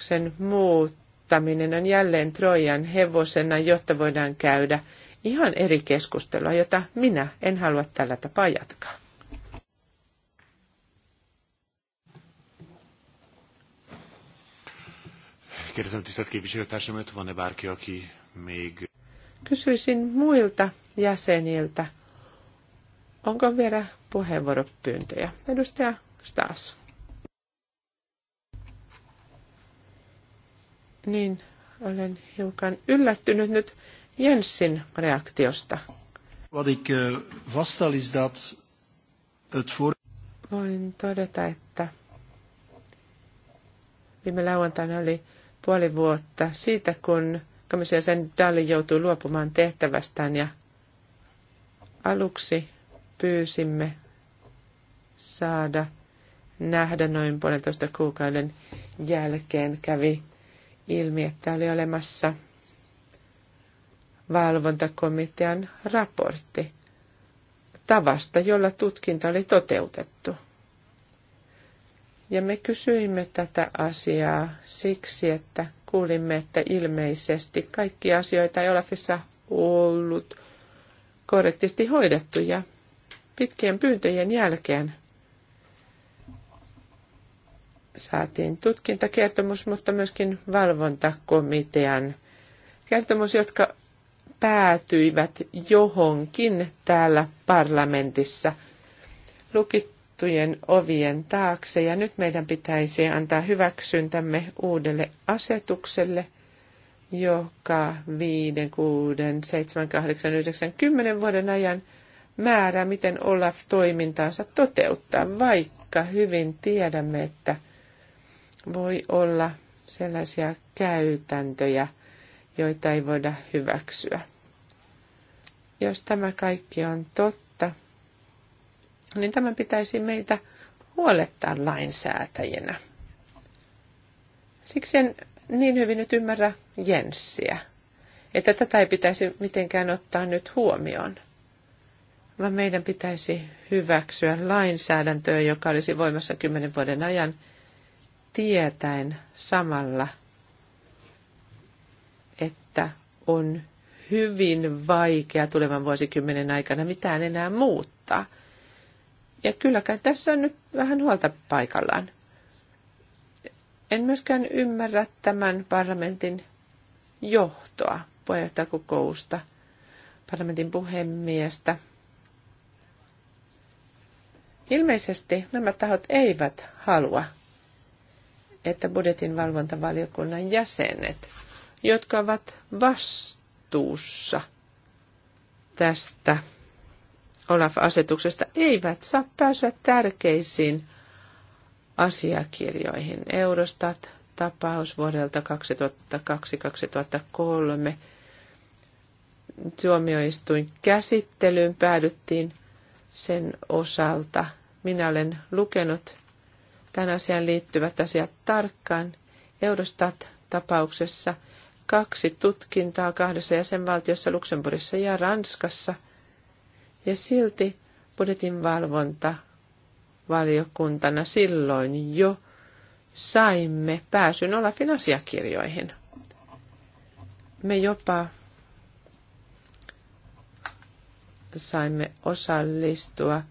sen muuttaminen on jälleen Trojan hevosena, jotta voidaan käydä ihan eri keskustelua, jota minä en halua tällä tapaa jatkaa. Kérdezem tisztelt képviselőtársamat, van-e bárki, aki még... Kysyisin muilta jäseniltä, onko vielä puheenvuoropyyntöjä. Edustaja Stas. Niin, olen hiukan yllättynyt nyt Jenssin reaktiosta. Wat ik eh, vaststel is dat het voor... Voin todeta, että viime lauantaina oli puoli vuotta siitä, kun komissio sen Dali joutui luopumaan tehtävästään ja aluksi pyysimme saada nähdä noin puolentoista kuukauden jälkeen kävi ilmi, että oli olemassa valvontakomitean raportti tavasta, jolla tutkinta oli toteutettu. Ja me kysyimme tätä asiaa siksi, että kuulimme, että ilmeisesti kaikki asioita ei Olafissa ollut korrektisti hoidettu ja pitkien pyyntöjen jälkeen saatiin tutkintakertomus, mutta myöskin valvontakomitean kertomus, jotka päätyivät johonkin täällä parlamentissa. Lukit suljettujen ovien taakse ja nyt meidän pitäisi antaa hyväksyntämme uudelle asetukselle, joka 5, 6, 7, 8, 9, 10 vuoden ajan määrää, miten Olaf toimintaansa toteuttaa, vaikka hyvin tiedämme, että voi olla sellaisia käytäntöjä, joita ei voida hyväksyä. Jos tämä kaikki on totta, niin tämä pitäisi meitä huolettaa lainsäätäjinä. Siksi en niin hyvin nyt ymmärrä Jenssiä, että tätä ei pitäisi mitenkään ottaa nyt huomioon, vaan meidän pitäisi hyväksyä lainsäädäntöä, joka olisi voimassa kymmenen vuoden ajan, tietäen samalla, että on hyvin vaikea tulevan vuosikymmenen aikana mitään enää muuttaa – ja kylläkään tässä on nyt vähän huolta paikallaan. En myöskään ymmärrä tämän parlamentin johtoa, puheenjohtajakokousta, parlamentin puhemiestä. Ilmeisesti nämä tahot eivät halua, että budjetin valvontavaliokunnan jäsenet, jotka ovat vastuussa tästä Olaf-asetuksesta eivät saa pääsyä tärkeisiin asiakirjoihin. Eurostat tapaus vuodelta 2002-2003. Tuomioistuin käsittelyyn päädyttiin sen osalta. Minä olen lukenut tämän asian liittyvät asiat tarkkaan. Eurostat-tapauksessa kaksi tutkintaa kahdessa jäsenvaltiossa, Luxemburgissa ja Ranskassa. Ja silti budjetin valvonta valiokuntana silloin jo saimme pääsyn Olafin asiakirjoihin. Me jopa saimme osallistua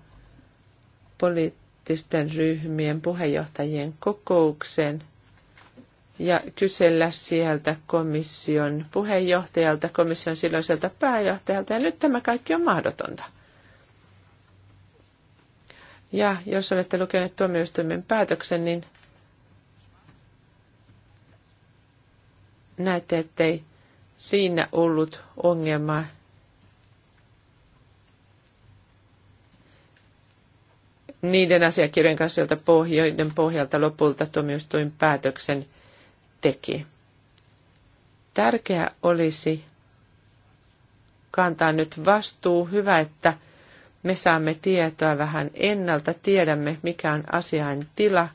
poliittisten ryhmien puheenjohtajien kokoukseen ja kysellä sieltä komission puheenjohtajalta, komission silloiselta pääjohtajalta, ja nyt tämä kaikki on mahdotonta. Ja jos olette lukeneet tuomioistuimen päätöksen, niin näette, ettei siinä ollut ongelmaa. Niiden asiakirjojen kanssa, joita pohjoiden pohjalta lopulta tuomioistuin päätöksen teki. Tärkeää olisi kantaa nyt vastuu. Hyvä, että me saamme tietoa vähän ennalta, tiedämme mikä on asian tila.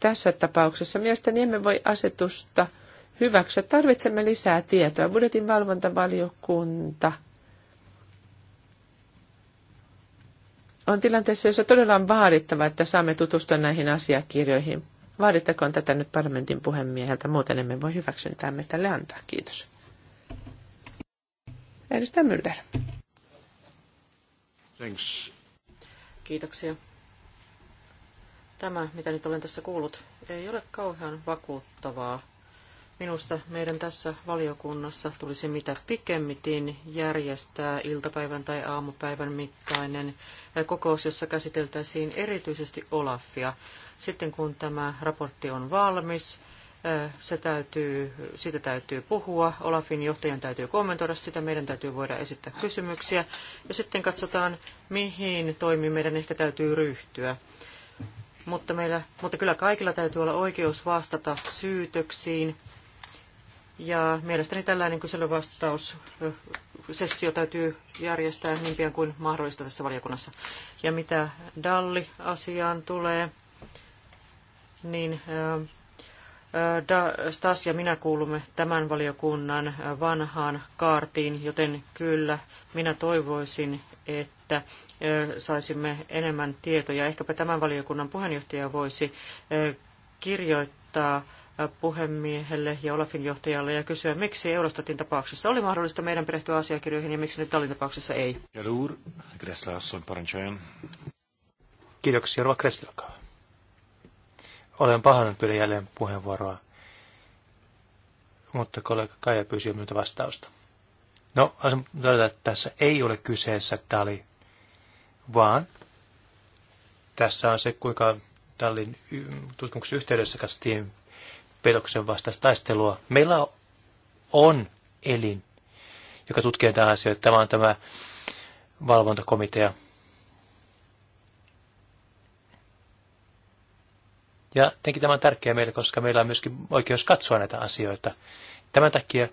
Tässä tapauksessa mielestäni emme voi asetusta hyväksyä. Tarvitsemme lisää tietoa. Budjetin valvontavaliokunta on tilanteessa, jossa todella on vaadittava, että saamme tutustua näihin asiakirjoihin. Vaadittakoon tätä nyt parlamentin puhemieheltä, muuten emme voi me tälle antaa. Kiitos. Edustaja Müller. Thanks. Kiitoksia. Tämä, mitä nyt olen tässä kuullut, ei ole kauhean vakuuttavaa. Minusta meidän tässä valiokunnassa tulisi mitä pikemmitin järjestää iltapäivän tai aamupäivän mittainen kokous, jossa käsiteltäisiin erityisesti Olafia. Sitten kun tämä raportti on valmis, se täytyy, siitä täytyy puhua, Olafin johtajan täytyy kommentoida sitä, meidän täytyy voida esittää kysymyksiä ja sitten katsotaan, mihin toimiin meidän ehkä täytyy ryhtyä. Mutta, meillä, mutta kyllä kaikilla täytyy olla oikeus vastata syytöksiin ja mielestäni tällainen kyselyvastaussessio täytyy järjestää niin pian kuin mahdollista tässä valiokunnassa. Ja mitä Dalli-asiaan tulee, niin Äh, Stas ja minä kuulumme tämän valiokunnan äh, vanhaan kaartiin, joten kyllä minä toivoisin, että äh, saisimme enemmän tietoja. Ehkäpä tämän valiokunnan puheenjohtaja voisi kirjoittaa puhemiehelle ja Olafin johtajalle ja kysyä, miksi Eurostatin tapauksessa oli mahdollista meidän perehtyä asiakirjoihin ja miksi ne Tallin tapauksessa ei. Kiitoksia, Rova Kresla. Olen pahoin pyydän jälleen puheenvuoroa, mutta kollega Kaija pyysi minulta vastausta. No, todeta, että tässä ei ole kyseessä tali, vaan tässä on se, kuinka tallin tutkimuksen yhteydessä katsottiin petoksen vastaista taistelua. Meillä on elin, joka tutkii tätä asioita. Tämä on tämä valvontakomitea, Ja tietenkin tämä on tärkeää meille, koska meillä on myöskin oikeus katsoa näitä asioita. Tämän takia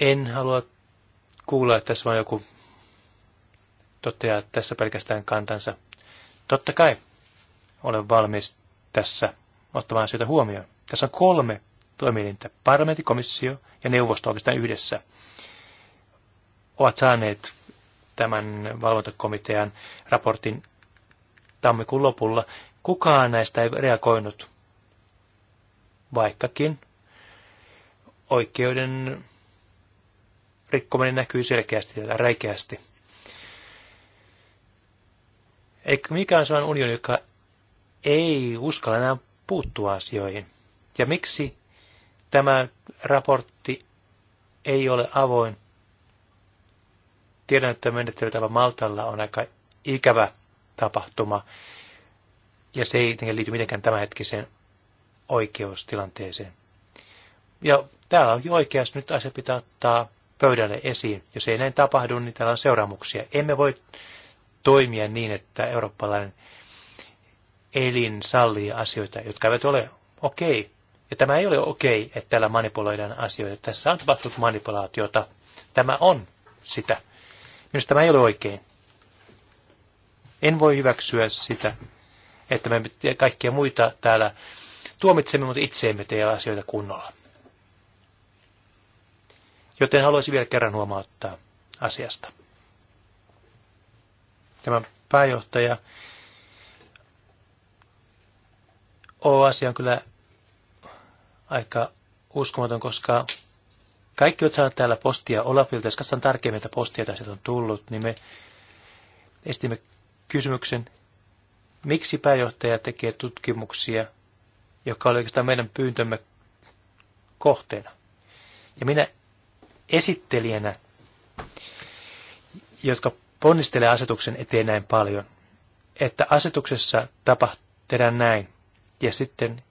en halua kuulla, että tässä vain joku toteaa tässä pelkästään kantansa. Totta kai olen valmis tässä ottamaan asioita huomioon. Tässä on kolme toimielintä, parlamentti, komissio ja neuvosto oikeastaan yhdessä, ovat saaneet tämän valvontakomitean raportin tammikuun lopulla, Kukaan näistä ei reagoinut, vaikkakin oikeuden rikkominen näkyy selkeästi ja räikeästi. Eli mikä on sellainen unioni, joka ei uskalla enää puuttua asioihin? Ja miksi tämä raportti ei ole avoin? Tiedän, että menettelytapa Maltalla on aika ikävä tapahtuma. Ja se ei tietenkään liity mitenkään tämänhetkiseen oikeustilanteeseen. Ja täällä onkin oikeasti nyt asia pitää ottaa pöydälle esiin. Jos ei näin tapahdu, niin täällä on seuraamuksia. Emme voi toimia niin, että eurooppalainen elin sallii asioita, jotka eivät ole okei. Okay. Ja tämä ei ole okei, okay, että täällä manipuloidaan asioita. Tässä on tapahtunut manipulaatiota. Tämä on sitä. Minusta tämä ei ole oikein. En voi hyväksyä sitä, että me kaikkia muita täällä tuomitsemme, mutta itse emme tee asioita kunnolla. Joten haluaisin vielä kerran huomauttaa asiasta. Tämä pääjohtaja O-asia on kyllä aika uskomaton, koska kaikki ovat saaneet täällä postia Olafilta. Jos katsotaan tarkemmin, että postia tästä on tullut, niin me estimme kysymyksen Miksi pääjohtaja tekee tutkimuksia, joka oli oikeastaan meidän pyyntömme kohteena? Ja minä esittelijänä, jotka ponnistelee asetuksen eteen näin paljon, että asetuksessa tapahtuu näin. Ja sitten,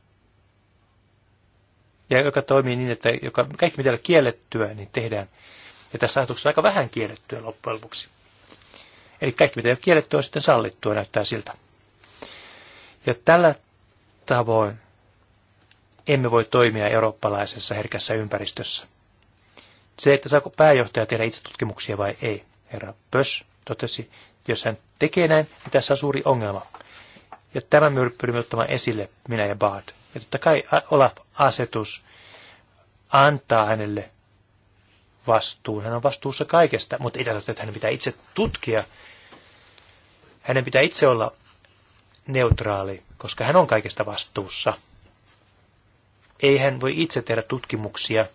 ja joka toimii niin, että joka, kaikki mitä on kiellettyä, niin tehdään. Ja tässä on aika vähän kiellettyä loppujen lopuksi. Eli kaikki mitä ei ole kiellettyä on sitten sallittua, näyttää siltä. Ja tällä tavoin emme voi toimia eurooppalaisessa herkässä ympäristössä. Se, että saako pääjohtaja tehdä itse tutkimuksia vai ei, herra Pös totesi, jos hän tekee näin, niin tässä on suuri ongelma. Ja tämän me pyrimme ottamaan esille, minä ja Baad. Ja totta kai Olaf-asetus antaa hänelle vastuun. Hän on vastuussa kaikesta, mutta ei tällaista, että hänen pitää itse tutkia. Hänen pitää itse olla neutraali, koska hän on kaikesta vastuussa. Ei hän voi itse tehdä tutkimuksia.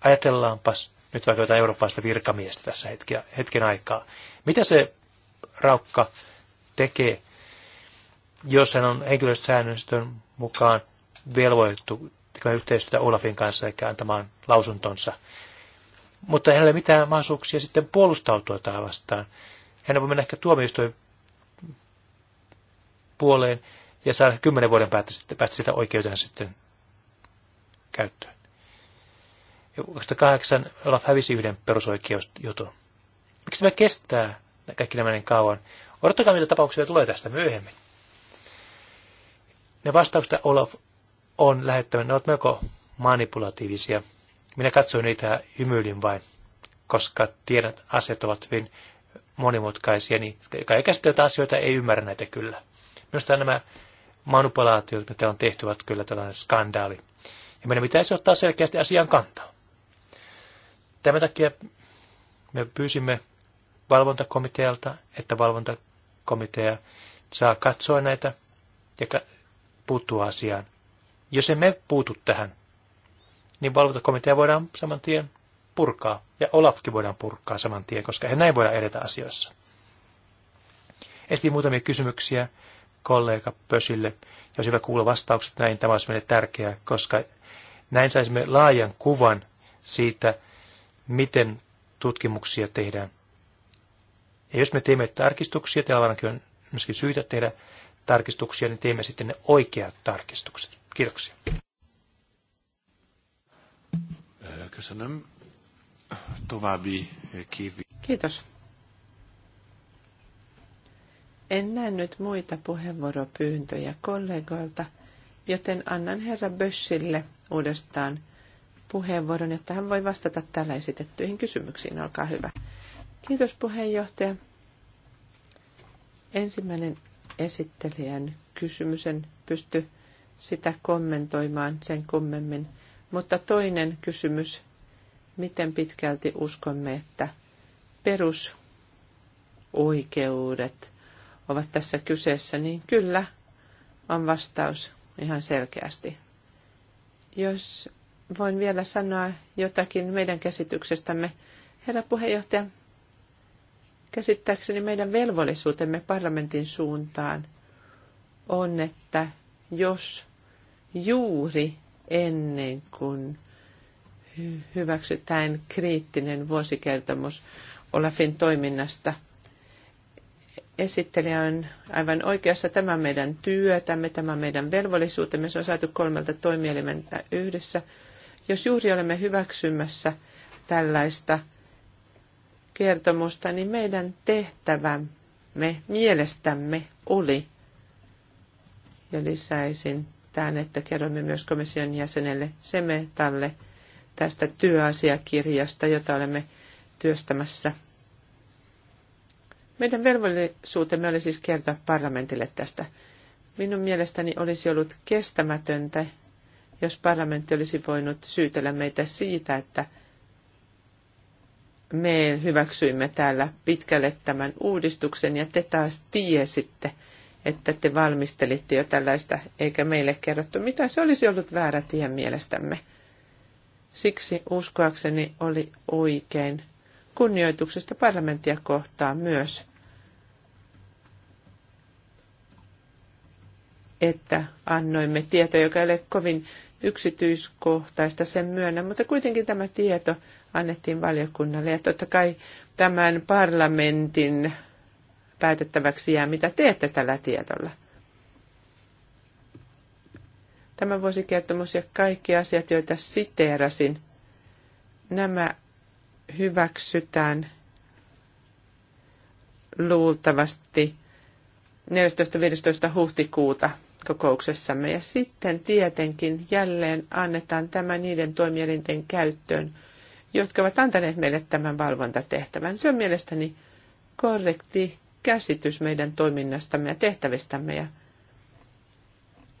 Ajatellaanpas nyt vaikka jotain eurooppalaista virkamiestä tässä hetken, hetken aikaa. Mitä se raukka tekee, jos hän on henkilöstösäännöstön mukaan velvoitettu tekemään yhteistyötä Olafin kanssa eikä antamaan lausuntonsa. Mutta hänellä ei ole mitään mahdollisuuksia sitten puolustautua tähän vastaan hän voi mennä ehkä tuomioistuin puoleen ja saada kymmenen vuoden päästä, päästä sitä oikeutena sitten käyttöön. Ja 2008 Olaf hävisi yhden perusoikeusjutun. Miksi tämä kestää kaikki nämä niin kauan? Odottakaa, mitä tapauksia tulee tästä myöhemmin. Ne vastaukset Olaf on lähettävä, ne ovat melko manipulatiivisia. Minä katsoin niitä ja hymyilin vain, koska tiedän, että asiat ovat hyvin monimutkaisia, niin kai käsitellään asioita, ei ymmärrä näitä kyllä. Minusta nämä manipulaatiot, mitä on tehty, ovat kyllä tällainen skandaali. Ja meidän pitäisi ottaa selkeästi asian kantaa. Tämän takia me pyysimme valvontakomitealta, että valvontakomitea saa katsoa näitä ja puuttua asiaan. Jos emme puutu tähän, niin valvontakomitea voidaan saman tien purkaa. Ja Olafkin voidaan purkaa saman tien, koska he näin voida edetä asioissa. Esitin muutamia kysymyksiä kollega Pösille. Jos hyvä kuulla vastaukset näin, tämä olisi meille tärkeää, koska näin saisimme laajan kuvan siitä, miten tutkimuksia tehdään. Ja jos me teemme tarkistuksia, täällä ainakin on myöskin syytä tehdä tarkistuksia, niin teemme sitten ne oikeat tarkistukset. Kiitoksia. Köszönöm további eh, kivi. Kiitos. En nähnyt muita puheenvuoropyyntöjä kollegoilta, joten annan herra Bössille uudestaan puheenvuoron, jotta hän voi vastata täällä esitettyihin kysymyksiin. Olkaa hyvä. Kiitos puheenjohtaja. Ensimmäinen esittelijän kysymys. En pysty sitä kommentoimaan sen kummemmin. Mutta toinen kysymys miten pitkälti uskomme, että perusoikeudet ovat tässä kyseessä, niin kyllä on vastaus ihan selkeästi. Jos voin vielä sanoa jotakin meidän käsityksestämme, herra puheenjohtaja, käsittääkseni meidän velvollisuutemme parlamentin suuntaan on, että jos juuri ennen kuin hyväksytään kriittinen vuosikertomus Olafin toiminnasta. Esittelijä on aivan oikeassa. Tämä meidän työtämme, tämä meidän velvollisuutemme. Se on saatu kolmelta toimielimeltä yhdessä. Jos juuri olemme hyväksymässä tällaista kertomusta, niin meidän tehtävämme mielestämme oli. Ja lisäisin tämän, että kerromme myös komission jäsenelle Semetalle, tästä työasiakirjasta, jota olemme työstämässä. Meidän velvollisuutemme oli siis kertoa parlamentille tästä. Minun mielestäni olisi ollut kestämätöntä, jos parlamentti olisi voinut syytellä meitä siitä, että me hyväksyimme täällä pitkälle tämän uudistuksen ja te taas tiesitte, että te valmistelitte jo tällaista, eikä meille kerrottu, mitä se olisi ollut väärä tie mielestämme. Siksi uskoakseni oli oikein kunnioituksesta parlamenttia kohtaan myös, että annoimme tietoa, joka ei ole kovin yksityiskohtaista sen myönnä, mutta kuitenkin tämä tieto annettiin valiokunnalle ja totta kai tämän parlamentin päätettäväksi jää, mitä teette tällä tiedolla. Tämä vuosikertomus ja kaikki asiat, joita siteerasin, nämä hyväksytään luultavasti 14.15. huhtikuuta kokouksessamme. Ja sitten tietenkin jälleen annetaan tämä niiden toimielinten käyttöön, jotka ovat antaneet meille tämän valvontatehtävän. Se on mielestäni korrekti käsitys meidän toiminnastamme ja tehtävistämme ja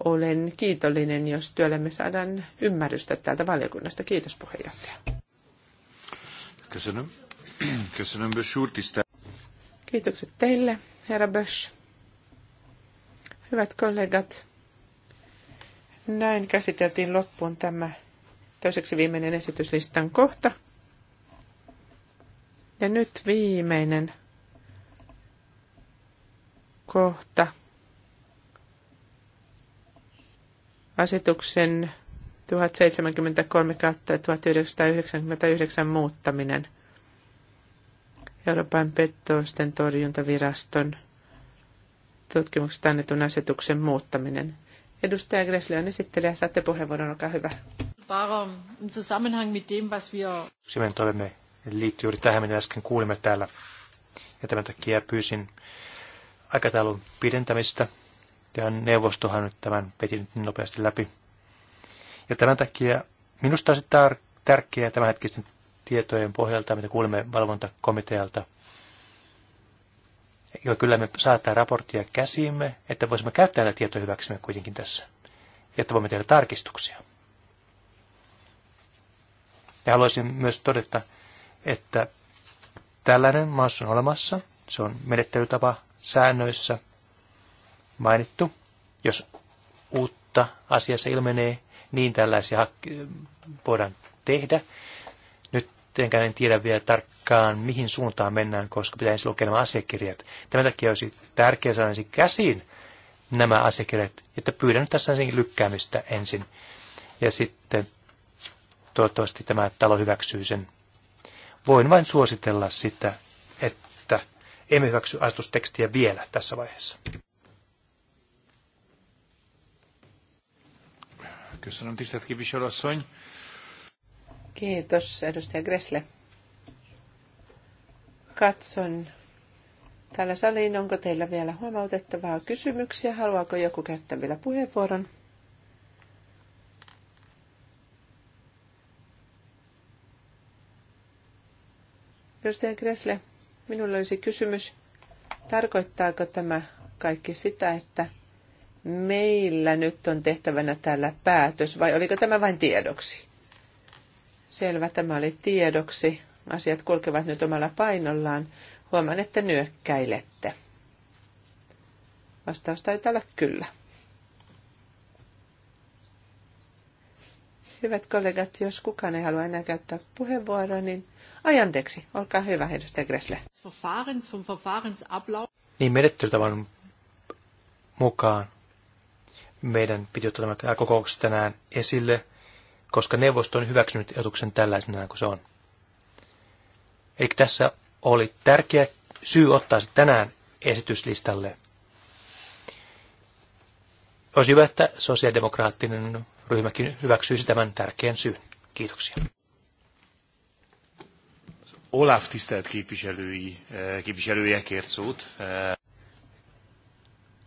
olen kiitollinen, jos työllemme saadaan ymmärrystä täältä valiokunnasta. Kiitos puheenjohtaja. Kiitokset teille, herra Bösch. Hyvät kollegat, näin käsiteltiin loppuun tämä toiseksi viimeinen esityslistan kohta. Ja nyt viimeinen kohta. asetuksen 1073 kautta 1999 muuttaminen Euroopan pettoisten torjuntaviraston tutkimuksesta annetun asetuksen muuttaminen. Edustaja Gressle on esittelijä. Saatte puheenvuoron, olkaa hyvä. Simen toimme liittyy juuri tähän, mitä äsken kuulimme täällä. Ja tämän takia pyysin aikataulun pidentämistä ja neuvostohan nyt tämän veti nyt niin nopeasti läpi. Ja tämän takia minusta on tar- tärkeää tämänhetkisten tietojen pohjalta, mitä kuulemme valvontakomitealta, ja kyllä me saattaa raporttia käsiimme, että voisimme käyttää näitä tietoja hyväksymme kuitenkin tässä, että voimme tehdä tarkistuksia. Ja haluaisin myös todeta, että tällainen maassa on olemassa, se on menettelytapa säännöissä – mainittu. Jos uutta asiassa ilmenee, niin tällaisia voidaan tehdä. Nyt enkä en tiedä vielä tarkkaan, mihin suuntaan mennään, koska pitää ensin lukea nämä asiakirjat. Tämän takia olisi tärkeää saada ensin käsiin nämä asiakirjat, että pyydän tässä ensin lykkäämistä ensin. Ja sitten toivottavasti tämä talo hyväksyy sen. Voin vain suositella sitä, että emme hyväksy asetustekstiä vielä tässä vaiheessa. Köszönöm, tisztelt képviselőasszony. Kiitos, edustaja Gressle. Katson täällä saliin, onko teillä vielä huomautettavaa kysymyksiä? Haluaako joku käyttää vielä puheenvuoron? Edustaja Gressle, minulla olisi kysymys. Tarkoittaako tämä kaikki sitä, että meillä nyt on tehtävänä täällä päätös, vai oliko tämä vain tiedoksi? Selvä, tämä oli tiedoksi. Asiat kulkevat nyt omalla painollaan. Huomaan, että nyökkäilette. Vastaus taitaa olla kyllä. Hyvät kollegat, jos kukaan ei halua enää käyttää puheenvuoroa, niin ajanteeksi. Olkaa hyvä, edustaja Gressle. Niin menettelytavan mukaan meidän piti ottaa tämä kokouksessa tänään esille, koska neuvosto on hyväksynyt ehdotuksen tällaisena kuin se on. Eli tässä oli tärkeä syy ottaa se tänään esityslistalle. Olisi hyvä, että sosiaalidemokraattinen ryhmäkin hyväksyisi tämän tärkeän syyn. Kiitoksia. Olaf tisztelt képviselői, képviselőjekért szót.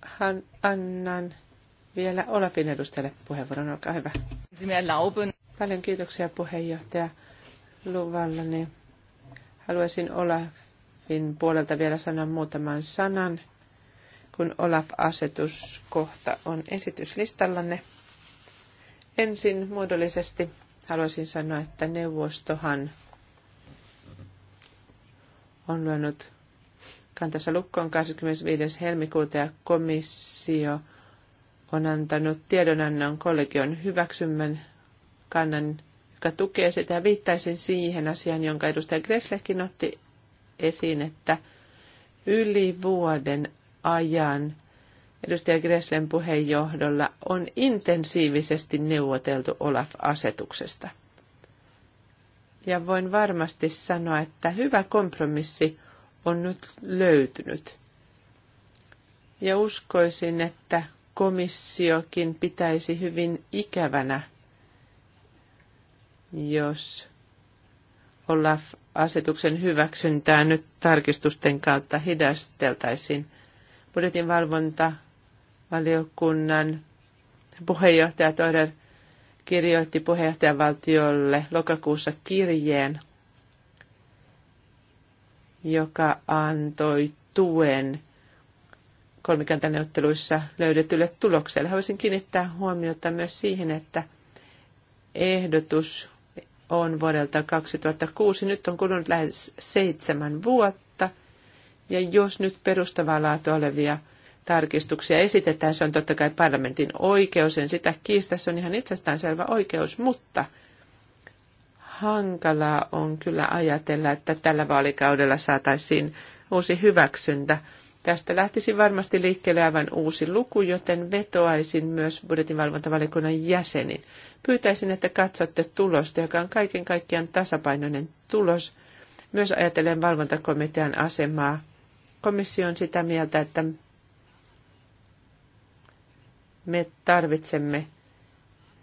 Han, annan vielä Olafin edustajalle puheenvuoron. Olkaa hyvä. Paljon kiitoksia puheenjohtaja luvallani. Haluaisin Olafin puolelta vielä sanoa muutaman sanan, kun Olaf-asetuskohta on esityslistallanne. Ensin muodollisesti haluaisin sanoa, että neuvostohan on luonut kantansa lukkoon 25. helmikuuta ja komissio – on antanut tiedonannon kollegion hyväksymän kannan, joka tukee sitä. Viittaisin siihen asiaan, jonka edustaja Greslekin otti esiin, että yli vuoden ajan edustaja Greslen puheenjohdolla on intensiivisesti neuvoteltu Olaf-asetuksesta. Ja voin varmasti sanoa, että hyvä kompromissi on nyt löytynyt. Ja uskoisin, että komissiokin pitäisi hyvin ikävänä, jos Olaf-asetuksen hyväksyntää nyt tarkistusten kautta hidasteltaisiin. Budjetin valiokunnan puheenjohtaja Toder kirjoitti puheenjohtajavaltiolle lokakuussa kirjeen, joka antoi tuen – kolmikantaneuvotteluissa löydetylle tulokselle. Haluaisin kiinnittää huomiota myös siihen, että ehdotus on vuodelta 2006. Nyt on kulunut lähes seitsemän vuotta. Ja jos nyt perustavaa laatua olevia tarkistuksia esitetään, se on totta kai parlamentin oikeus. En sitä kiistä, se on ihan itsestäänselvä oikeus, mutta hankalaa on kyllä ajatella, että tällä vaalikaudella saataisiin uusi hyväksyntä Tästä lähtisi varmasti liikkeelle aivan uusi luku, joten vetoaisin myös budjetinvalvontavaliokunnan jäsenin. Pyytäisin, että katsotte tulosta, joka on kaiken kaikkiaan tasapainoinen tulos. Myös ajatellen valvontakomitean asemaa. Komissio on sitä mieltä, että me tarvitsemme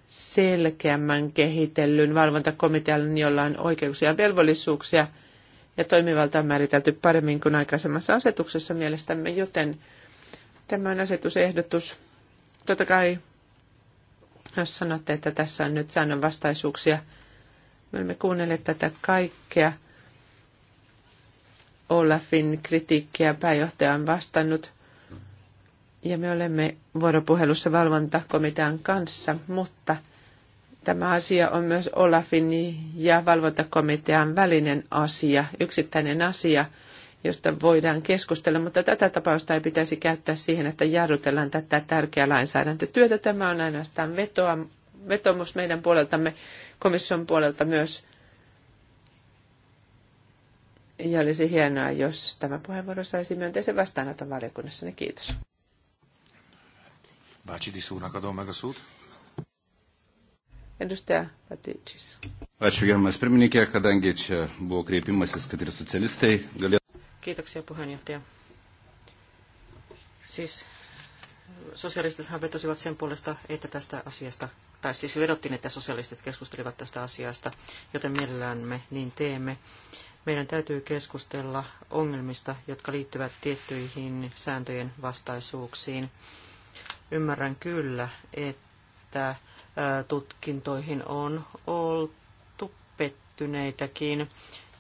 selkeämmän kehitellyn valvontakomitean, jolla on oikeuksia ja velvollisuuksia – ja toimivalta on määritelty paremmin kuin aikaisemmassa asetuksessa mielestämme, joten tämä on asetusehdotus. Totta kai, jos sanotte, että tässä on nyt säännönvastaisuuksia, me olemme kuunnelleet tätä kaikkea. Olafin kritiikkiä pääjohtaja on vastannut – ja me olemme vuoropuhelussa valvontakomitean kanssa, mutta Tämä asia on myös Olafin ja valvontakomitean välinen asia, yksittäinen asia, josta voidaan keskustella, mutta tätä tapausta ei pitäisi käyttää siihen, että jarrutellaan tätä tärkeää lainsäädäntötyötä. Tämä on ainoastaan vetoa, vetomus meidän puoleltamme, komission puolelta myös. Ja olisi hienoa, jos tämä puheenvuoro saisi myönteisen vastaanoton valiokunnassa. Kiitos. Baciti su una cadoma Edustaja Paticis. Ačiū gerbiamas pirmininkė, kadangi čia buvo kreipimasis, kad ir socialistai galėtų. Kiitoksia puheenjohtaja. Siis sosialistithan vetosivat sen puolesta, että tästä asiasta, tai siis vedottiin, että sosialistit keskustelivat tästä asiasta, joten mielellään me niin teemme. Meidän täytyy keskustella ongelmista, jotka liittyvät tiettyihin sääntöjen vastaisuuksiin. Ymmärrän kyllä, että tutkintoihin on oltu pettyneitäkin.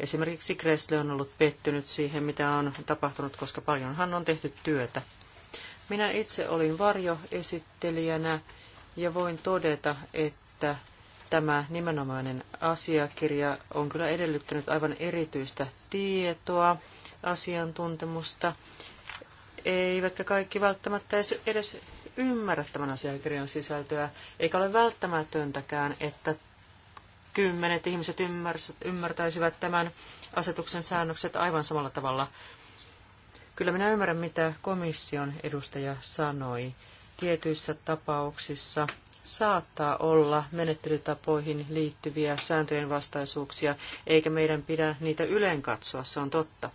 Esimerkiksi Kresle on ollut pettynyt siihen, mitä on tapahtunut, koska paljonhan on tehty työtä. Minä itse olin varjoesittelijänä ja voin todeta, että tämä nimenomainen asiakirja on kyllä edellyttänyt aivan erityistä tietoa, asiantuntemusta, eivätkä kaikki välttämättä edes ymmärrä tämän asiakirjan sisältöä, eikä ole välttämätöntäkään, että kymmenet ihmiset ymmärtäisivät tämän asetuksen säännökset aivan samalla tavalla. Kyllä minä ymmärrän, mitä komission edustaja sanoi. Tietyissä tapauksissa saattaa olla menettelytapoihin liittyviä sääntöjen vastaisuuksia, eikä meidän pidä niitä yleen katsoa, se on totta.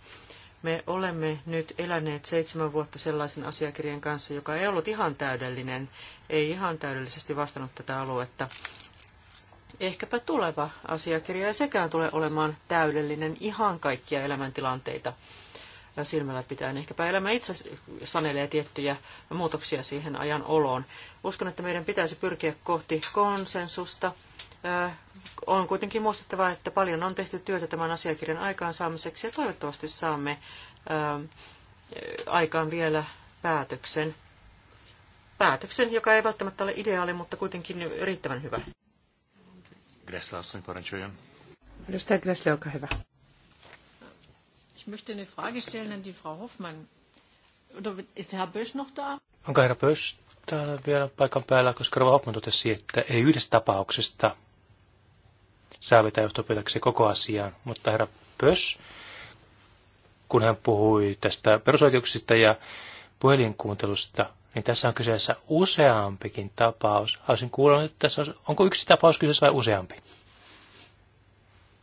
Me olemme nyt eläneet seitsemän vuotta sellaisen asiakirjan kanssa, joka ei ollut ihan täydellinen, ei ihan täydellisesti vastannut tätä aluetta. Ehkäpä tuleva asiakirja ei sekään tule olemaan täydellinen ihan kaikkia elämäntilanteita silmällä pitäen. Ehkäpä elämä itse sanelee tiettyjä muutoksia siihen ajan oloon. Uskon, että meidän pitäisi pyrkiä kohti konsensusta Äh, on kuitenkin muistettava, että paljon on tehty työtä tämän asiakirjan aikaansaamiseksi ja toivottavasti saamme äh, aikaan vielä päätöksen. Päätöksen, joka ei välttämättä ole ideaali, mutta kuitenkin riittävän hyvä. Edustaja Gressler, olkaa hyvä. Ich möchte eine Frage stellen an die Frau Hoffmann. Oder ist Herr Bösch noch da? Onko herra Bösch täällä vielä paikan päällä, koska Rova Hoffman totesi, että ei yhdestä tapauksesta saa vetää johtopäätöksiä koko asiaan. Mutta herra Pös, kun hän puhui tästä perusoikeuksista ja puhelinkuuntelusta, niin tässä on kyseessä useampikin tapaus. Haluaisin kuulla että tässä, on, onko yksi tapaus kyseessä vai useampi?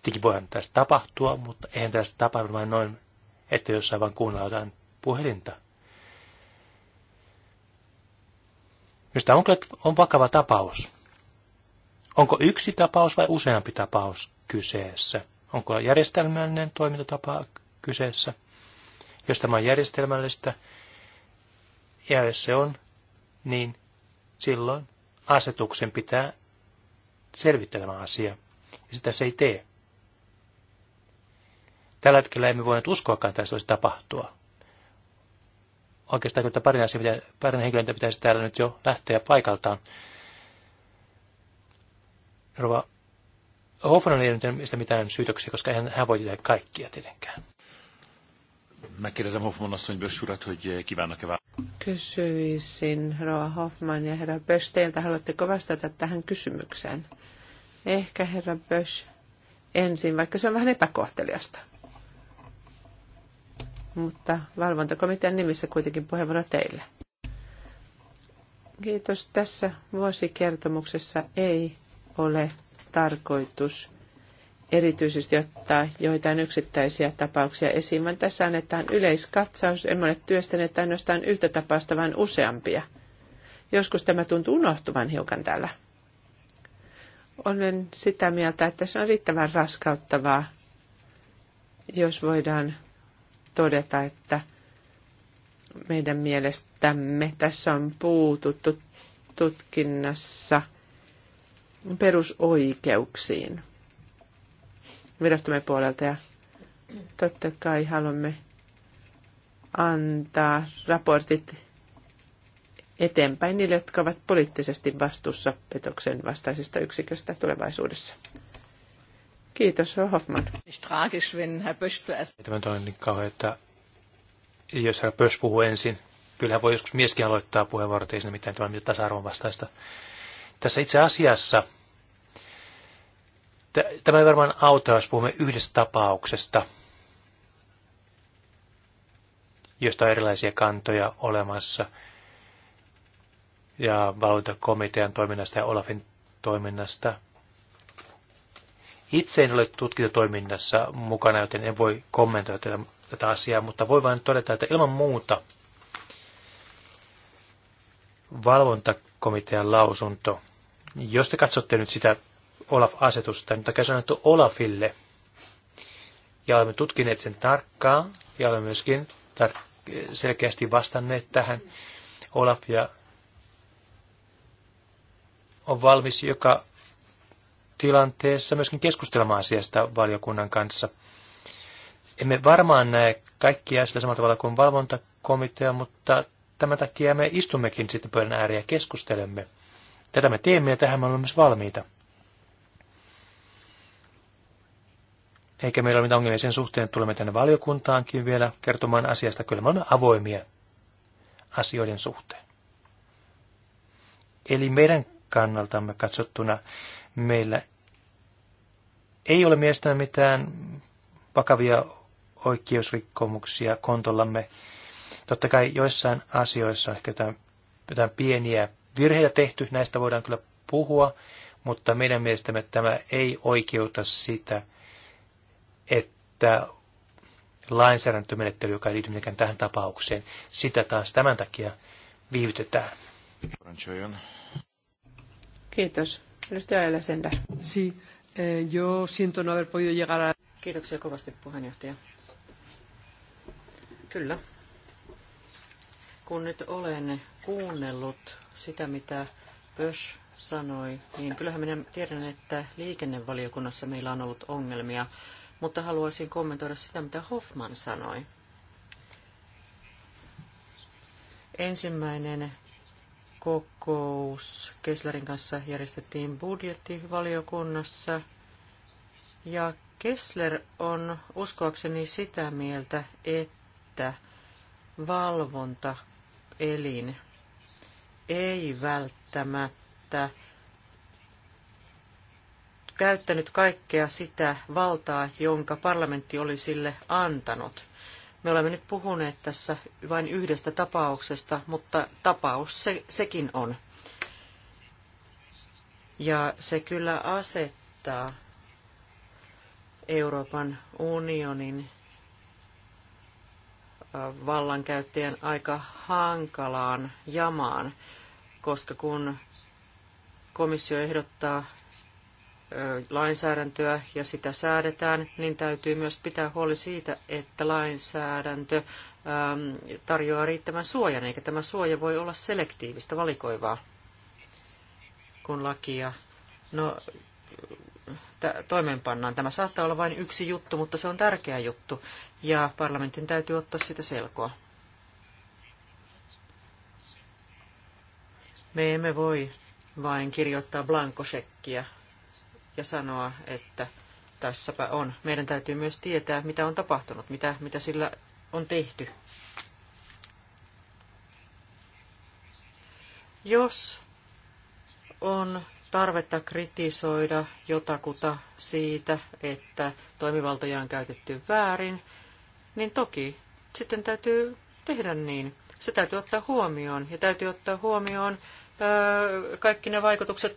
Tietenkin voihan tästä tapahtua, mutta eihän tästä tapahdu vain noin, että jossain vain kuunnellaan jotain puhelinta. Jos tämä on, on vakava tapaus, Onko yksi tapaus vai useampi tapaus kyseessä? Onko järjestelmällinen toimintatapa kyseessä? Jos tämä on järjestelmällistä, ja jos se on, niin silloin asetuksen pitää selvittää tämä asia. Ja sitä se ei tee. Tällä hetkellä emme voineet uskoakaan, että tästä olisi tapahtua. Oikeastaan, että parin, asia, parin henkilöitä pitäisi täällä nyt jo lähteä paikaltaan. Rova Hoffman ei nyt sitä mitään syytöksiä, koska hän, hän voi tehdä kaikkia tietenkään. Megkérdezem Hoffman asszony Bös urat, kivänä eh, kívánnak Kysyisin Roa Hoffman ja herra Bös teiltä, haluatteko vastata tähän kysymykseen? Ehkä herra Bös ensin, vaikka se on vähän epäkohteliasta. Mutta valvontakomitean nimissä kuitenkin puheenvuoro teille. Kiitos. Tässä vuosikertomuksessa ei ole tarkoitus erityisesti ottaa joitain yksittäisiä tapauksia esiin, vaan tässä annetaan yleiskatsaus. Emme ole työstäneet ainoastaan yhtä tapausta, vaan useampia. Joskus tämä tuntuu unohtuvan hiukan täällä. Olen sitä mieltä, että se on riittävän raskauttavaa, jos voidaan todeta, että meidän mielestämme tässä on puututtu tutkinnassa – perusoikeuksiin virastomme puolelta ja totta kai haluamme antaa raportit eteenpäin niille, jotka ovat poliittisesti vastuussa petoksen vastaisesta yksiköstä tulevaisuudessa. Kiitos, Hoffman. Tämä on niin kauhean, että jos herra Pösch puhuu ensin, kyllähän voi joskus mieskin aloittaa puheenvuorot, ei siinä mitään tämän tasa-arvon vastaista tässä itse asiassa tämä ei varmaan auta, jos puhumme yhdestä tapauksesta, josta on erilaisia kantoja olemassa, ja valvontakomitean toiminnasta ja Olafin toiminnasta. Itse en ole tutkintatoiminnassa mukana, joten en voi kommentoida tätä, tätä asiaa, mutta voi vain todeta, että ilman muuta valvontakomitean komitean lausunto. Jos te katsotte nyt sitä Olaf-asetusta, niin se on annettu Olafille, ja olemme tutkineet sen tarkkaan, ja olemme myöskin tar- selkeästi vastanneet tähän. Olaf ja on valmis joka tilanteessa myöskin keskustelemaan asiasta valiokunnan kanssa. Emme varmaan näe kaikkia sillä samalla tavalla kuin valvontakomitea, mutta tämän takia me istummekin sitten pöydän ääriä ja keskustelemme. Tätä me teemme ja tähän me olemme myös valmiita. Eikä meillä ole mitään ongelmia sen suhteen, että tulemme tänne valiokuntaankin vielä kertomaan asiasta. Kyllä me olemme avoimia asioiden suhteen. Eli meidän kannaltamme katsottuna meillä ei ole mielestäni mitään vakavia oikeusrikkomuksia kontollamme Totta kai joissain asioissa on ehkä jotain, jotain pieniä virheitä tehty, näistä voidaan kyllä puhua, mutta meidän mielestämme tämä ei oikeuta sitä, että lainsäädäntömenettely, joka ei liity mitenkään tähän tapaukseen, sitä taas tämän takia viivytetään. Kiitos. Edustaja Eläsendä. Si, eh, yo siento no haber podido llegar a... Kiitoksia kovasti puheenjohtaja. Kyllä, kun nyt olen kuunnellut sitä, mitä Pösch sanoi, niin kyllähän minä tiedän, että liikennevaliokunnassa meillä on ollut ongelmia, mutta haluaisin kommentoida sitä, mitä Hoffman sanoi. Ensimmäinen kokous Kesslerin kanssa järjestettiin budjettivaliokunnassa. Ja Kessler on uskoakseni sitä mieltä, että valvonta elin ei välttämättä käyttänyt kaikkea sitä valtaa, jonka parlamentti oli sille antanut. Me olemme nyt puhuneet tässä vain yhdestä tapauksesta, mutta tapaus se, sekin on. Ja se kyllä asettaa Euroopan unionin vallankäyttäjän aika hankalaan jamaan, koska kun komissio ehdottaa lainsäädäntöä ja sitä säädetään, niin täytyy myös pitää huoli siitä, että lainsäädäntö tarjoaa riittävän suojan, eikä tämä suoja voi olla selektiivistä, valikoivaa, kun lakia no, toimeenpannaan. Tämä saattaa olla vain yksi juttu, mutta se on tärkeä juttu ja parlamentin täytyy ottaa sitä selkoa. Me emme voi vain kirjoittaa blankosekkiä ja sanoa, että tässäpä on. Meidän täytyy myös tietää, mitä on tapahtunut, mitä, mitä sillä on tehty. Jos on tarvetta kritisoida jotakuta siitä, että toimivaltoja on käytetty väärin, niin toki sitten täytyy tehdä niin. Se täytyy ottaa huomioon ja täytyy ottaa huomioon kaikki ne vaikutukset,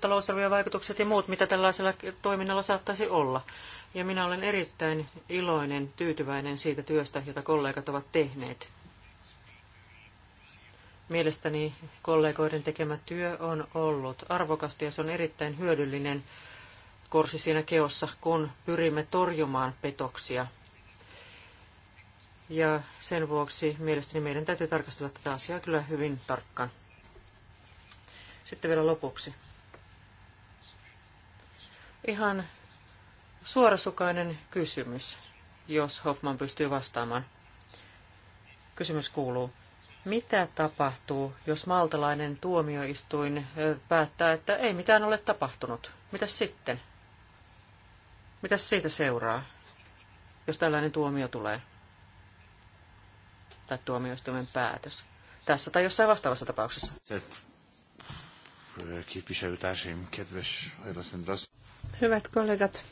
vaikutukset ja muut, mitä tällaisella toiminnalla saattaisi olla. Ja minä olen erittäin iloinen, tyytyväinen siitä työstä, jota kollegat ovat tehneet. Mielestäni kollegoiden tekemä työ on ollut arvokasta ja se on erittäin hyödyllinen korsi siinä keossa, kun pyrimme torjumaan petoksia. Ja sen vuoksi mielestäni meidän täytyy tarkastella tätä asiaa kyllä hyvin tarkkaan. Sitten vielä lopuksi. Ihan suorasukainen kysymys, jos Hoffman pystyy vastaamaan. Kysymys kuuluu, mitä tapahtuu, jos maltalainen tuomioistuin päättää, että ei mitään ole tapahtunut? Mitä sitten? Mitä siitä seuraa, jos tällainen tuomio tulee? Tai tuomioistuimen päätös. Tässä tai jossain vastaavassa tapauksessa. Hyvät kollegat,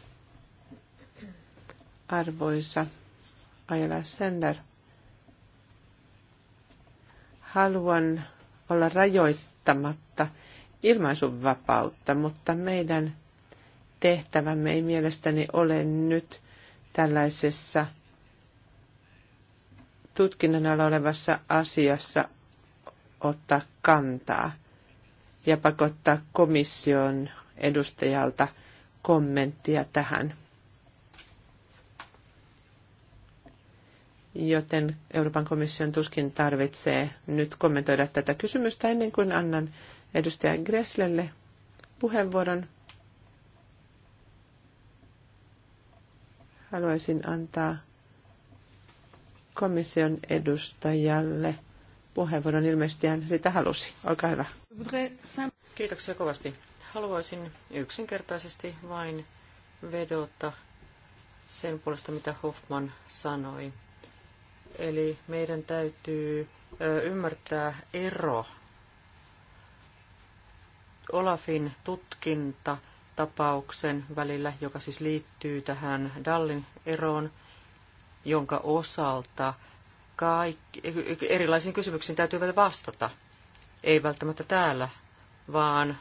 arvoisa Ajala Sender, haluan olla rajoittamatta ilmaisun vapautta, mutta meidän tehtävämme ei mielestäni ole nyt tällaisessa tutkinnan alla olevassa asiassa ottaa kantaa ja pakottaa komission edustajalta kommenttia tähän. joten Euroopan komission tuskin tarvitsee nyt kommentoida tätä kysymystä ennen kuin annan edustaja Greslelle puheenvuoron. Haluaisin antaa komission edustajalle puheenvuoron. Ilmeisesti hän sitä halusi. Olkaa hyvä. Kiitoksia kovasti. Haluaisin yksinkertaisesti vain vedota sen puolesta, mitä Hoffman sanoi. Eli meidän täytyy ymmärtää ero. Olafin tutkinta tapauksen välillä, joka siis liittyy tähän Dallin eroon, jonka osalta kaikki, erilaisiin kysymyksiin täytyy vielä vastata. Ei välttämättä täällä, vaan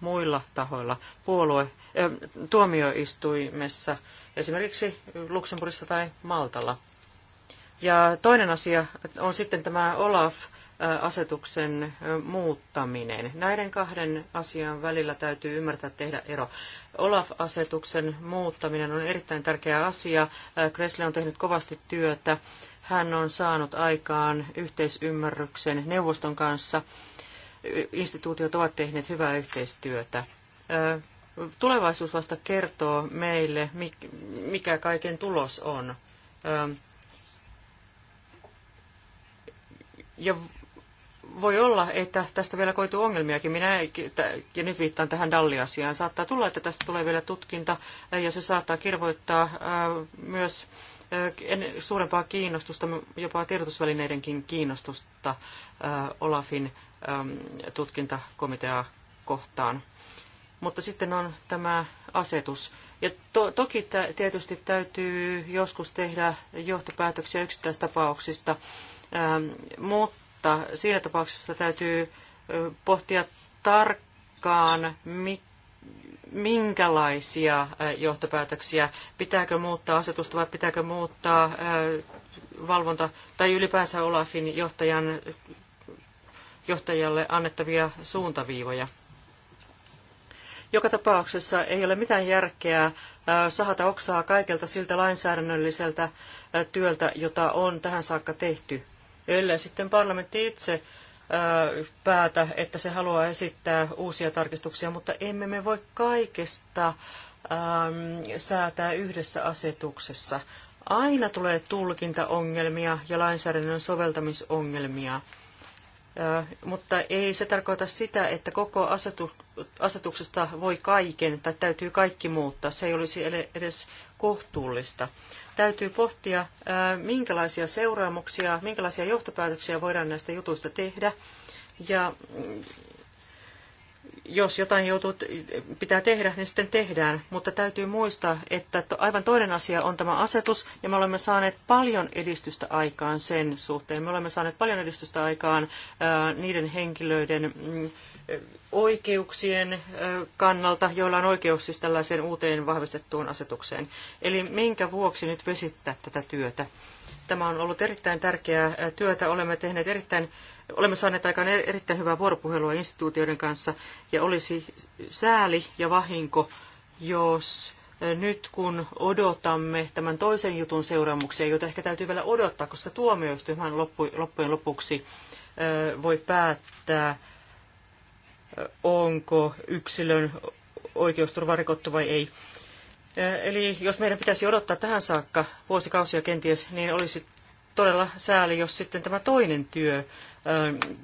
muilla tahoilla. Puolue, äh, tuomioistuimessa, esimerkiksi Luxemburgissa tai Maltalla. Ja toinen asia on sitten tämä OLAF-asetuksen muuttaminen. Näiden kahden asian välillä täytyy ymmärtää tehdä ero. OLAF-asetuksen muuttaminen on erittäin tärkeä asia. Kresle on tehnyt kovasti työtä. Hän on saanut aikaan yhteisymmärryksen neuvoston kanssa. Instituutiot ovat tehneet hyvää yhteistyötä tulevaisuus vasta kertoo meille, mikä kaiken tulos on. Ja voi olla, että tästä vielä koituu ongelmiakin. Minä, ja nyt viittaan tähän Dalli-asiaan. Saattaa tulla, että tästä tulee vielä tutkinta ja se saattaa kirvoittaa äh, myös äh, suurempaa kiinnostusta, jopa tiedotusvälineidenkin kiinnostusta äh, Olafin ähm, tutkintakomiteaa kohtaan. Mutta sitten on tämä asetus. Ja to, toki tietysti täytyy joskus tehdä johtopäätöksiä yksittäistapauksista. tapauksista Ähm, mutta siinä tapauksessa täytyy pohtia tarkkaan, minkälaisia johtopäätöksiä, pitääkö muuttaa asetusta vai pitääkö muuttaa valvonta tai ylipäänsä Olafin johtajan, johtajalle annettavia suuntaviivoja. Joka tapauksessa ei ole mitään järkeä sahata oksaa kaikelta siltä lainsäädännölliseltä työltä, jota on tähän saakka tehty ellei sitten parlamentti itse päätä, että se haluaa esittää uusia tarkistuksia, mutta emme me voi kaikesta säätää yhdessä asetuksessa. Aina tulee tulkintaongelmia ja lainsäädännön soveltamisongelmia, mutta ei se tarkoita sitä, että koko asetuksesta voi kaiken tai täytyy kaikki muuttaa. Se ei olisi edes kohtuullista. Täytyy pohtia, minkälaisia seuraamuksia, minkälaisia johtopäätöksiä voidaan näistä jutuista tehdä. Ja mm, jos jotain joutuu, pitää tehdä, niin sitten tehdään. Mutta täytyy muistaa, että aivan toinen asia on tämä asetus, ja me olemme saaneet paljon edistystä aikaan sen suhteen. Me olemme saaneet paljon edistystä aikaan niiden henkilöiden mm, oikeuksien kannalta, joilla on oikeus siis tällaiseen uuteen vahvistettuun asetukseen. Eli minkä vuoksi nyt vesittää tätä työtä? Tämä on ollut erittäin tärkeää työtä. Olemme tehneet erittäin olemme saaneet aikaan er-, erittäin hyvää vuoropuhelua instituutioiden kanssa ja olisi sääli ja vahinko, jos nyt kun odotamme tämän toisen jutun seuraamuksia, joita ehkä täytyy vielä odottaa, koska tuomioistuinhan loppujen lopuksi voi päättää onko yksilön oikeusturva rikottu vai ei. Eli jos meidän pitäisi odottaa tähän saakka vuosikausia kenties, niin olisi todella sääli, jos sitten tämä toinen työ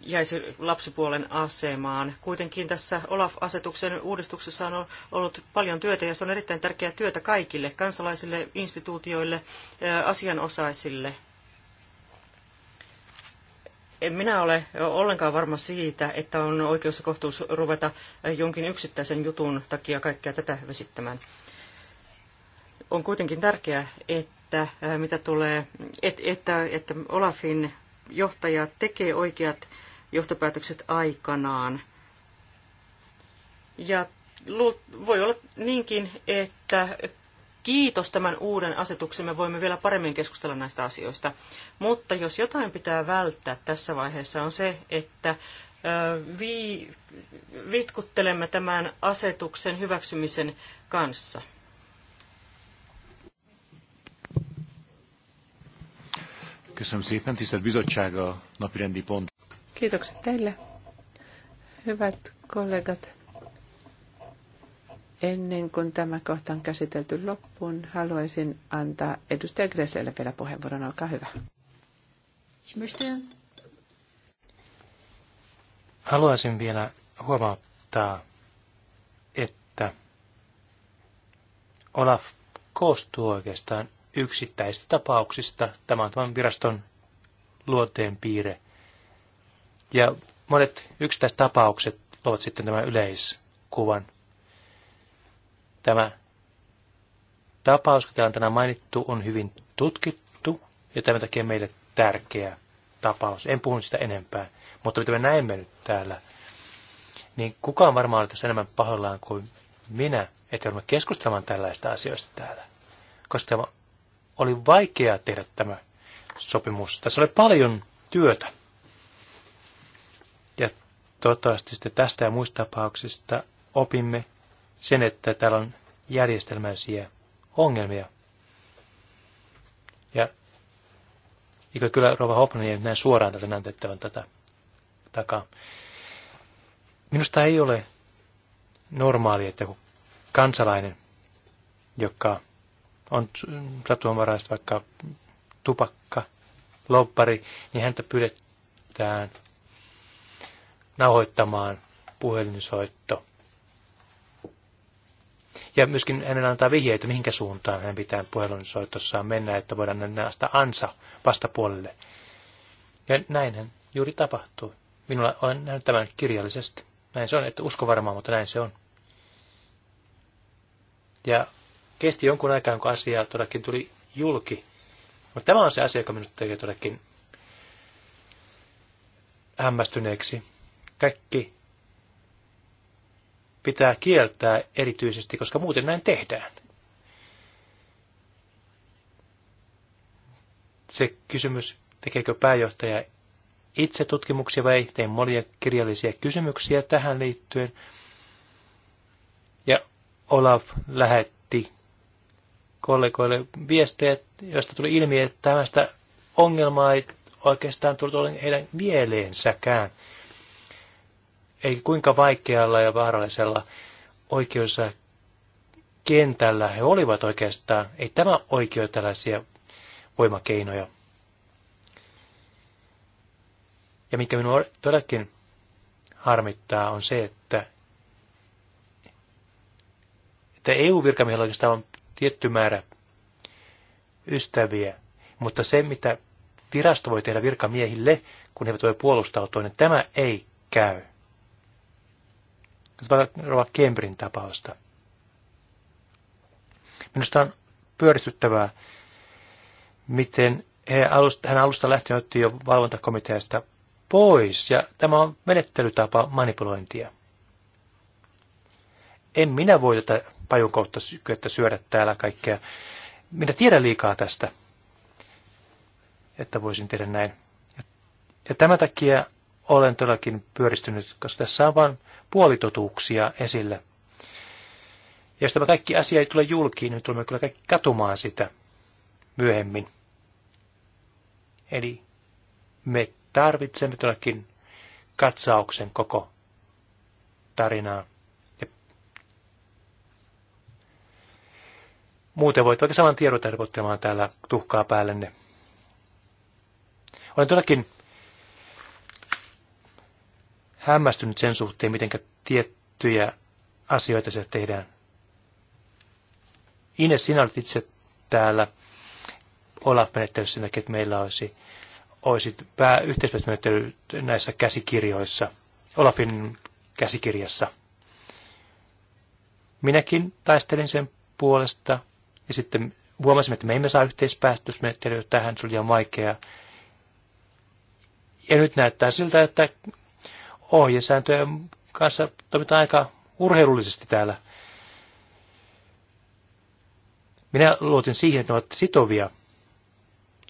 jäisi lapsipuolen asemaan. Kuitenkin tässä Olaf-asetuksen uudistuksessa on ollut paljon työtä ja se on erittäin tärkeää työtä kaikille kansalaisille, instituutioille, asianosaisille – en minä ole ollenkaan varma siitä, että on oikeus ja kohtuus ruveta jonkin yksittäisen jutun takia kaikkea tätä vesittämään. On kuitenkin tärkeää, että äh, mitä tulee, et, että, että Olafin johtaja tekee oikeat johtopäätökset aikanaan. Ja voi olla niinkin, että kiitos tämän uuden asetuksen, me voimme vielä paremmin keskustella näistä asioista. Mutta jos jotain pitää välttää tässä vaiheessa on se, että vi, vitkuttelemme tämän asetuksen hyväksymisen kanssa. Kiitokset teille, hyvät kollegat. Ennen kuin tämä kohta on käsitelty loppuun, haluaisin antaa edustaja Greslelle vielä puheenvuoron. Olkaa hyvä. Haluaisin vielä huomauttaa, että Olaf koostuu oikeastaan yksittäisistä tapauksista. Tämä on tämän viraston luoteen piirre. Ja monet yksittäiset tapaukset luovat sitten tämän yleiskuvan. Tämä tapaus, joka täällä on tänään mainittu, on hyvin tutkittu ja tämän takia meille tärkeä tapaus. En puhu sitä enempää, mutta mitä me näemme nyt täällä, niin kukaan varmaan oli tässä enemmän pahoillaan kuin minä, että joudumme keskustelemaan tällaista asioista täällä. Koska tämä oli vaikeaa tehdä tämä sopimus. Tässä oli paljon työtä. Ja toivottavasti sitten tästä ja muista tapauksista opimme sen, että täällä on järjestelmällisiä ongelmia. Ja ikävä kyllä Rova Hoffman ei näin suoraan tätä näytettävän tätä takaa. Minusta ei ole normaali, että kun kansalainen, joka on satunvaraista vaikka tupakka, loppari, niin häntä pyydetään nauhoittamaan puhelinsoitto ja myöskin hänen antaa vihjeitä, mihinkä suuntaan hänen pitää puhelun soitossaan mennä, että voidaan mennä sitä ansa vastapuolelle. Ja näinhän juuri tapahtuu. Minulla olen nähnyt tämän kirjallisesti. Näin se on, että usko varmaan, mutta näin se on. Ja kesti jonkun aikaa, kun asia todellakin tuli julki. Mutta tämä on se asia, joka minut tekee todellakin hämmästyneeksi. Kaikki pitää kieltää erityisesti, koska muuten näin tehdään. Se kysymys, tekeekö pääjohtaja itse tutkimuksia vai ei, tein monia kirjallisia kysymyksiä tähän liittyen. Ja Olaf lähetti kollegoille viestejä, joista tuli ilmi, että tämästä ongelmaa ei oikeastaan tullut heidän mieleensäkään ei kuinka vaikealla ja vaarallisella oikeussa kentällä he olivat oikeastaan. Ei tämä oikea tällaisia voimakeinoja. Ja mikä minua todellakin harmittaa on se, että, että eu virkamiehillä oikeastaan on tietty määrä ystäviä, mutta se, mitä virasto voi tehdä virkamiehille, kun he voivat voi puolustautua, niin tämä ei käy. Katsotaan Rova Kembrin tapausta. Minusta on pyöristyttävää, miten he alusta, hän alusta lähtien otti jo valvontakomiteasta pois, ja tämä on menettelytapa manipulointia. En minä voi tätä pajun kohta että syödä täällä kaikkea. Minä tiedän liikaa tästä, että voisin tehdä näin. Ja tämän takia olen todellakin pyöristynyt, koska tässä on vain puolitotuuksia esille. Ja jos tämä kaikki asia ei tule julkiin, niin tulemme kyllä kaikki katumaan sitä myöhemmin. Eli me tarvitsemme todellakin katsauksen koko tarinaa. Ja Muuten voit vaikka saman tiedon tarkoittamaan täällä tuhkaa päällenne. Olen todellakin hämmästynyt sen suhteen, miten tiettyjä asioita se tehdään. Ines, sinä olet itse täällä Olaf-menettelyssä näkee, että meillä olisi, olisi pää, yhteispäätösmenettely näissä käsikirjoissa, Olafin käsikirjassa. Minäkin taistelin sen puolesta ja sitten huomasimme, että me emme saa yhteispäätösmenettelyä tähän, se oli ihan vaikeaa. Ja nyt näyttää siltä, että ohjesääntöjen kanssa toimitaan aika urheilullisesti täällä. Minä luotin siihen, että ne ovat sitovia.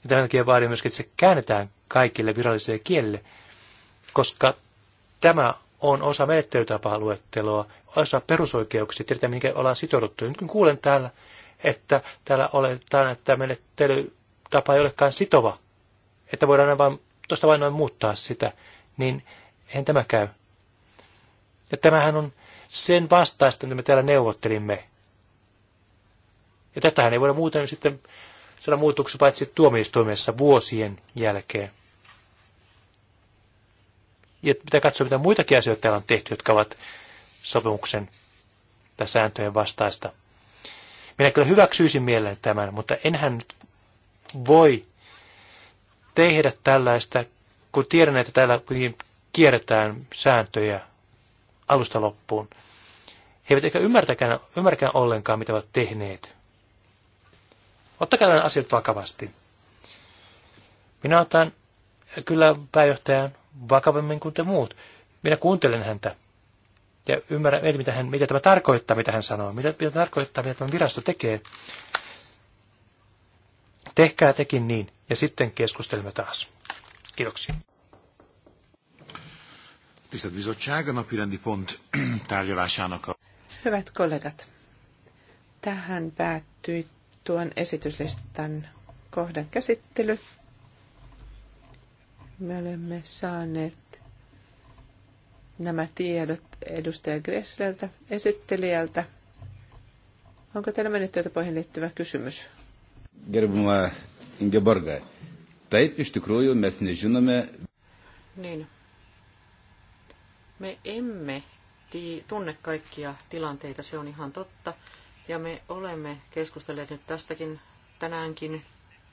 Ja tämän takia vaadin myöskin, että se käännetään kaikille viralliselle kielelle, koska tämä on osa menettelytapa-luetteloa, osa perusoikeuksia, Tietää minkä ollaan sitouduttu. Nyt kun kuulen täällä, että täällä oletaan, että menettelytapa ei olekaan sitova, että voidaan vain, tuosta vain noin muuttaa sitä, niin Eihän tämä käy. Ja tämähän on sen vastaista, mitä me täällä neuvottelimme. Ja tätähän ei voida muuten sitten saada muutoksi paitsi tuomioistuimessa vuosien jälkeen. Ja pitää katsoa, mitä muitakin asioita täällä on tehty, jotka ovat sopimuksen tai sääntöjen vastaista. Minä kyllä hyväksyisin mieleen tämän, mutta enhän nyt voi tehdä tällaista, kun tiedän, että täällä kierretään sääntöjä alusta loppuun. He eivät ehkä ymmärtäkään, ymmärtäkään ollenkaan, mitä ovat tehneet. Ottakaa nämä asiat vakavasti. Minä otan kyllä pääjohtajan vakavemmin kuin te muut. Minä kuuntelen häntä ja ymmärrän, mitä, hän, mitä tämä tarkoittaa, mitä hän sanoo, mitä, mitä tarkoittaa, mitä tämä virasto tekee. Tehkää tekin niin, ja sitten keskustelemme taas. Kiitoksia. Tisztelt Bizottság, a napirendi pont tárgyalásának a... Hyvät kollegat, tähän päättyi tuon esityslistan kohdan käsittely. Me olemme saaneet nämä tiedot edustaja Gressleltä, esittelijältä. Onko teillä mennyt menettelytapoihin liittyvä kysymys? Gerbama Ingeborga, taip iš tikrųjų mes nežinome. Niin, me emme tunne kaikkia tilanteita, se on ihan totta. Ja me olemme keskustelleet nyt tästäkin tänäänkin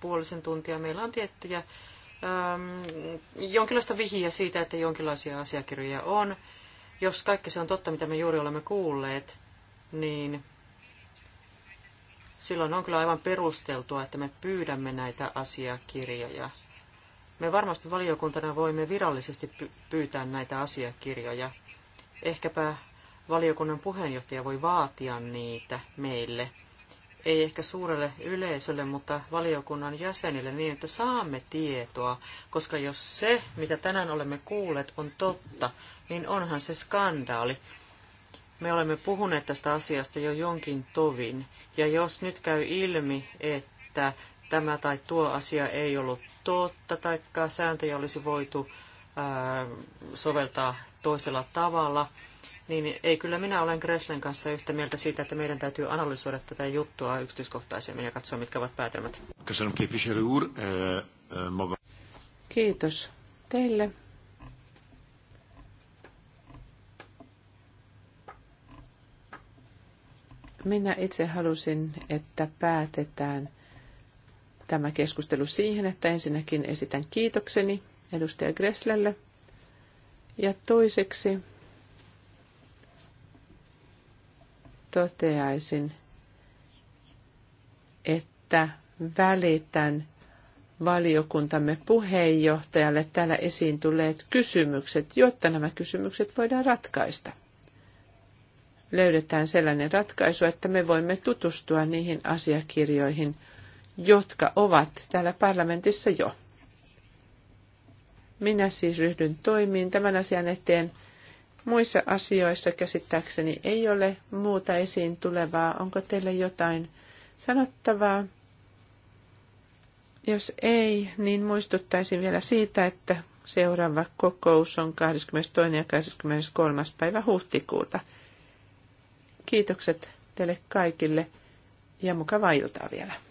puolisen tuntia. Meillä on tiettyjä äm, jonkinlaista vihiä siitä, että jonkinlaisia asiakirjoja on. Jos kaikki se on totta, mitä me juuri olemme kuulleet, niin silloin on kyllä aivan perusteltua, että me pyydämme näitä asiakirjoja me varmasti valiokuntana voimme virallisesti pyytää näitä asiakirjoja. Ehkäpä valiokunnan puheenjohtaja voi vaatia niitä meille. Ei ehkä suurelle yleisölle, mutta valiokunnan jäsenille niin, että saamme tietoa, koska jos se, mitä tänään olemme kuulleet, on totta, niin onhan se skandaali. Me olemme puhuneet tästä asiasta jo jonkin tovin, ja jos nyt käy ilmi, että tämä tai tuo asia ei ollut totta, tai sääntöjä olisi voitu soveltaa toisella tavalla, niin ei kyllä minä olen Greslen kanssa yhtä mieltä siitä, että meidän täytyy analysoida tätä juttua yksityiskohtaisemmin ja katsoa, mitkä ovat päätelmät. Kiitos teille. Minä itse halusin, että päätetään – tämä keskustelu siihen, että ensinnäkin esitän kiitokseni edustaja Greslelle ja toiseksi toteaisin, että välitän valiokuntamme puheenjohtajalle täällä esiin tulleet kysymykset, jotta nämä kysymykset voidaan ratkaista. Löydetään sellainen ratkaisu, että me voimme tutustua niihin asiakirjoihin – jotka ovat täällä parlamentissa jo. Minä siis ryhdyn toimiin tämän asian eteen. Muissa asioissa käsittääkseni ei ole muuta esiin tulevaa. Onko teille jotain sanottavaa? Jos ei, niin muistuttaisin vielä siitä, että seuraava kokous on 22. ja 23. päivä huhtikuuta. Kiitokset teille kaikille ja mukavaa iltaa vielä.